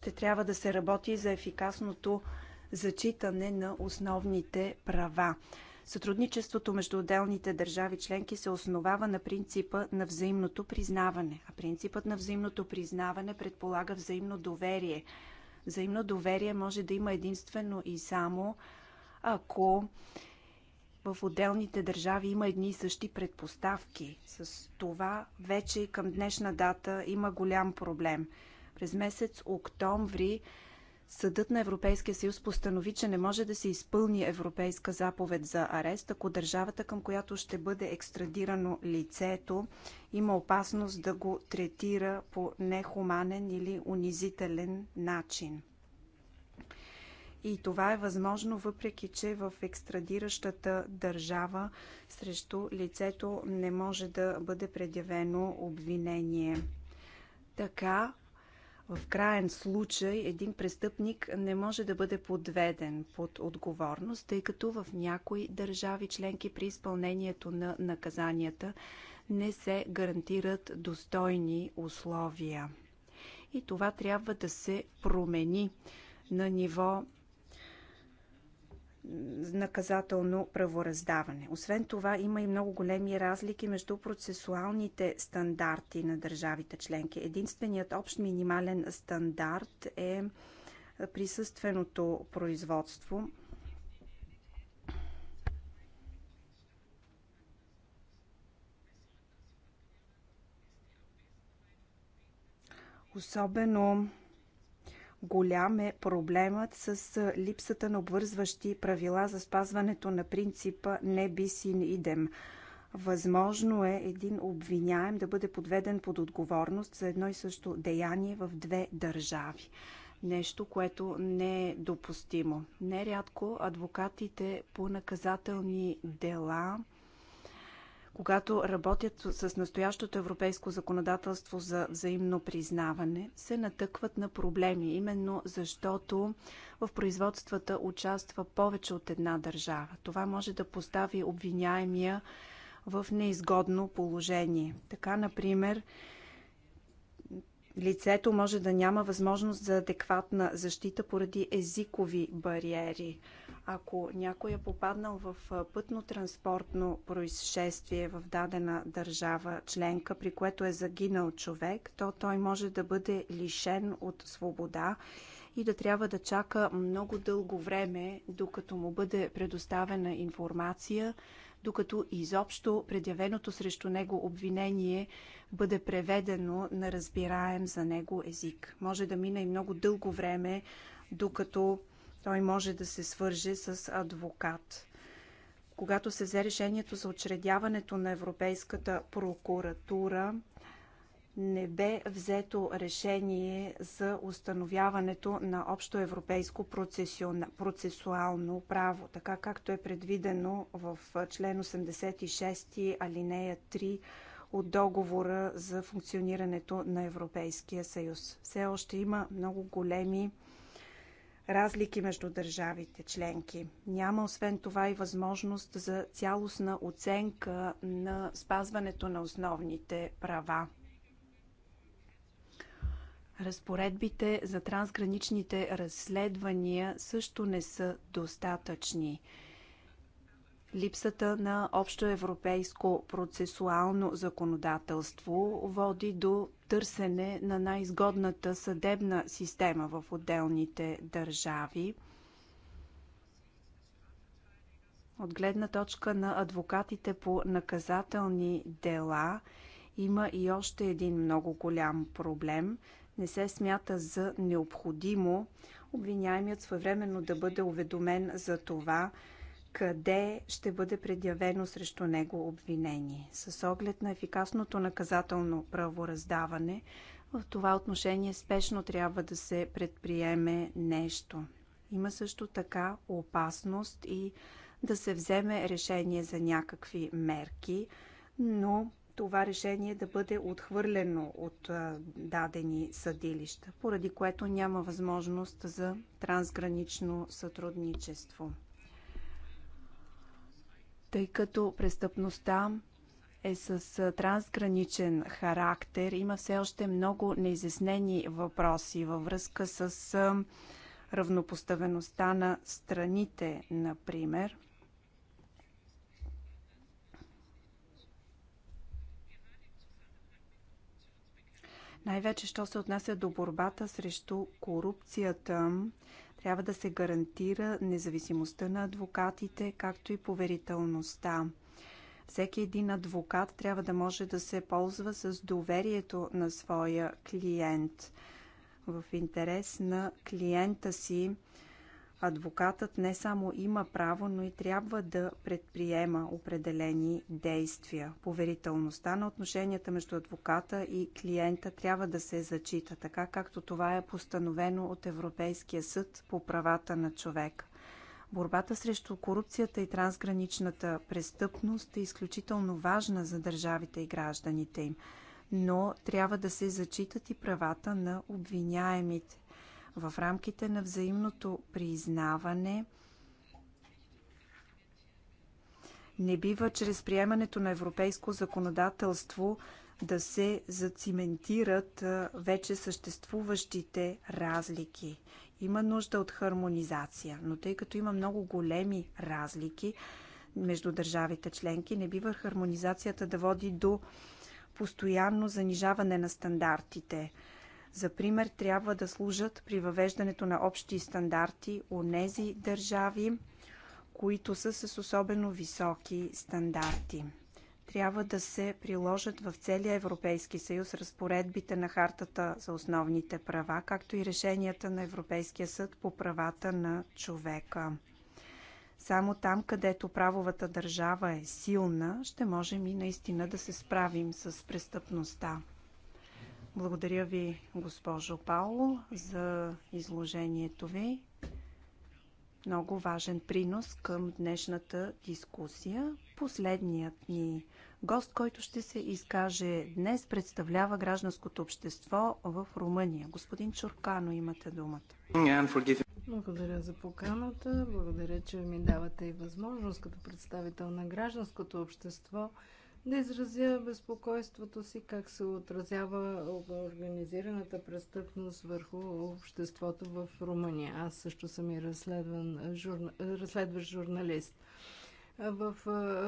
ще трябва да се работи за ефикасното зачитане на основните права. Сътрудничеството между отделните държави членки се основава на принципа на взаимното признаване. А принципът на взаимното признаване предполага взаимно доверие. Взаимно доверие може да има единствено и само ако в отделните държави има едни и същи предпоставки. С това вече към днешна дата има голям проблем. През месец октомври Съдът на Европейския съюз постанови, че не може да се изпълни европейска заповед за арест, ако държавата, към която ще бъде екстрадирано лицето, има опасност да го третира по нехуманен или унизителен начин. И това е възможно, въпреки че в екстрадиращата държава срещу лицето не може да бъде предявено обвинение. Така, в крайен случай, един престъпник не може да бъде подведен под отговорност, тъй като в някои държави членки при изпълнението на наказанията не се гарантират достойни условия. И това трябва да се промени на ниво наказателно правораздаване. Освен това, има и много големи разлики между процесуалните стандарти на държавите членки. Единственият общ минимален стандарт е присъственото производство. Особено Голям е проблемът с липсата на обвързващи правила за спазването на принципа не бис ин идем. Възможно е един обвиняем да бъде подведен под отговорност за едно и също деяние в две държави. Нещо, което не е допустимо. Нерядко адвокатите по наказателни дела когато работят с настоящото европейско законодателство за взаимно признаване, се натъкват на проблеми, именно защото в производствата участва повече от една държава. Това може да постави обвиняемия в неизгодно положение. Така, например, лицето може да няма възможност за адекватна защита поради езикови бариери – ако някой е попаднал в пътно-транспортно происшествие в дадена държава членка, при което е загинал човек, то той може да бъде лишен от свобода и да трябва да чака много дълго време, докато му бъде предоставена информация, докато изобщо предявеното срещу него обвинение бъде преведено на разбираем за него език. Може да мине и много дълго време, докато той може да се свърже с адвокат. Когато се взе решението за учредяването на Европейската прокуратура, не бе взето решение за установяването на общо европейско процесуално право, така както е предвидено в член 86 алинея 3 от договора за функционирането на Европейския съюз. Все още има много големи разлики между държавите членки. Няма освен това и възможност за цялостна оценка на спазването на основните права. Разпоредбите за трансграничните разследвания също не са достатъчни. Липсата на общо европейско процесуално законодателство води до търсене на най-изгодната съдебна система в отделните държави. От гледна точка на адвокатите по наказателни дела има и още един много голям проблем. Не се смята за необходимо обвиняемият своевременно да бъде уведомен за това, къде ще бъде предявено срещу него обвинение. С оглед на ефикасното наказателно правораздаване, в това отношение спешно трябва да се предприеме нещо. Има също така опасност и да се вземе решение за някакви мерки, но това решение да бъде отхвърлено от дадени съдилища, поради което няма възможност за трансгранично сътрудничество. Тъй като престъпността е с трансграничен характер, има все още много неизяснени въпроси във връзка с равнопоставеността на страните, например. Най-вече, що се отнася до борбата срещу корупцията трябва да се гарантира независимостта на адвокатите, както и поверителността. Всеки един адвокат трябва да може да се ползва с доверието на своя клиент. В интерес на клиента си адвокатът не само има право, но и трябва да предприема определени действия. Поверителността на отношенията между адвоката и клиента трябва да се зачита, така както това е постановено от Европейския съд по правата на човека. Борбата срещу корупцията и трансграничната престъпност е изключително важна за държавите и гражданите им, но трябва да се зачитат и правата на обвиняемите в рамките на взаимното признаване не бива чрез приемането на европейско законодателство да се зациментират вече съществуващите разлики. Има нужда от хармонизация, но тъй като има много големи разлики между държавите членки, не бива хармонизацията да води до постоянно занижаване на стандартите. За пример трябва да служат при въвеждането на общи стандарти у нези държави, които са с особено високи стандарти. Трябва да се приложат в целия Европейски съюз разпоредбите на Хартата за основните права, както и решенията на Европейския съд по правата на човека. Само там, където правовата държава е силна, ще можем и наистина да се справим с престъпността. Благодаря ви, госпожо Паул, за изложението ви. Много важен принос към днешната дискусия. Последният ни гост, който ще се изкаже днес, представлява гражданското общество в Румъния. Господин Чуркано, имате думата. Благодаря за поканата. Благодаря, че ми давате и възможност като представител на гражданското общество да изразя безпокойството си как се отразява организираната престъпност върху обществото в Румъния. Аз също съм и разследван, журна, разследващ журналист. В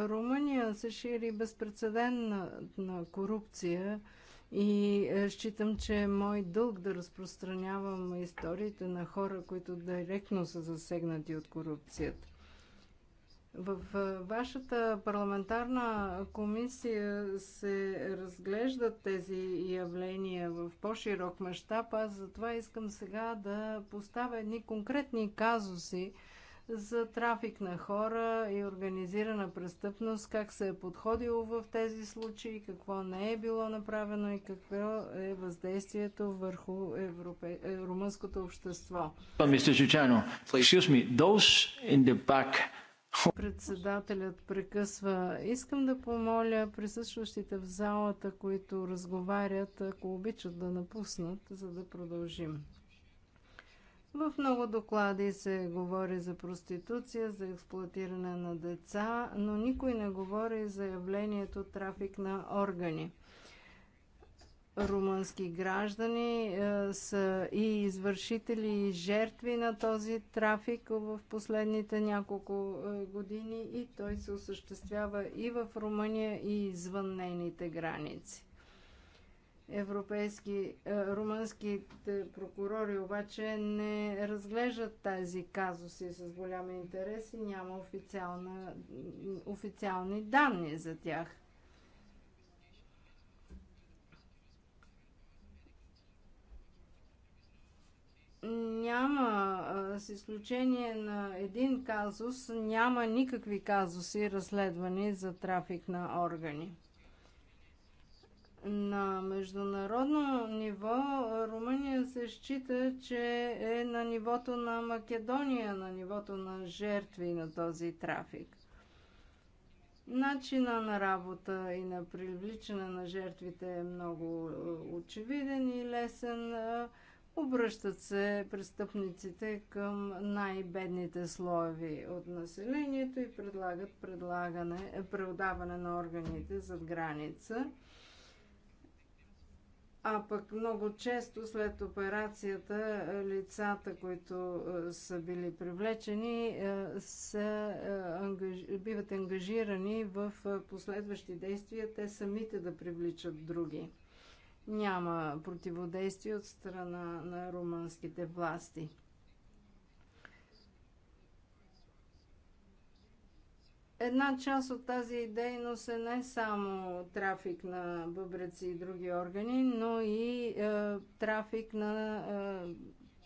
Румъния се шири безпредседентна корупция и считам, че е мой дълг да разпространявам историите на хора, които директно са засегнати от корупцията. В вашата парламентарна комисия се разглеждат тези явления в по-широк мащаб. Аз затова искам сега да поставя едни конкретни казуси за трафик на хора и организирана престъпност, как се е подходило в тези случаи, какво не е било направено и какво е въздействието върху европе... Е, румънското общество. Mr. Giuciano, excuse me, those in the back Председателят прекъсва. Искам да помоля присъстващите в залата, които разговарят, ако обичат да напуснат, за да продължим. В много доклади се говори за проституция, за експлуатиране на деца, но никой не говори за явлението трафик на органи румънски граждани е, са и извършители, и жертви на този трафик в последните няколко е, години и той се осъществява и в Румъния, и извън нейните граници. Европейски, е, румънските прокурори обаче не разглеждат тази казуси с голям интерес и няма официални данни за тях. няма, с изключение на един казус, няма никакви казуси разследвани за трафик на органи. На международно ниво Румъния се счита, че е на нивото на Македония, на нивото на жертви на този трафик. Начина на работа и на привличане на жертвите е много очевиден и лесен. Обръщат се престъпниците към най-бедните слоеви от населението и предлагат предлагане, преодаване на органите зад граница. А пък много често след операцията лицата, които е, са били привлечени, е, са, е, ангаж... биват ангажирани в последващи действия те самите да привличат други няма противодействие от страна на румънските власти. Една част от тази дейност е не само трафик на бъбреци и други органи, но и е, трафик на е,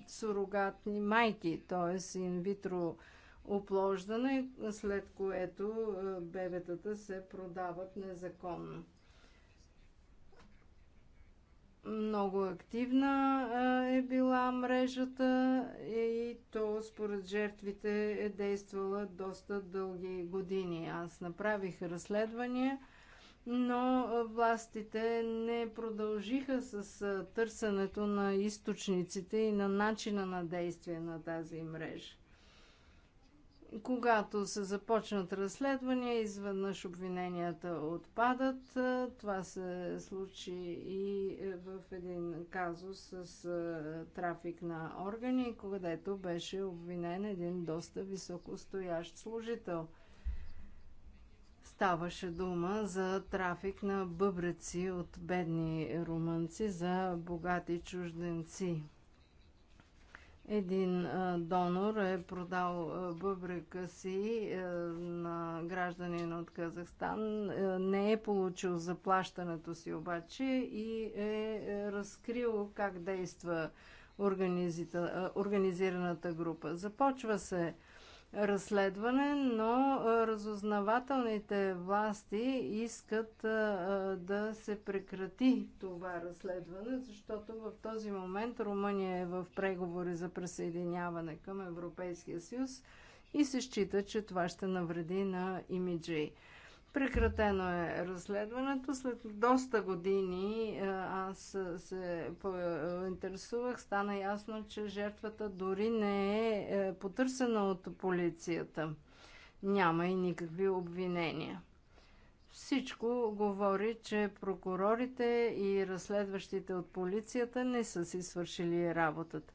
сурогатни майки, т.е. инвитро оплождане, след което е, бебетата се продават незаконно. Много активна е била мрежата и то според жертвите е действала доста дълги години. Аз направих разследвания, но властите не продължиха с търсенето на източниците и на начина на действие на тази мрежа когато се започнат разследвания, изведнъж обвиненията отпадат. Е, това се случи и е, в един казус с е, трафик на органи, където беше обвинен един доста високостоящ служител. Ставаше дума за трафик на бъбреци от бедни румънци за богати чужденци. Един донор е продал бъбрека си на гражданин от Казахстан, не е получил заплащането си обаче и е, е разкрил как действа организираната група. Започва се разследване, но разузнавателните власти искат да се прекрати това разследване, защото в този момент Румъния е в преговори за присъединяване към Европейския съюз и се счита, че това ще навреди на имиджа Прекратено е разследването. След доста години е, аз се интересувах. Стана ясно, че жертвата дори не е, е потърсена от полицията. Няма и никакви обвинения. Всичко говори, че прокурорите и разследващите от полицията не са си свършили работата.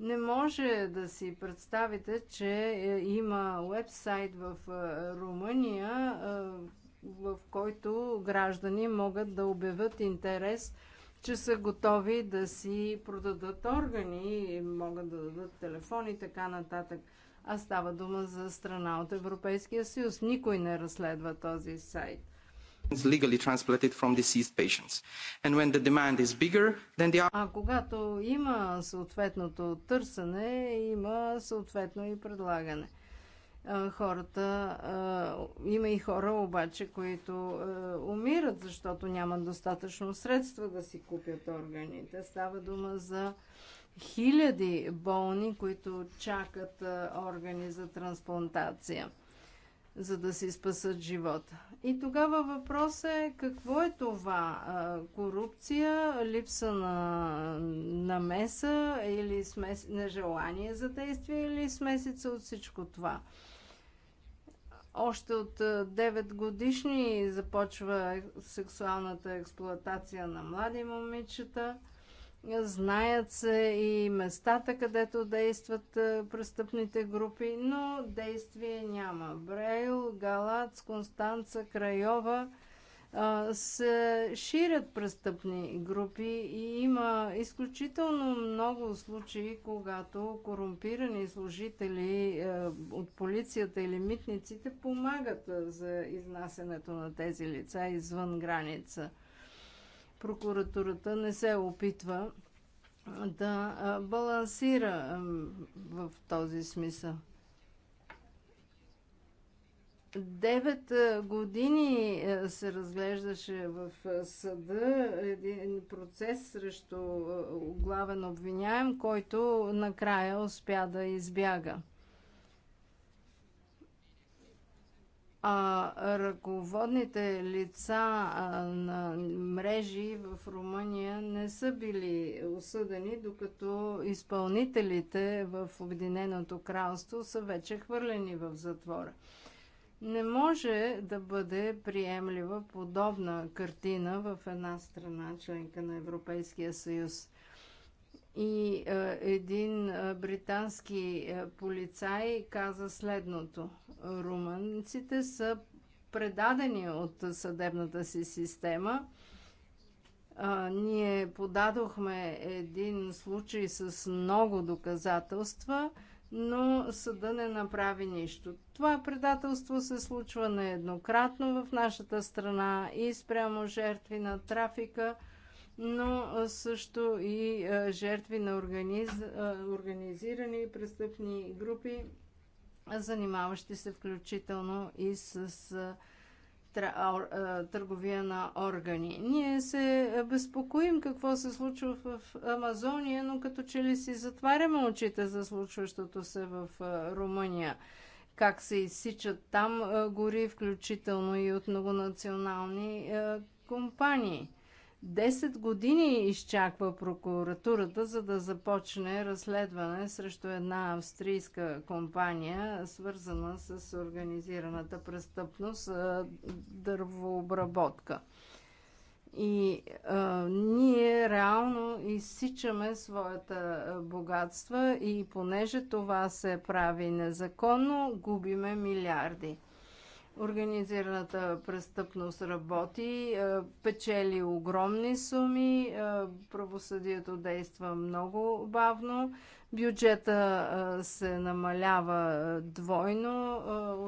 Не може да си представите, че е, има уебсайт в е, Румъния, е, в който граждани могат да обявят интерес, че са готови да си продадат органи, могат да дадат телефони и така нататък. А става дума за страна от Европейския съюз. Никой не разследва този сайт legally transplanted from deceased patients. And when the demand is bigger, then the... А когато има съответното търсене, има съответно и предлагане. Хората, има и хора обаче, които умират, защото нямат достатъчно средства да си купят органите. Става дума за хиляди болни, които чакат органи за трансплантация за да си спасат живота. И тогава въпрос е какво е това? Корупция, липса на намеса или смес... нежелание за действие или смесица от всичко това? Още от 9 годишни започва сексуалната експлоатация на млади момичета – знаят се и местата, където действат е, престъпните групи, но действие няма. Брейл, Галац, Констанца, Крайова е, се ширят престъпни групи и има изключително много случаи, когато корумпирани служители е, от полицията или митниците помагат за изнасянето на тези лица извън граница прокуратурата не се опитва да балансира в този смисъл. Девет години се разглеждаше в съда един процес срещу главен обвиняем, който накрая успя да избяга. а ръководните лица на мрежи в Румъния не са били осъдени, докато изпълнителите в Обединеното кралство са вече хвърлени в затвора. Не може да бъде приемлива подобна картина в една страна, членка на Европейския съюз и е, един е, британски е, полицай каза следното. Румънците са предадени от съдебната си система. А, ние подадохме един случай с много доказателства, но съда не направи нищо. Това предателство се случва нееднократно в нашата страна и спрямо жертви на трафика но също и жертви на организ... организирани престъпни групи, занимаващи се включително и с търговия на органи. Ние се безпокоим какво се случва в Амазония, но като че ли си затваряме очите за случващото се в Румъния. Как се изсичат там гори, включително и от многонационални компании. 10 години изчаква прокуратурата, за да започне разследване срещу една австрийска компания, свързана с организираната престъпност дървообработка. И а, ние реално изсичаме своята богатства и понеже това се прави незаконно, губиме милиарди. Организираната престъпност работи, е, печели огромни суми, е, правосъдието действа много бавно, бюджета е, се намалява двойно,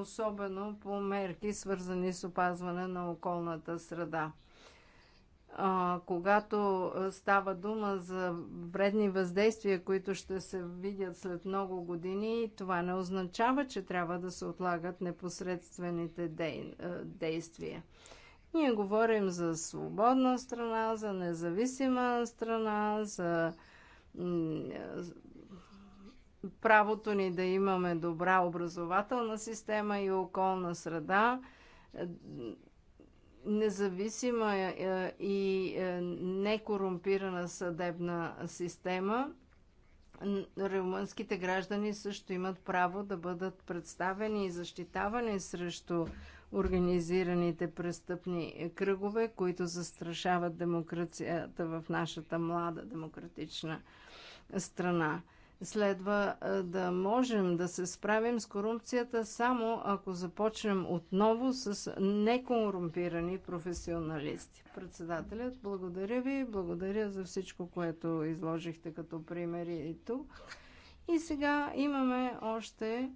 особено по мерки свързани с опазване на околната среда а, когато става дума за вредни въздействия, които ще се видят след много години, това не означава, че трябва да се отлагат непосредствените дей, действия. Ние говорим за свободна страна, за независима страна, за правото ни да имаме добра образователна система и околна среда независима е, е, и е, некорумпирана съдебна система, румънските граждани също имат право да бъдат представени и защитавани срещу организираните престъпни кръгове, които застрашават демокрацията в нашата млада демократична страна. Следва да можем да се справим с корупцията само ако започнем отново с некорумпирани професионалисти. Председателят, благодаря ви, благодаря за всичко, което изложихте като примери и тук. И сега имаме още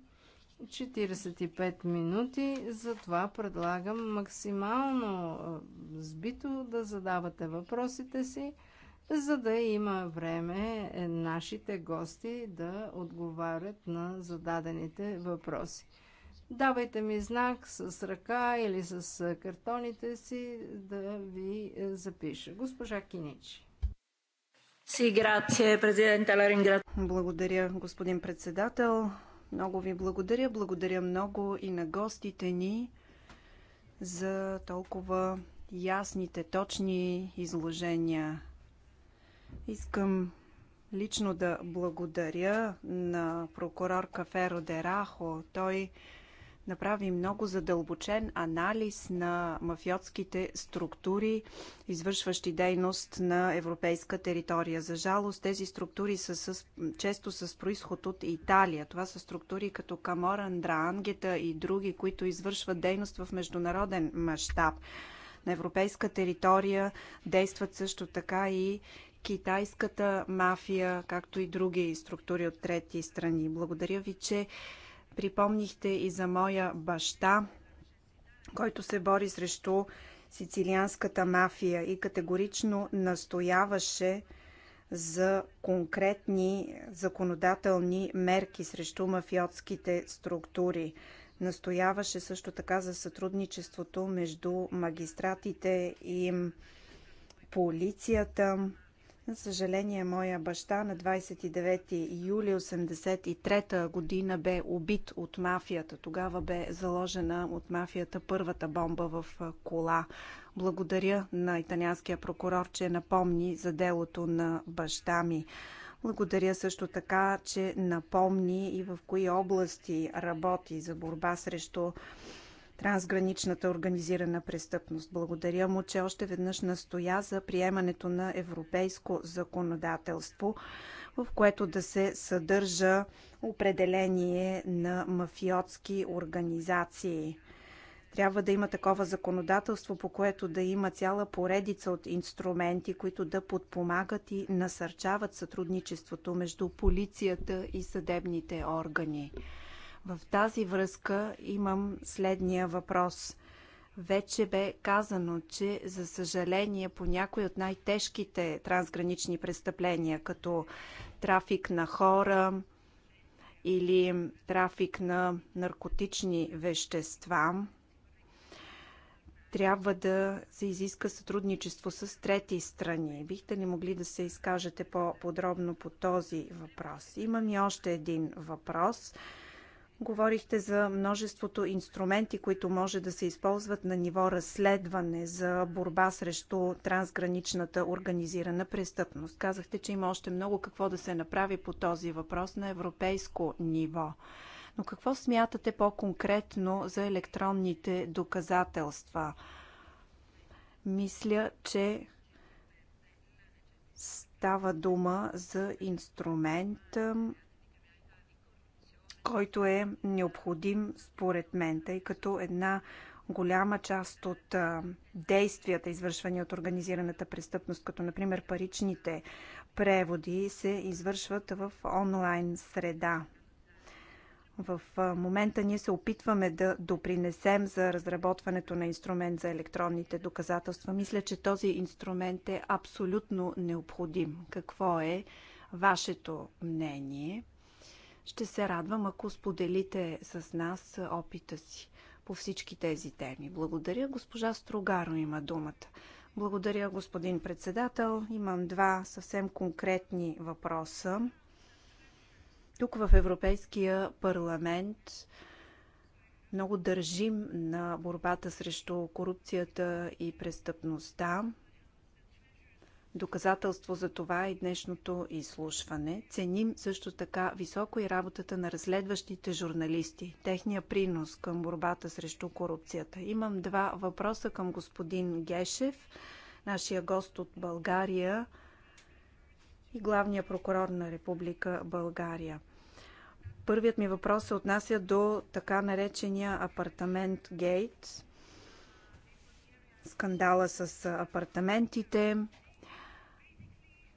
45 минути, затова предлагам максимално сбито да задавате въпросите си за да има време е, нашите гости да отговарят на зададените въпроси. Давайте ми знак с ръка или с е, картоните си да ви е, запиша. Госпожа Киничи. Благодаря, господин председател. Много ви благодаря. Благодаря много и на гостите ни за толкова ясните, точни изложения Искам лично да благодаря на прокурор Каферо Дерахо. Той направи много задълбочен анализ на мафиотските структури, извършващи дейност на европейска територия. За жалост, тези структури са с, често с происход от Италия. Това са структури като Камора, Андраангета и други, които извършват дейност в международен мащаб. На европейска територия действат също така и китайската мафия, както и други структури от трети страни. Благодаря ви, че припомнихте и за моя баща, който се бори срещу сицилианската мафия и категорично настояваше за конкретни законодателни мерки срещу мафиотските структури. Настояваше също така за сътрудничеството между магистратите и полицията. За съжаление, моя баща на 29 юли 1983 година бе убит от мафията. Тогава бе заложена от мафията първата бомба в кола. Благодаря на италианския прокурор, че напомни за делото на баща ми. Благодаря също така, че напомни и в кои области работи за борба срещу трансграничната организирана престъпност. Благодаря му, че още веднъж настоя за приемането на европейско законодателство, в което да се съдържа определение на мафиотски организации. Трябва да има такова законодателство, по което да има цяла поредица от инструменти, които да подпомагат и насърчават сътрудничеството между полицията и съдебните органи. В тази връзка имам следния въпрос. Вече бе казано, че за съжаление по някои от най-тежките трансгранични престъпления, като трафик на хора или трафик на наркотични вещества, трябва да се изиска сътрудничество с трети страни. Бихте ли могли да се изкажете по-подробно по този въпрос? Имам и още един въпрос. Говорихте за множеството инструменти, които може да се използват на ниво разследване за борба срещу трансграничната организирана престъпност. Казахте, че има още много какво да се направи по този въпрос на европейско ниво. Но какво смятате по-конкретно за електронните доказателства? Мисля, че става дума за инструмент, който е необходим според мен, тъй като една голяма част от действията, извършвани от организираната престъпност, като например паричните преводи, се извършват в онлайн среда. В момента ние се опитваме да допринесем за разработването на инструмент за електронните доказателства. Мисля, че този инструмент е абсолютно необходим. Какво е вашето мнение? Ще се радвам, ако споделите с нас опита си по всички тези теми. Благодаря. Госпожа Строгаро има думата. Благодаря, господин председател. Имам два съвсем конкретни въпроса. Тук в Европейския парламент много държим на борбата срещу корупцията и престъпността. Доказателство за това е днешното изслушване. Ценим също така високо и работата на разследващите журналисти, техния принос към борбата срещу корупцията. Имам два въпроса към господин Гешев, нашия гост от България и главния прокурор на Република България. Първият ми въпрос се отнася до така наречения апартамент Гейт, скандала с апартаментите,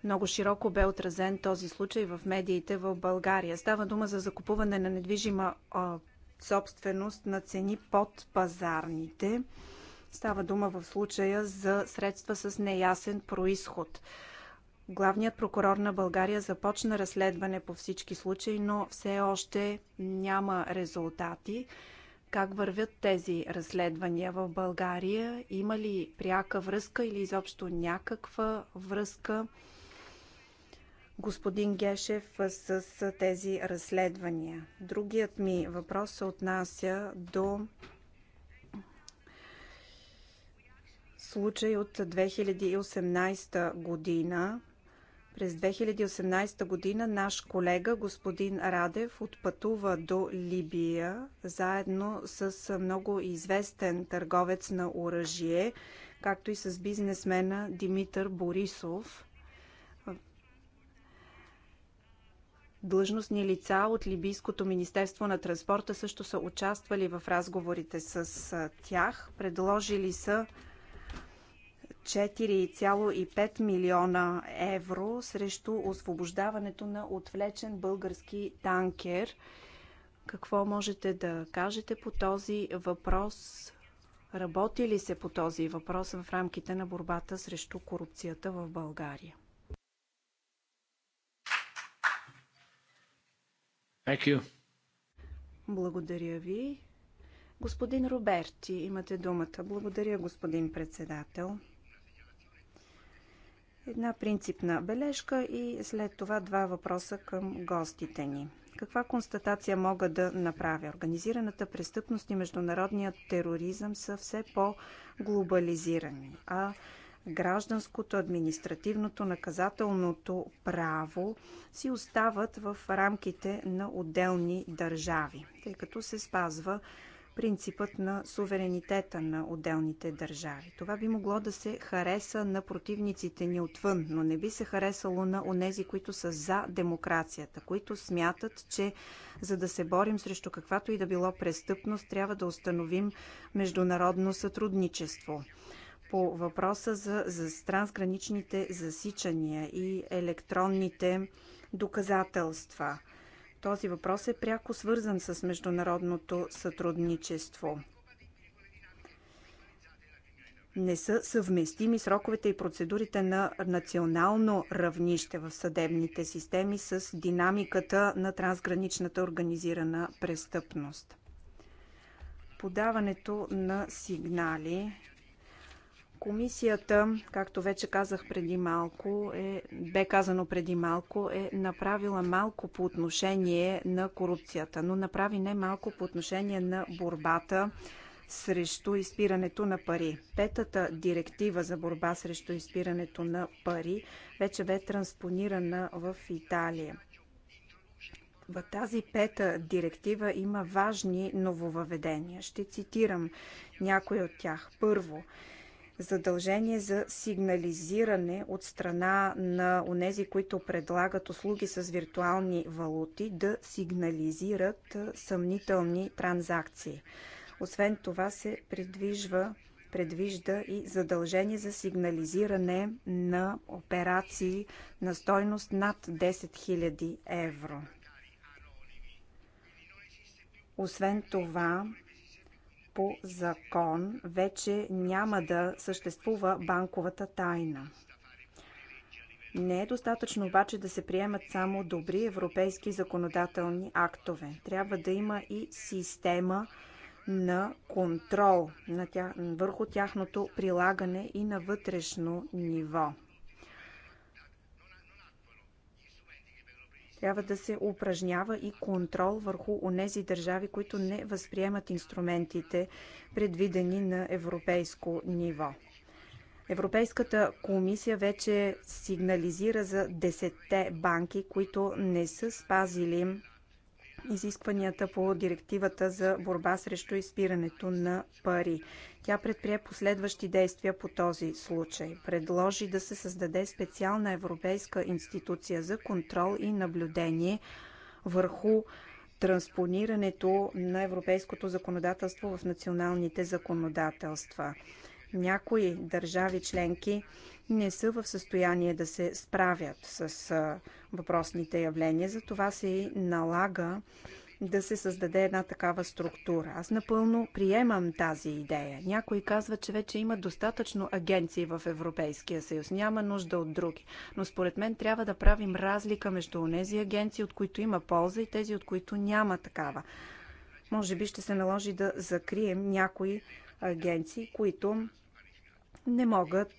много широко бе отразен този случай в медиите в България. Става дума за закупуване на недвижима а, собственост на цени под пазарните. Става дума в случая за средства с неясен происход. Главният прокурор на България започна разследване по всички случаи, но все още няма резултати. Как вървят тези разследвания в България? Има ли пряка връзка или изобщо някаква връзка господин Гешев с тези разследвания. Другият ми въпрос се отнася до случай от 2018 година. През 2018 година наш колега господин Радев отпътува до Либия заедно с много известен търговец на оръжие, както и с бизнесмена Димитър Борисов. Длъжностни лица от Либийското Министерство на транспорта също са участвали в разговорите с тях. Предложили са 4,5 милиона евро срещу освобождаването на отвлечен български танкер. Какво можете да кажете по този въпрос? Работи ли се по този въпрос в рамките на борбата срещу корупцията в България? Thank you. Благодаря ви. Господин Роберти, имате думата. Благодаря, господин председател. Една принципна бележка и след това два въпроса към гостите ни. Каква констатация мога да направя? Организираната престъпност и международният тероризъм са все по-глобализирани, а гражданското, административното, наказателното право си остават в рамките на отделни държави, тъй като се спазва принципът на суверенитета на отделните държави. Това би могло да се хареса на противниците ни отвън, но не би се харесало на онези, които са за демокрацията, които смятат, че за да се борим срещу каквато и да било престъпност, трябва да установим международно сътрудничество по въпроса за, за трансграничните засичания и електронните доказателства. Този въпрос е пряко свързан с международното сътрудничество. Не са съвместими сроковете и процедурите на национално равнище в съдебните системи с динамиката на трансграничната организирана престъпност подаването на сигнали Комисията, както вече казах преди малко, е, бе казано преди малко, е направила малко по отношение на корупцията, но направи не малко по отношение на борбата срещу изпирането на пари. Петата директива за борба срещу изпирането на пари вече бе транспонирана в Италия. В тази пета директива има важни нововъведения. Ще цитирам някои от тях. Първо, задължение за сигнализиране от страна на онези, които предлагат услуги с виртуални валути, да сигнализират съмнителни транзакции. Освен това се предвижва предвижда и задължение за сигнализиране на операции на стойност над 10 000 евро. Освен това, по закон вече няма да съществува банковата тайна. Не е достатъчно обаче да се приемат само добри европейски законодателни актове. Трябва да има и система на контрол на тях, върху тяхното прилагане и на вътрешно ниво. трябва да се упражнява и контрол върху онези държави, които не възприемат инструментите, предвидени на европейско ниво. Европейската комисия вече сигнализира за десетте банки, които не са спазили изискванията по директивата за борба срещу изпирането на пари. Тя предприе последващи действия по този случай. Предложи да се създаде специална европейска институция за контрол и наблюдение върху транспонирането на европейското законодателство в националните законодателства. Някои държави членки не са в състояние да се справят с въпросните явления, затова се и налага да се създаде една такава структура. Аз напълно приемам тази идея. Някой казва, че вече има достатъчно агенции в Европейския съюз. Няма нужда от други. Но според мен трябва да правим разлика между тези агенции, от които има полза и тези, от които няма такава. Може би ще се наложи да закрием някои агенции, които не могат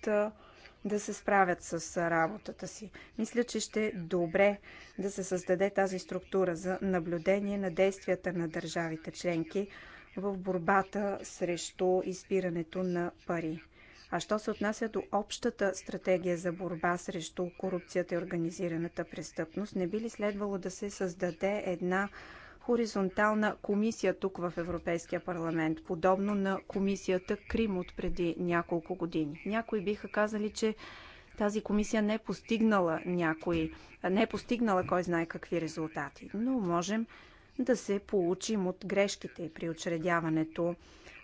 да се справят с работата си. Мисля, че ще е добре да се създаде тази структура за наблюдение на действията на държавите членки в борбата срещу изпирането на пари. А що се отнася до общата стратегия за борба срещу корупцията и организираната престъпност, не би ли следвало да се създаде една хоризонтална комисия тук в Европейския парламент, подобно на комисията Крим от преди няколко години. Някои биха казали, че тази комисия не е постигнала някои, не е постигнала кой знае какви резултати, но можем да се получим от грешките при учредяването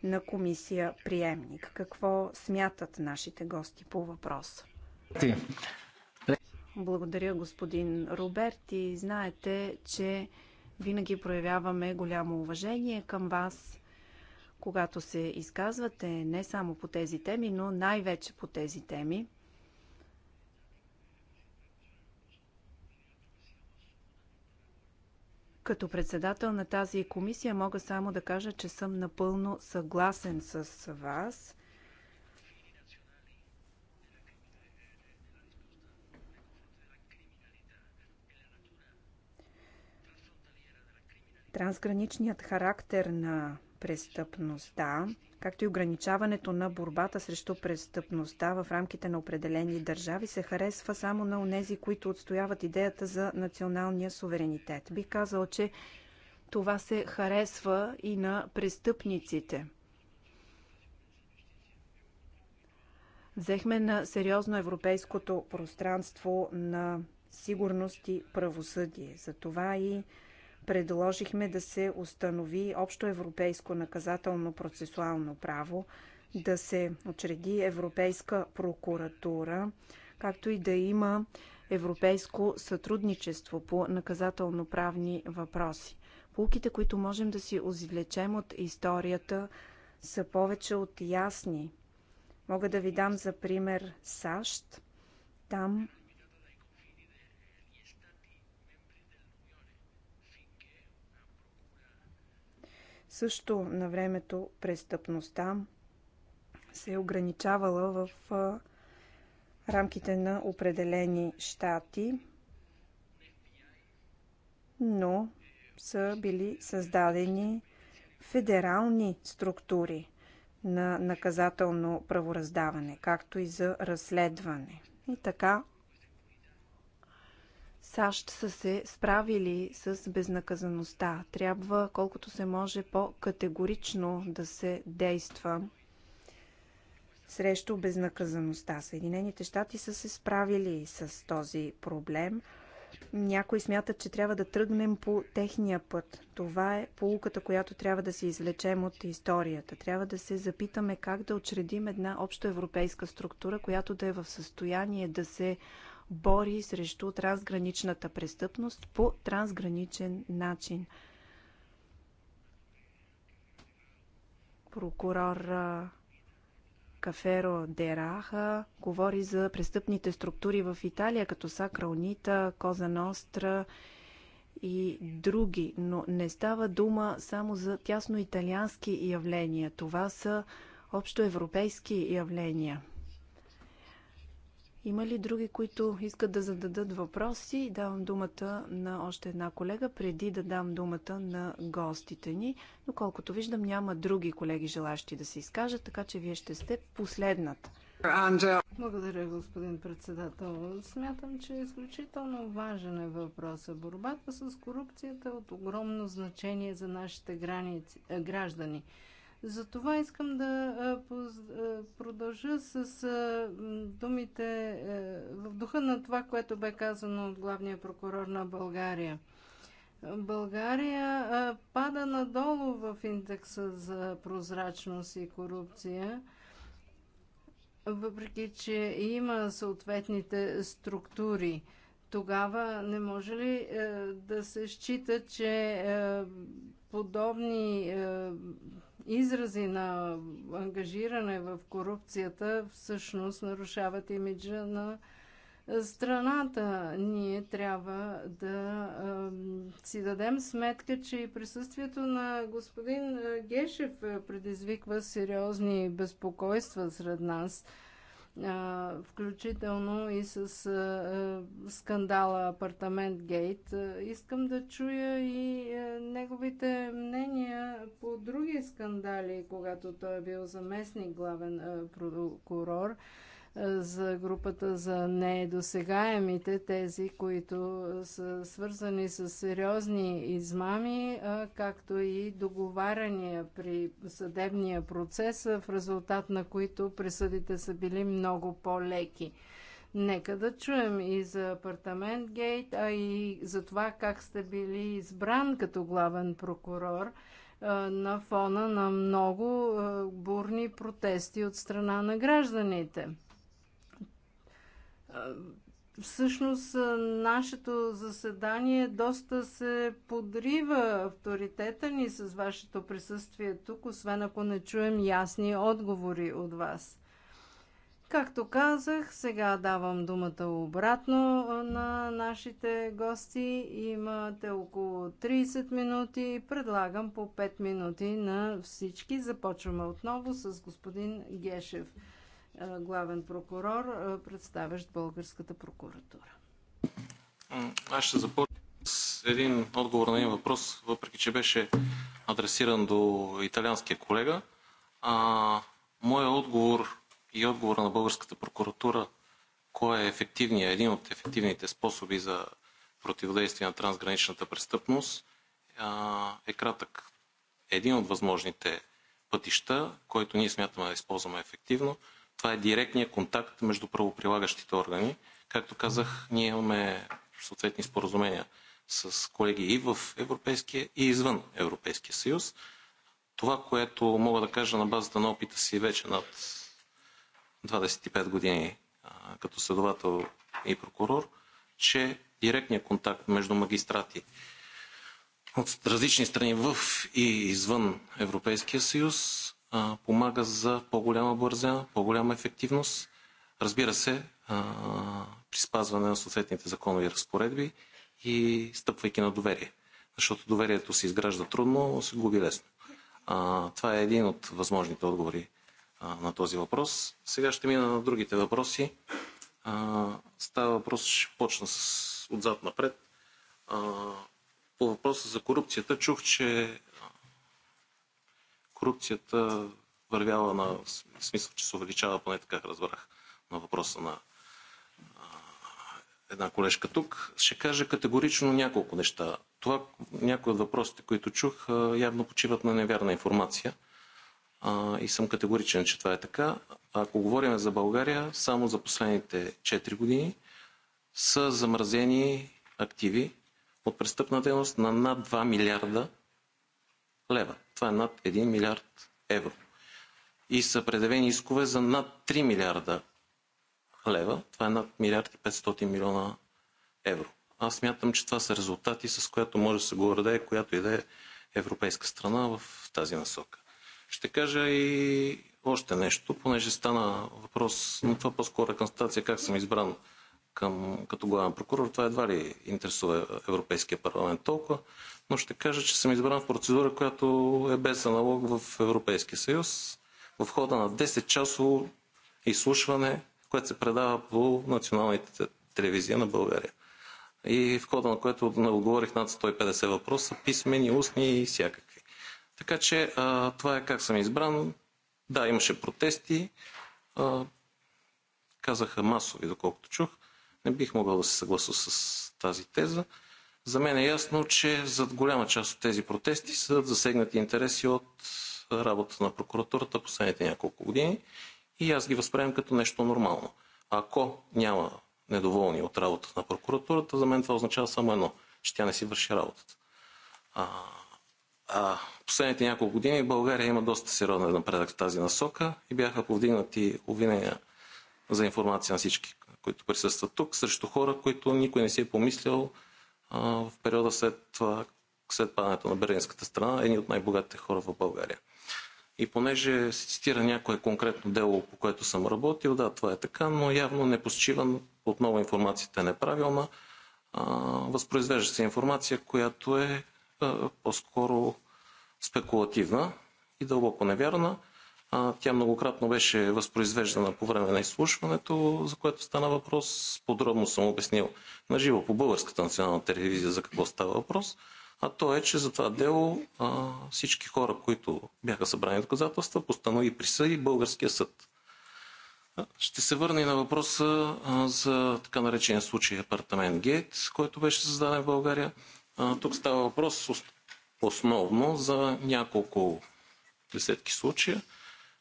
на комисия приемник. Какво смятат нашите гости по въпрос? Благодаря, господин Роберти. Знаете, че винаги проявяваме голямо уважение към вас, когато се изказвате не само по тези теми, но най-вече по тези теми. Като председател на тази комисия мога само да кажа, че съм напълно съгласен с вас – Трансграничният характер на престъпността, както и ограничаването на борбата срещу престъпността в рамките на определени държави се харесва само на онези, които отстояват идеята за националния суверенитет. Бих казал, че това се харесва и на престъпниците. Взехме на сериозно европейското пространство на сигурност и правосъдие. Затова и предложихме да се установи общо европейско наказателно-процесуално право, да се учреди Европейска прокуратура, както и да има европейско сътрудничество по наказателно-правни въпроси. Пулките, които можем да си извлечем от историята, са повече от ясни. Мога да ви дам за пример САЩ. Там Също на времето престъпността се е ограничавала в рамките на определени щати, но са били създадени федерални структури на наказателно правораздаване, както и за разследване. И така САЩ са се справили с безнаказаността. Трябва колкото се може по-категорично да се действа срещу безнаказаността. Съединените щати са се справили с този проблем. Някои смятат, че трябва да тръгнем по техния път. Това е полуката, която трябва да се извлечем от историята. Трябва да се запитаме как да учредим една общоевропейска структура, която да е в състояние да се бори срещу трансграничната престъпност по трансграничен начин. Прокурор Каферо Дераха говори за престъпните структури в Италия, като Сакра Унита, Коза Ностра и други, но не става дума само за тясно италиански явления. Това са общоевропейски явления. Има ли други, които искат да зададат въпроси? Давам думата на още една колега, преди да дам думата на гостите ни. Но колкото виждам, няма други колеги желащи да се изкажат, така че вие ще сте последната. Благодаря, господин председател. Смятам, че е изключително важен е въпросът. Борбата с корупцията е от огромно значение за нашите граници, е, граждани. Затова искам да продължа с думите е, в духа на това, което бе казано от главния прокурор на България. България пада надолу в индекса за прозрачност и корупция, въпреки че има съответните структури. Тогава не може ли е, да се счита, че е, подобни изрази на ангажиране в корупцията всъщност нарушават имиджа на страната. Ние трябва да а, си дадем сметка, че и присъствието на господин Гешев предизвиква сериозни безпокойства сред нас – включително и с скандала Апартамент Гейт. Искам да чуя и неговите мнения по други скандали, когато той е бил заместник главен прокурор. Е, за групата за недосегаемите, тези, които са свързани с сериозни измами, е, както и договаряния при съдебния процес, е, в резултат на които присъдите са били много по-леки. Нека да чуем и за апартамент Гейт, а и за това как сте били избран като главен прокурор на фона на много бурни протести от страна на гражданите. Всъщност нашето заседание доста се подрива авторитета ни с вашето присъствие тук, освен ако не чуем ясни отговори от вас. Както казах, сега давам думата обратно на нашите гости. Имате около 30 минути. Предлагам по 5 минути на всички. Започваме отново с господин Гешев. Е, главен прокурор, е, представящ Българската прокуратура. Аз ще започна с един отговор на един въпрос, въпреки че беше адресиран до италианския колега. А, моя отговор и отговор на българската прокуратура, кой е ефективният, един от ефективните способи за противодействие на трансграничната престъпност, а, е кратък. Един от възможните пътища, който ние смятаме да използваме ефективно, това е директният контакт между правоприлагащите органи. Както казах, ние имаме съответни споразумения с колеги и в Европейския, и извън Европейския съюз. Това, което мога да кажа на базата на опита си вече над 25 години като следовател и прокурор, че директният контакт между магистрати от различни страни в и извън Европейския съюз помага за по-голяма бързина, по-голяма ефективност. Разбира се, при спазване на съответните законови разпоредби и стъпвайки на доверие. Защото доверието се изгражда трудно, се губи лесно. А, това е един от възможните отговори а, на този въпрос. Сега ще мина на другите въпроси. А, става въпрос, ще почна с отзад напред. А, по въпроса за корупцията чух, че корупцията вървяла на смисъл, че се увеличава, поне така разбрах на въпроса на една колежка тук. Ще кажа категорично няколко неща. Това, някои от въпросите, които чух, явно почиват на невярна информация. А, и съм категоричен, че това е така. Ако говорим за България, само за последните 4 години са замразени активи от престъпна дейност на над 2 милиарда лева. Това е над 1 милиард евро. И са предявени искове за над 3 милиарда лева. Това е над милиард и 500 милиона евро. Аз мятам, че това са резултати, с която може да се гордее, която и да е европейска страна в тази насока. Ще кажа и още нещо, понеже стана въпрос, но това по-скоро е констатация как съм избран към, като главен прокурор, това едва ли интересува Европейския парламент толкова, но ще кажа, че съм избран в процедура, която е без аналог в Европейския съюз, в хода на 10-часово изслушване, което се предава по националните телевизия на България. И в хода на което отговорих над 150 въпроса, писмени, устни и всякакви. Така че а, това е как съм избран. Да, имаше протести. А, казаха масови, доколкото чух. Не бих могъл да се съгласа с тази теза. За мен е ясно, че зад голяма част от тези протести са засегнати интереси от работата на прокуратурата последните няколко години и аз ги възприемам като нещо нормално. Ако няма недоволни от работата на прокуратурата, за мен това означава само едно, че тя не си върши работата. А, а последните няколко години в България има доста сериозен напредък в тази насока и бяха повдигнати обвинения за информация на всички, които присъстват тук, срещу хора, които никой не си е помислял а, в периода след, това, след падането на Берлинската страна, едни от най-богатите хора в България. И понеже се цитира някое конкретно дело, по което съм работил, да, това е така, но явно не посчива, отново информацията е неправилна. А, възпроизвежда се информация, която е а, по-скоро спекулативна и дълбоко невярна. Тя многократно беше възпроизвеждана по време на изслушването, за което стана въпрос. Подробно съм обяснил на живо по Българската национална телевизия за какво става въпрос. А то е, че за това дело а, всички хора, които бяха събрани доказателства, постанови присъди българския съд. Ще се върна и на въпроса за така наречен случай апартамент Гейт, който беше създаден в България. А, тук става въпрос основно за няколко десетки случая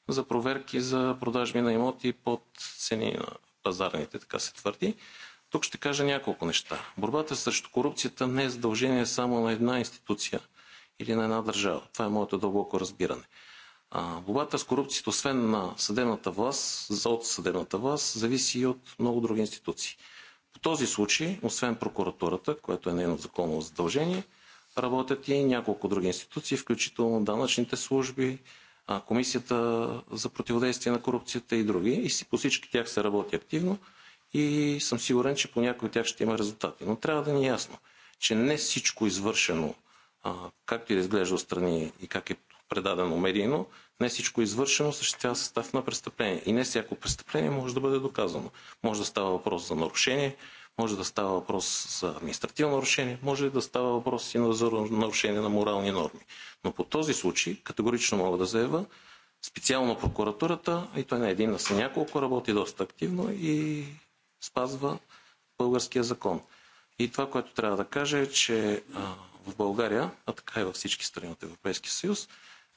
за проверки за продажби на имоти под цени на пазарните, така се твърди. Тук ще кажа няколко неща. Борбата срещу корупцията не е задължение само на една институция или на една държава. Това е моето дълбоко разбиране. А, борбата с корупцията, освен на съдебната власт, от съдебната власт, зависи и от много други институции. По този случай, освен прокуратурата, което е нейно законово задължение, работят и няколко други институции, включително данъчните служби, Комисията за противодействие на корупцията и други. И си, по всички тях се работи активно и съм сигурен, че по някои от тях ще има резултати. Но трябва да ни е ясно, че не всичко извършено, както и да изглежда отстрани и как е предадено медийно, не всичко извършено съществява състав на престъпление. И не всяко престъпление може да бъде доказано. Може да става въпрос за нарушение, може да става въпрос за административно нарушение, може да става въпрос и за нарушение на морални норми. Но по този случай категорично мога да заява специално прокуратурата, и той не един, а са няколко, работи доста активно и спазва българския закон. И това, което трябва да кажа е, че в България, а така и във всички страни от Европейския съюз,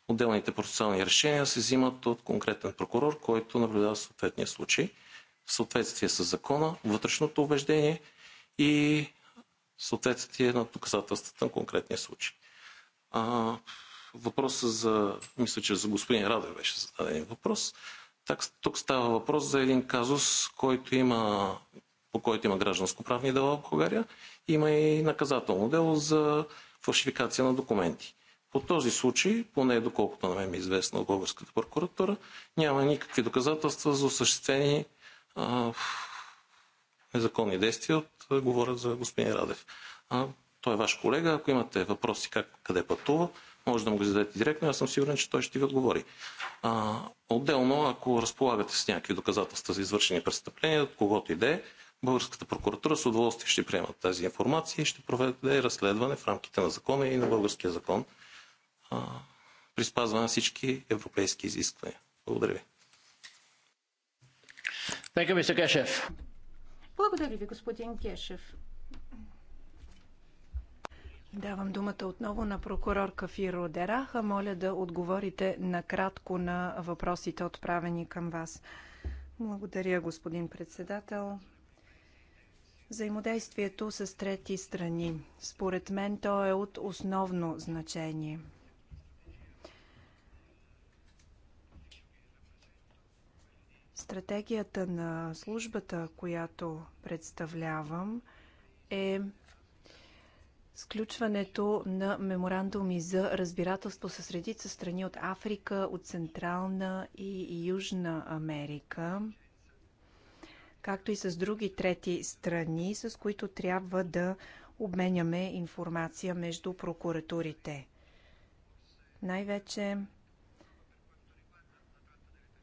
отделните процесуални решения се взимат от конкретен прокурор, който наблюдава съответния случай – в съответствие с закона, вътрешното убеждение и в съответствие на доказателствата на конкретния случай. А, въпросът за, мисля, че за господин Радев беше зададен въпрос. Так, тук става въпрос за един казус, който има, по който има гражданско-правни дела в България. Има и наказателно дело за фалшификация на документи. По този случай, поне доколкото на мен е известно от българската прокуратура, няма никакви доказателства за осъществени незаконни действия, от, говоря за господин Радев. А, той е ваш колега. Ако имате въпроси как, къде пътува, може да му ги зададете директно. Аз съм сигурен, че той ще ви отговори. А, отделно, ако разполагате с някакви доказателства за извършени престъпления, от когото и да е, Българската прокуратура с удоволствие ще приема тази информация и ще проведе разследване в рамките на закона и на българския закон а, при спазване на всички европейски изисквания. Благодаря ви. Благодаря ви, господин Кешев. Давам думата отново на прокурор Кафиро Дераха. Моля да отговорите накратко на въпросите, отправени към вас. Благодаря, господин председател. Взаимодействието с трети страни. Според мен то е от основно значение. Стратегията на службата, която представлявам, е сключването на меморандуми за разбирателство с редица страни от Африка, от Централна и Южна Америка, както и с други трети страни, с които трябва да обменяме информация между прокуратурите. Най-вече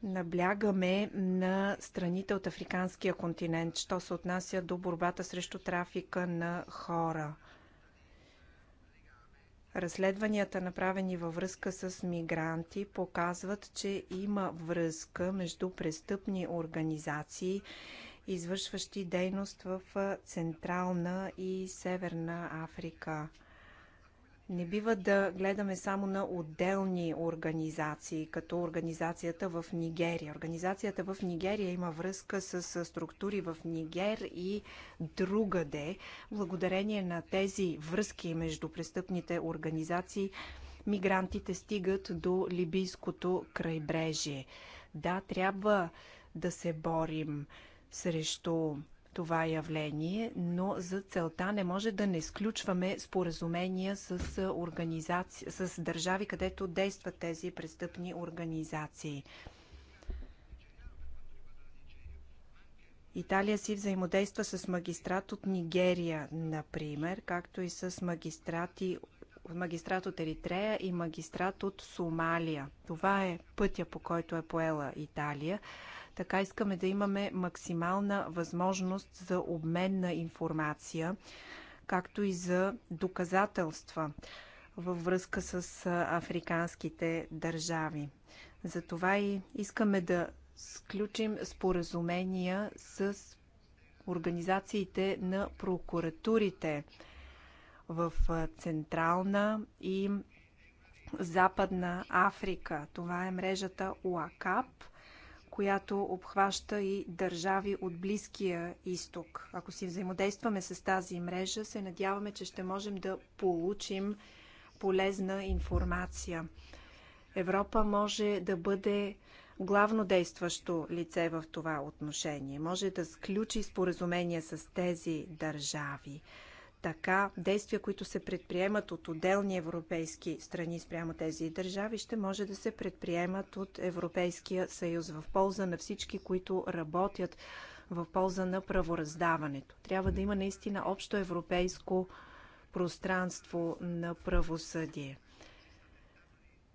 наблягаме на страните от африканския континент, що се отнася до борбата срещу трафика на хора. Разследванията, направени във връзка с мигранти, показват, че има връзка между престъпни организации, извършващи дейност в Централна и Северна Африка. Не бива да гледаме само на отделни организации, като организацията в Нигерия. Организацията в Нигерия има връзка с структури в Нигер и другаде. Благодарение на тези връзки между престъпните организации, мигрантите стигат до либийското крайбрежие. Да, трябва да се борим срещу това явление, но за целта не може да не сключваме споразумения с, организаци... с държави, където действат тези престъпни организации. Италия си взаимодейства с магистрат от Нигерия, например, както и с магистрати магистрат от Еритрея и магистрат от Сомалия. Това е пътя, по който е поела Италия. Така искаме да имаме максимална възможност за обмен на информация, както и за доказателства във връзка с африканските държави. Затова и искаме да сключим споразумения с организациите на прокуратурите в Централна и Западна Африка. Това е мрежата УАКАП която обхваща и държави от Близкия изток. Ако си взаимодействаме с тази мрежа, се надяваме, че ще можем да получим полезна информация. Европа може да бъде главно действащо лице в това отношение. Може да сключи споразумение с тези държави. Така действия, които се предприемат от отделни европейски страни спрямо тези държави, ще може да се предприемат от Европейския съюз в полза на всички, които работят в полза на правораздаването. Трябва да има наистина общо европейско пространство на правосъдие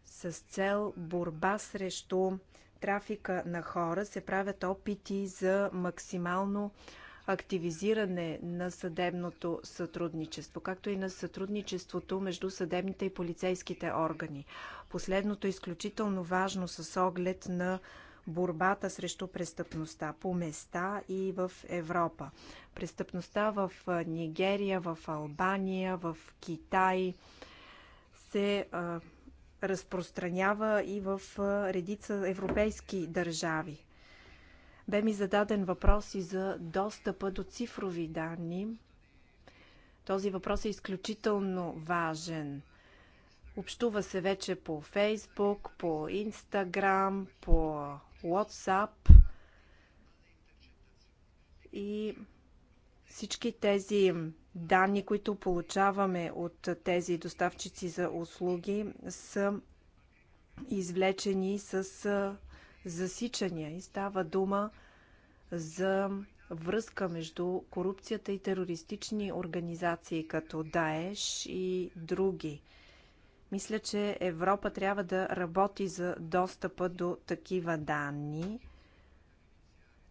с цел борба срещу трафика на хора се правят опити за максимално активизиране на съдебното сътрудничество, както и на сътрудничеството между съдебните и полицейските органи. Последното е изключително важно с оглед на борбата срещу престъпността по места и в Европа. Престъпността в Нигерия, в Албания, в Китай се а, разпространява и в редица европейски държави. Бе ми зададен въпрос и за достъпа до цифрови данни. Този въпрос е изключително важен. Общува се вече по Фейсбук, по Инстаграм, по WhatsApp. И всички тези данни, които получаваме от тези доставчици за услуги, са извлечени с засичания и става дума за връзка между корупцията и терористични организации като Даеш и други. Мисля, че Европа трябва да работи за достъпа до такива данни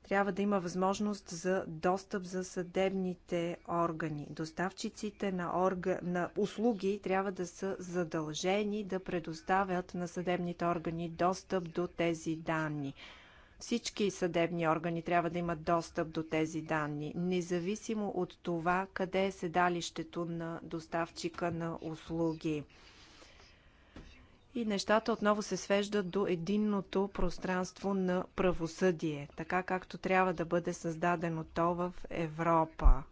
трябва да има възможност за достъп за съдебните органи. Доставчиците на, орга, на услуги трябва да са задължени да предоставят на съдебните органи достъп до тези данни. Всички съдебни органи трябва да имат достъп до тези данни, независимо от това къде е седалището на доставчика на услуги и нещата отново се свеждат до единното пространство на правосъдие, така както трябва да бъде създадено то в Европа.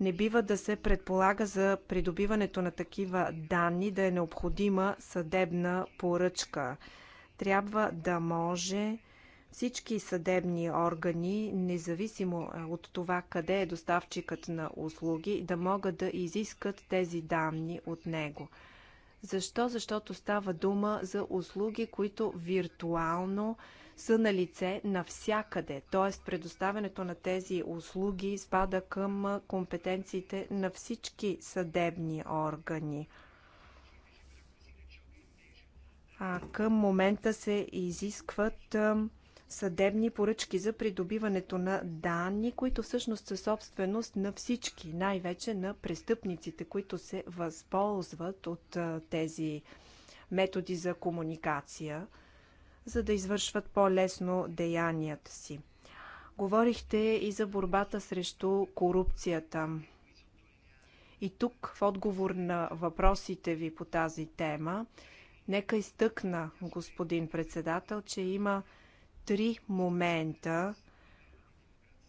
Не бива да се предполага за придобиването на такива данни да е необходима съдебна поръчка. Трябва да може всички съдебни органи, независимо от това къде е доставчикът на услуги, да могат да изискат тези данни от него. Защо? Защото става дума за услуги, които виртуално са на лице навсякъде. Т.е. предоставянето на тези услуги спада към компетенциите на всички съдебни органи. А към момента се изискват съдебни поръчки за придобиването на данни, които всъщност са собственост на всички, най-вече на престъпниците, които се възползват от тези методи за комуникация, за да извършват по-лесно деянията си. Говорихте и за борбата срещу корупцията. И тук, в отговор на въпросите ви по тази тема, нека изтъкна, господин председател, че има три момента,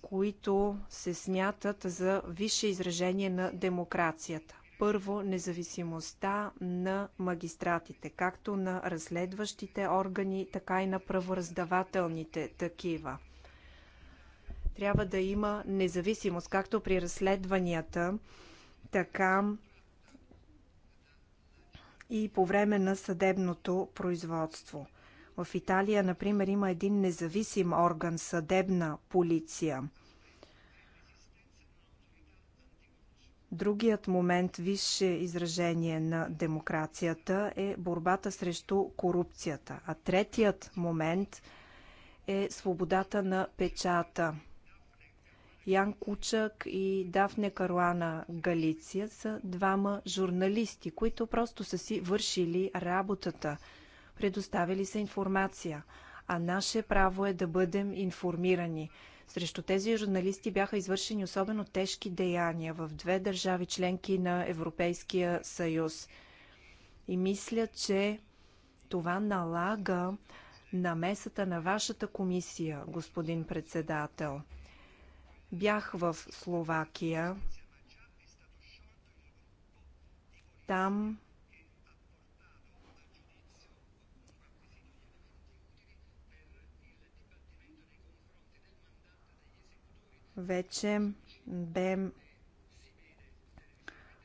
които се смятат за висше изражение на демокрацията. Първо, независимостта на магистратите, както на разследващите органи, така и на правораздавателните такива. Трябва да има независимост, както при разследванията, така и по време на съдебното производство – в Италия, например, има един независим орган съдебна полиция. Другият момент, висше изражение на демокрацията е борбата срещу корупцията. А третият момент е свободата на печата. Ян Кучък и Дафне Каруана Галиция са двама журналисти, които просто са си вършили работата – Предоставили са информация, а наше право е да бъдем информирани. Срещу тези журналисти бяха извършени особено тежки деяния в две държави членки на Европейския съюз. И мисля, че това налага намесата на вашата комисия, господин председател. Бях в Словакия. Там вече бе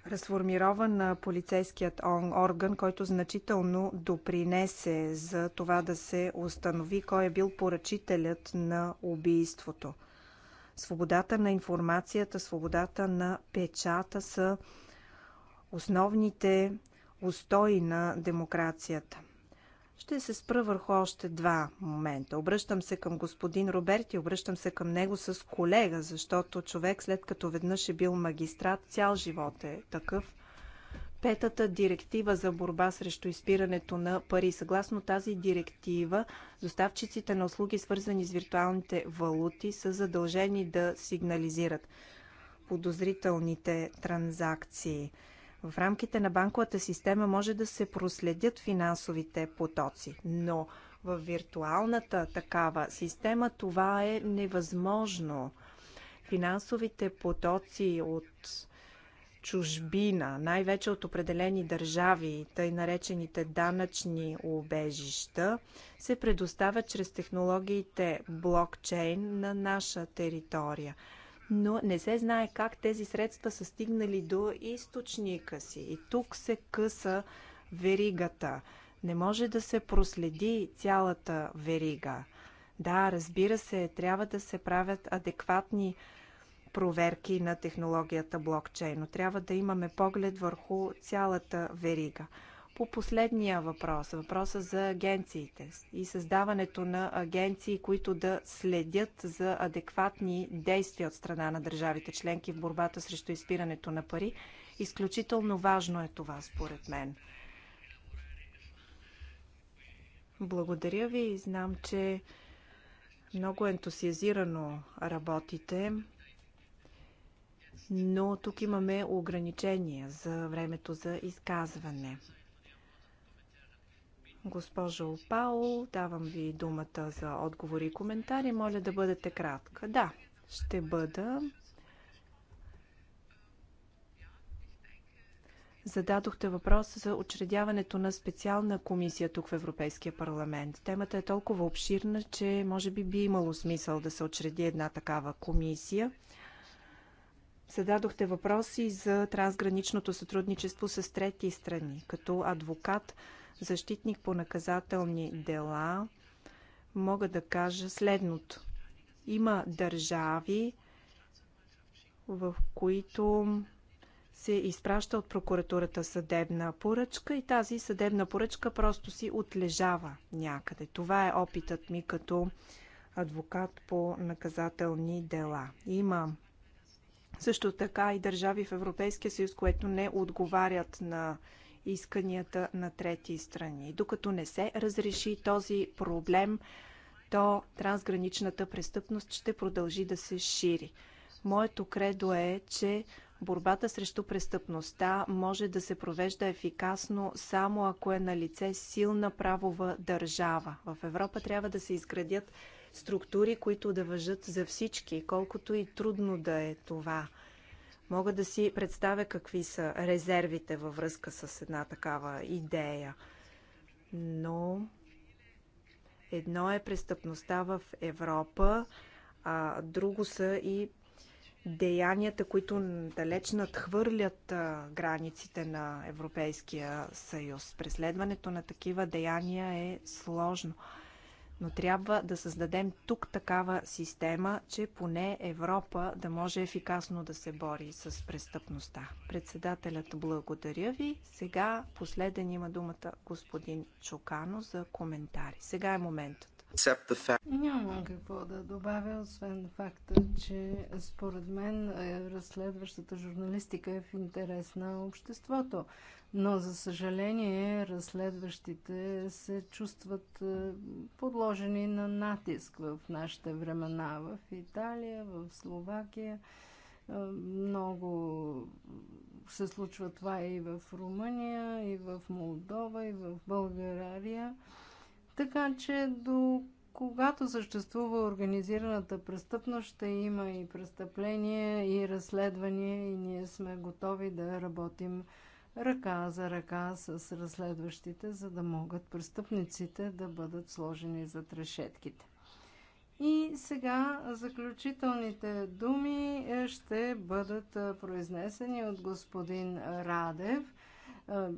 разформирован на полицейският орган, който значително допринесе за това да се установи кой е бил поръчителят на убийството. Свободата на информацията, свободата на печата са основните устои на демокрацията. Ще се спра върху още два момента. Обръщам се към господин Роберт и обръщам се към него с колега, защото човек след като веднъж е бил магистрат, цял живот е такъв. Петата директива за борба срещу изпирането на пари. Съгласно тази директива, доставчиците на услуги, свързани с виртуалните валути, са задължени да сигнализират подозрителните транзакции. В рамките на банковата система може да се проследят финансовите потоци, но в виртуалната такава система това е невъзможно. Финансовите потоци от чужбина, най-вече от определени държави, тъй наречените данъчни убежища, се предоставят чрез технологиите блокчейн на наша територия но не се знае как тези средства са стигнали до източника си. И тук се къса веригата. Не може да се проследи цялата верига. Да, разбира се, трябва да се правят адекватни проверки на технологията блокчейн, но трябва да имаме поглед върху цялата верига. По последния въпрос, въпроса за агенциите и създаването на агенции, които да следят за адекватни действия от страна на държавите членки в борбата срещу изпирането на пари, изключително важно е това според мен. Благодаря ви. Знам, че много ентусиазирано работите, но тук имаме ограничения за времето за изказване. Госпожо Паул, давам ви думата за отговори и коментари. Моля да бъдете кратка. Да, ще бъда. Зададохте въпрос за учредяването на специална комисия тук в Европейския парламент. Темата е толкова обширна, че може би би имало смисъл да се учреди една такава комисия. Зададохте въпроси за трансграничното сътрудничество с трети страни. Като адвокат защитник по наказателни дела, мога да кажа следното. Има държави, в които се изпраща от прокуратурата съдебна поръчка и тази съдебна поръчка просто си отлежава някъде. Това е опитът ми като адвокат по наказателни дела. Има също така и държави в Европейския съюз, които не отговарят на исканията на трети страни. Докато не се разреши този проблем, то трансграничната престъпност ще продължи да се шири. Моето кредо е, че борбата срещу престъпността може да се провежда ефикасно само ако е на лице силна правова държава. В Европа трябва да се изградят структури, които да въжат за всички, колкото и трудно да е това – Мога да си представя какви са резервите във връзка с една такава идея. Но едно е престъпността в Европа, а друго са и деянията, които далеч надхвърлят границите на Европейския съюз. Преследването на такива деяния е сложно но трябва да създадем тук такава система, че поне Европа да може ефикасно да се бори с престъпността. Председателят благодаря ви. Сега последен има думата господин Чокано за коментари. Сега е моментът. Нямам какво да добавя, освен факта, че според мен е, разследващата журналистика е в интерес на обществото но за съжаление разследващите се чувстват е, подложени на натиск в нашите времена в Италия, в Словакия. Е, много се случва това и в Румъния, и в Молдова, и в България. Така че до когато съществува организираната престъпност, ще има и престъпления, и разследвания, и ние сме готови да работим ръка за ръка с разследващите, за да могат престъпниците да бъдат сложени за трешетките. И сега заключителните думи е, ще бъдат е, произнесени от господин Радев. Е,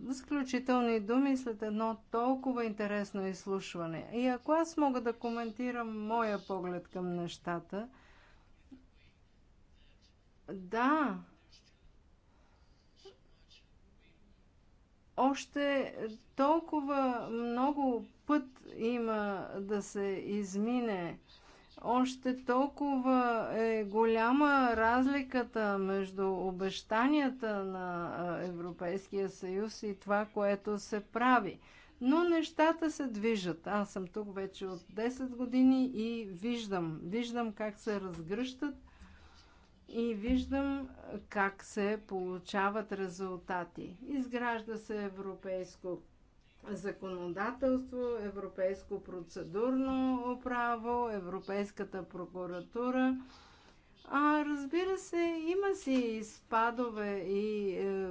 заключителни думи след едно толкова интересно изслушване. И ако аз мога да коментирам моя поглед към нещата, да, Още толкова много път има да се измине. Още толкова е голяма разликата между обещанията на Европейския съюз и това, което се прави. Но нещата се движат. Аз съм тук вече от 10 години и виждам, виждам как се разгръщат и виждам как се получават резултати. Изгражда се европейско законодателство, европейско процедурно право, Европейската прокуратура. А разбира се, има си спадове и е,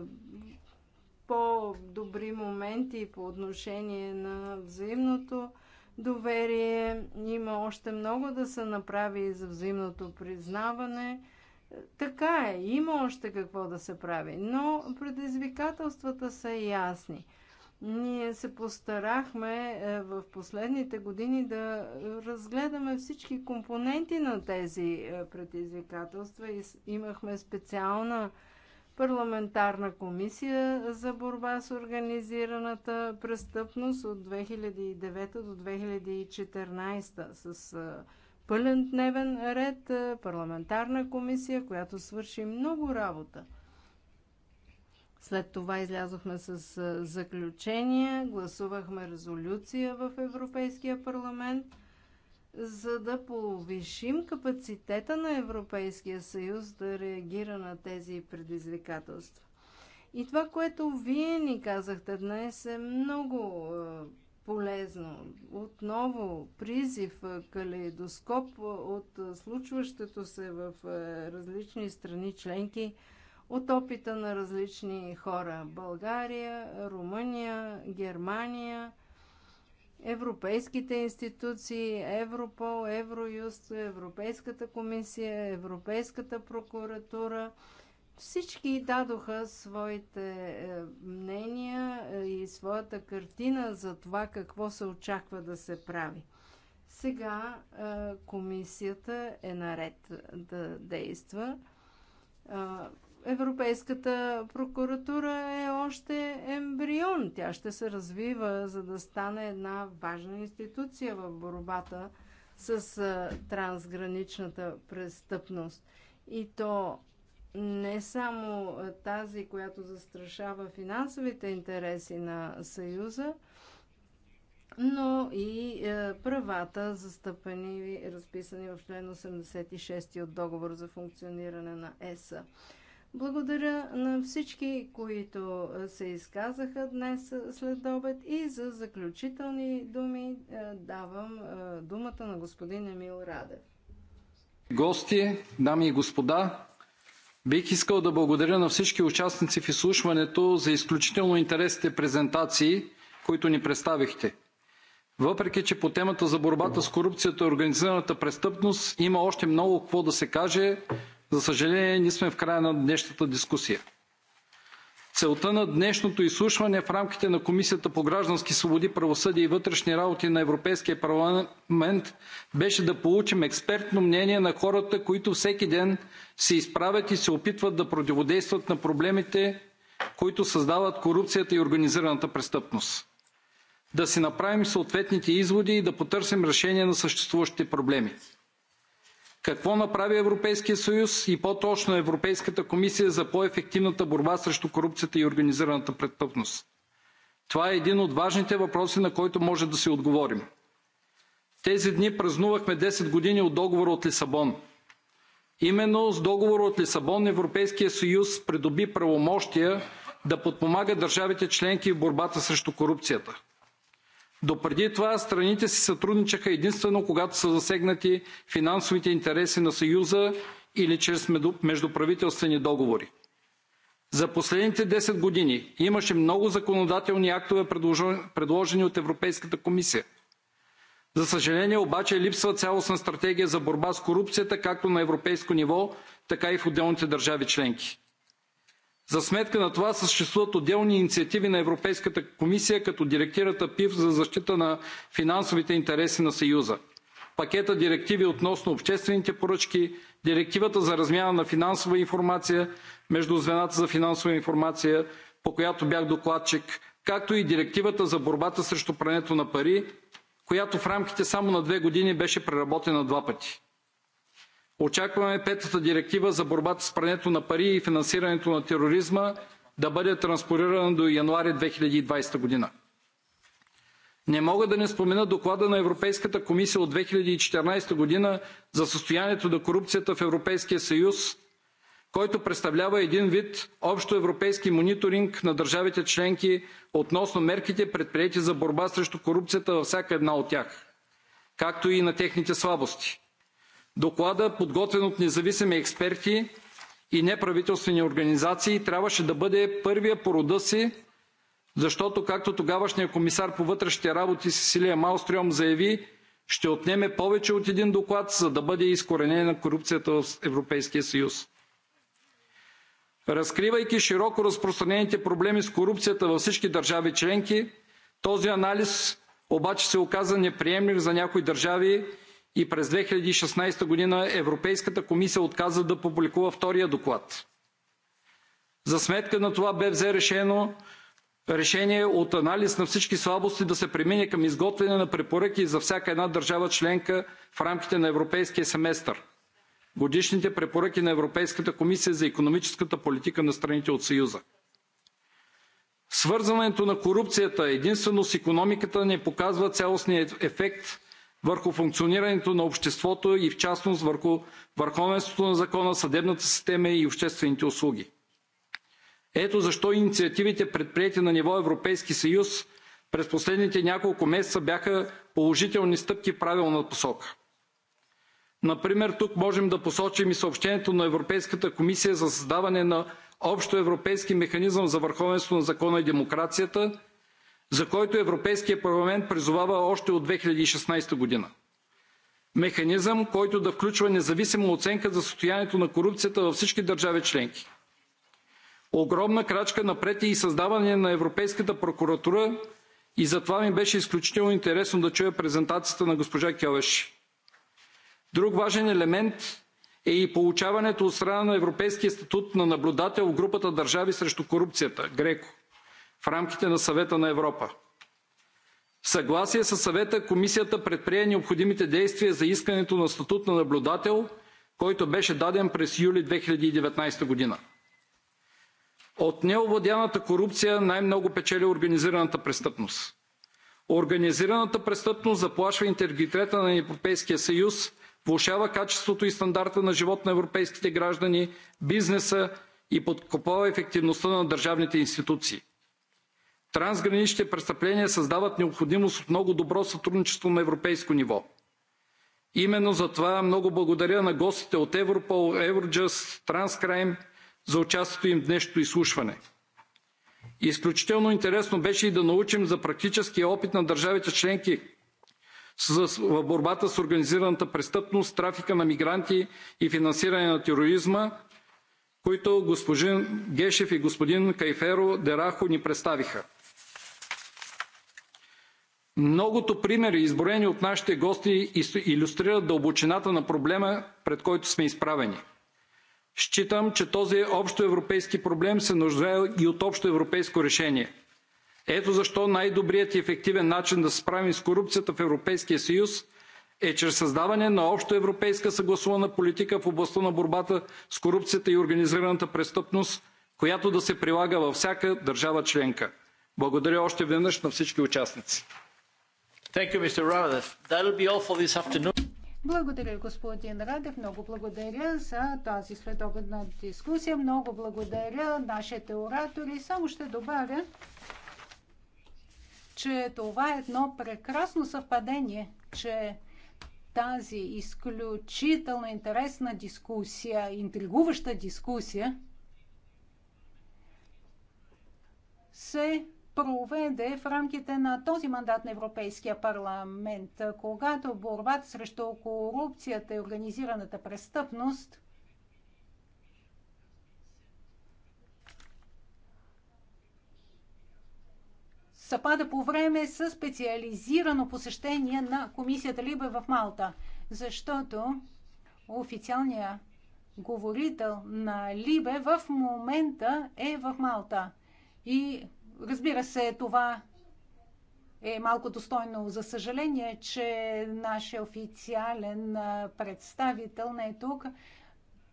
по-добри моменти по отношение на взаимното доверие. Има още много да се направи за взаимното признаване – така е, има още какво да се прави, но предизвикателствата са ясни. Ние се постарахме е, в последните години да разгледаме всички компоненти на тези е, предизвикателства и имахме специална парламентарна комисия за борба с организираната престъпност от 2009 до 2014 с е, пълен дневен ред, е, парламентарна комисия, която свърши много работа. След това излязохме с е, заключения, гласувахме резолюция в Европейския парламент, за да повишим капацитета на Европейския съюз да реагира на тези предизвикателства. И това, което вие ни казахте днес е много е, полезно. Отново призив, калейдоскоп от случващото се в различни страни членки, от опита на различни хора. България, Румъния, Германия, европейските институции, Европол, Евроюст, Европейската комисия, Европейската прокуратура – всички дадоха своите е, мнения е, и своята картина за това какво се очаква да се прави. Сега е, комисията е наред да действа. Европейската прокуратура е още ембрион. Тя ще се развива, за да стане една важна институция в борбата с трансграничната престъпност. И то не само тази, която застрашава финансовите интереси на Съюза, но и правата, застъпени и разписани в член 86 от договор за функциониране на ЕСА. Благодаря на всички, които се изказаха днес след обед и за заключителни думи давам думата на господин Емил Радев. Гости, дами и господа, Бих искал да благодаря на всички участници в изслушването за изключително интересните презентации, които ни представихте. Въпреки че по темата за борбата с корупцията и организираната престъпност има още много какво да се каже, за съжаление, ние сме в края на днешната дискусия. Целта на днешното изслушване е в рамките на Комисията по граждански свободи, правосъдие и вътрешни работи на Европейския парламент беше да получим експертно мнение на хората, които всеки ден се изправят и се опитват да противодействат на проблемите, които създават корупцията и организираната престъпност. Да си направим съответните изводи и да потърсим решение на съществуващите проблеми. Какво направи Европейският съюз и по-точно Европейската комисия за по-ефективната борба срещу корупцията и организираната престъпност? Това е един от важните въпроси, на който може да си отговорим. Тези дни празнувахме 10 години от договора от Лисабон. Именно с договора от Лисабон Европейският съюз придоби правомощия да подпомага държавите членки в борбата срещу корупцията. Допреди това страните си сътрудничаха единствено когато са засегнати финансовите интереси на Съюза или чрез междуправителствени договори. За последните 10 години имаше много законодателни актове, предложени от Европейската комисия. За съжаление обаче липсва цялостна стратегия за борба с корупцията както на европейско ниво, така и в отделните държави членки. За сметка на това съществуват отделни инициативи на Европейската комисия, като директивата ПИФ за защита на финансовите интереси на Съюза, пакета директиви относно обществените поръчки, директивата за размяна на финансова информация между звената за финансова информация, по която бях докладчик, както и директивата за борбата срещу прането на пари, която в рамките само на две години беше преработена два пъти. Очакваме Петата директива за борбата с прането на пари и финансирането на тероризма да бъде транспорирана до януари 2020 година. Не мога да не спомена Доклада на Европейската комисия от 2014 година за състоянието на корупцията в Европейския съюз, който представлява един вид общо европейски мониторинг на държавите членки относно мерките, предприяти за борба срещу корупцията във всяка една от тях, както и на техните слабости – Докладът, подготвен от независими експерти и неправителствени организации, трябваше да бъде първият по рода си, защото, както тогавашният комисар по вътрешните работи Сесилия Малстрьом заяви, ще отнеме повече от един доклад, за да бъде изкоренена корупцията в Европейския съюз. Разкривайки широко разпространените проблеми с корупцията във всички държави членки, този анализ обаче се оказа неприемлив за някои държави и през 2016 г. Европейската комисия отказа да публикува втория доклад. За сметка на това бе взе решено, решение от анализ на всички слабости да се премине към изготвяне на препоръки за всяка една държава членка в рамките на европейския семестър – годишните препоръки на Европейската комисия за економическата политика на страните от Съюза. Свързването на корупцията единствено с икономиката не показва цялостния ефект върху функционирането на обществото и в частност върху върховенството на закона, съдебната система и обществените услуги. Ето защо инициативите, предприети на ниво Европейски съюз през последните няколко месеца, бяха положителни стъпки в правилна посока. Например, тук можем да посочим и съобщението на Европейската комисия за създаване на общоевропейски механизъм за върховенство на закона и демокрацията – за който Европейският парламент призовава още от 2016 година. Механизъм, който да включва независима оценка за състоянието на корупцията във всички държави членки. Огромна крачка напред е и създаване на Европейската прокуратура и затова ми беше изключително интересно да чуя презентацията на госпожа Келеши. Друг важен елемент е и получаването от страна на Европейския статут на наблюдател в групата държави срещу корупцията – Греко в рамките на Съвета на Европа. В съгласие със Съвета Комисията предприе необходимите действия за искането на статут на наблюдател, който беше даден през юли 2019 година. От неовладяната корупция най-много печели организираната престъпност. Организираната престъпност заплашва интегритета на Европейския съюз, влушава качеството и стандарта на живот на европейските граждани, бизнеса и подкопава ефективността на държавните институции. Трансграничните престъпления създават необходимост от много добро сътрудничество на европейско ниво. Именно затова много благодаря на гостите от Европол, Евроджъст, Транскрайм за участието им в днешното изслушване. Изключително интересно беше и да научим за практическия опит на държавите членки в борбата с организираната престъпност, трафика на мигранти и финансиране на тероризма, които господин Гешев и господин Кайферо Дерахо ни представиха. Многото примери, изброени от нашите гости, иллюстрират дълбочината на проблема, пред който сме изправени. Считам, че този общоевропейски проблем се нуждае и от общоевропейско решение. Ето защо най-добрият и ефективен начин да се справим с корупцията в Европейския съюз е чрез създаване на общоевропейска съгласувана политика в областта на борбата с корупцията и организираната престъпност, която да се прилага във всяка държава членка. Благодаря още веднъж на всички участници. You, благодаря, господин Радев. Много благодаря за тази следобедна дискусия. Много благодаря нашите оратори. Само ще добавя, че това е едно прекрасно съвпадение, че тази изключително интересна дискусия, интригуваща дискусия, се проведе в рамките на този мандат на Европейския парламент, когато борбата срещу корупцията и организираната престъпност съпада по време с специализирано посещение на комисията Либе в Малта, защото официалният говорител на Либе в момента е в Малта. И Разбира се, това е малко достойно за съжаление, че нашия официален представител не е тук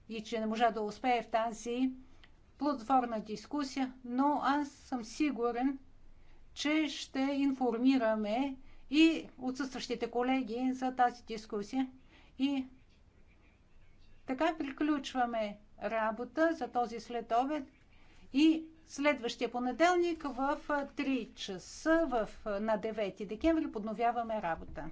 и че не можа да успее в тази плодотворна дискусия, но аз съм сигурен, че ще информираме и отсъстващите колеги за тази дискусия. И така приключваме работа за този следобед и Следващия понеделник в 3 часа в, на 9 декември подновяваме работа.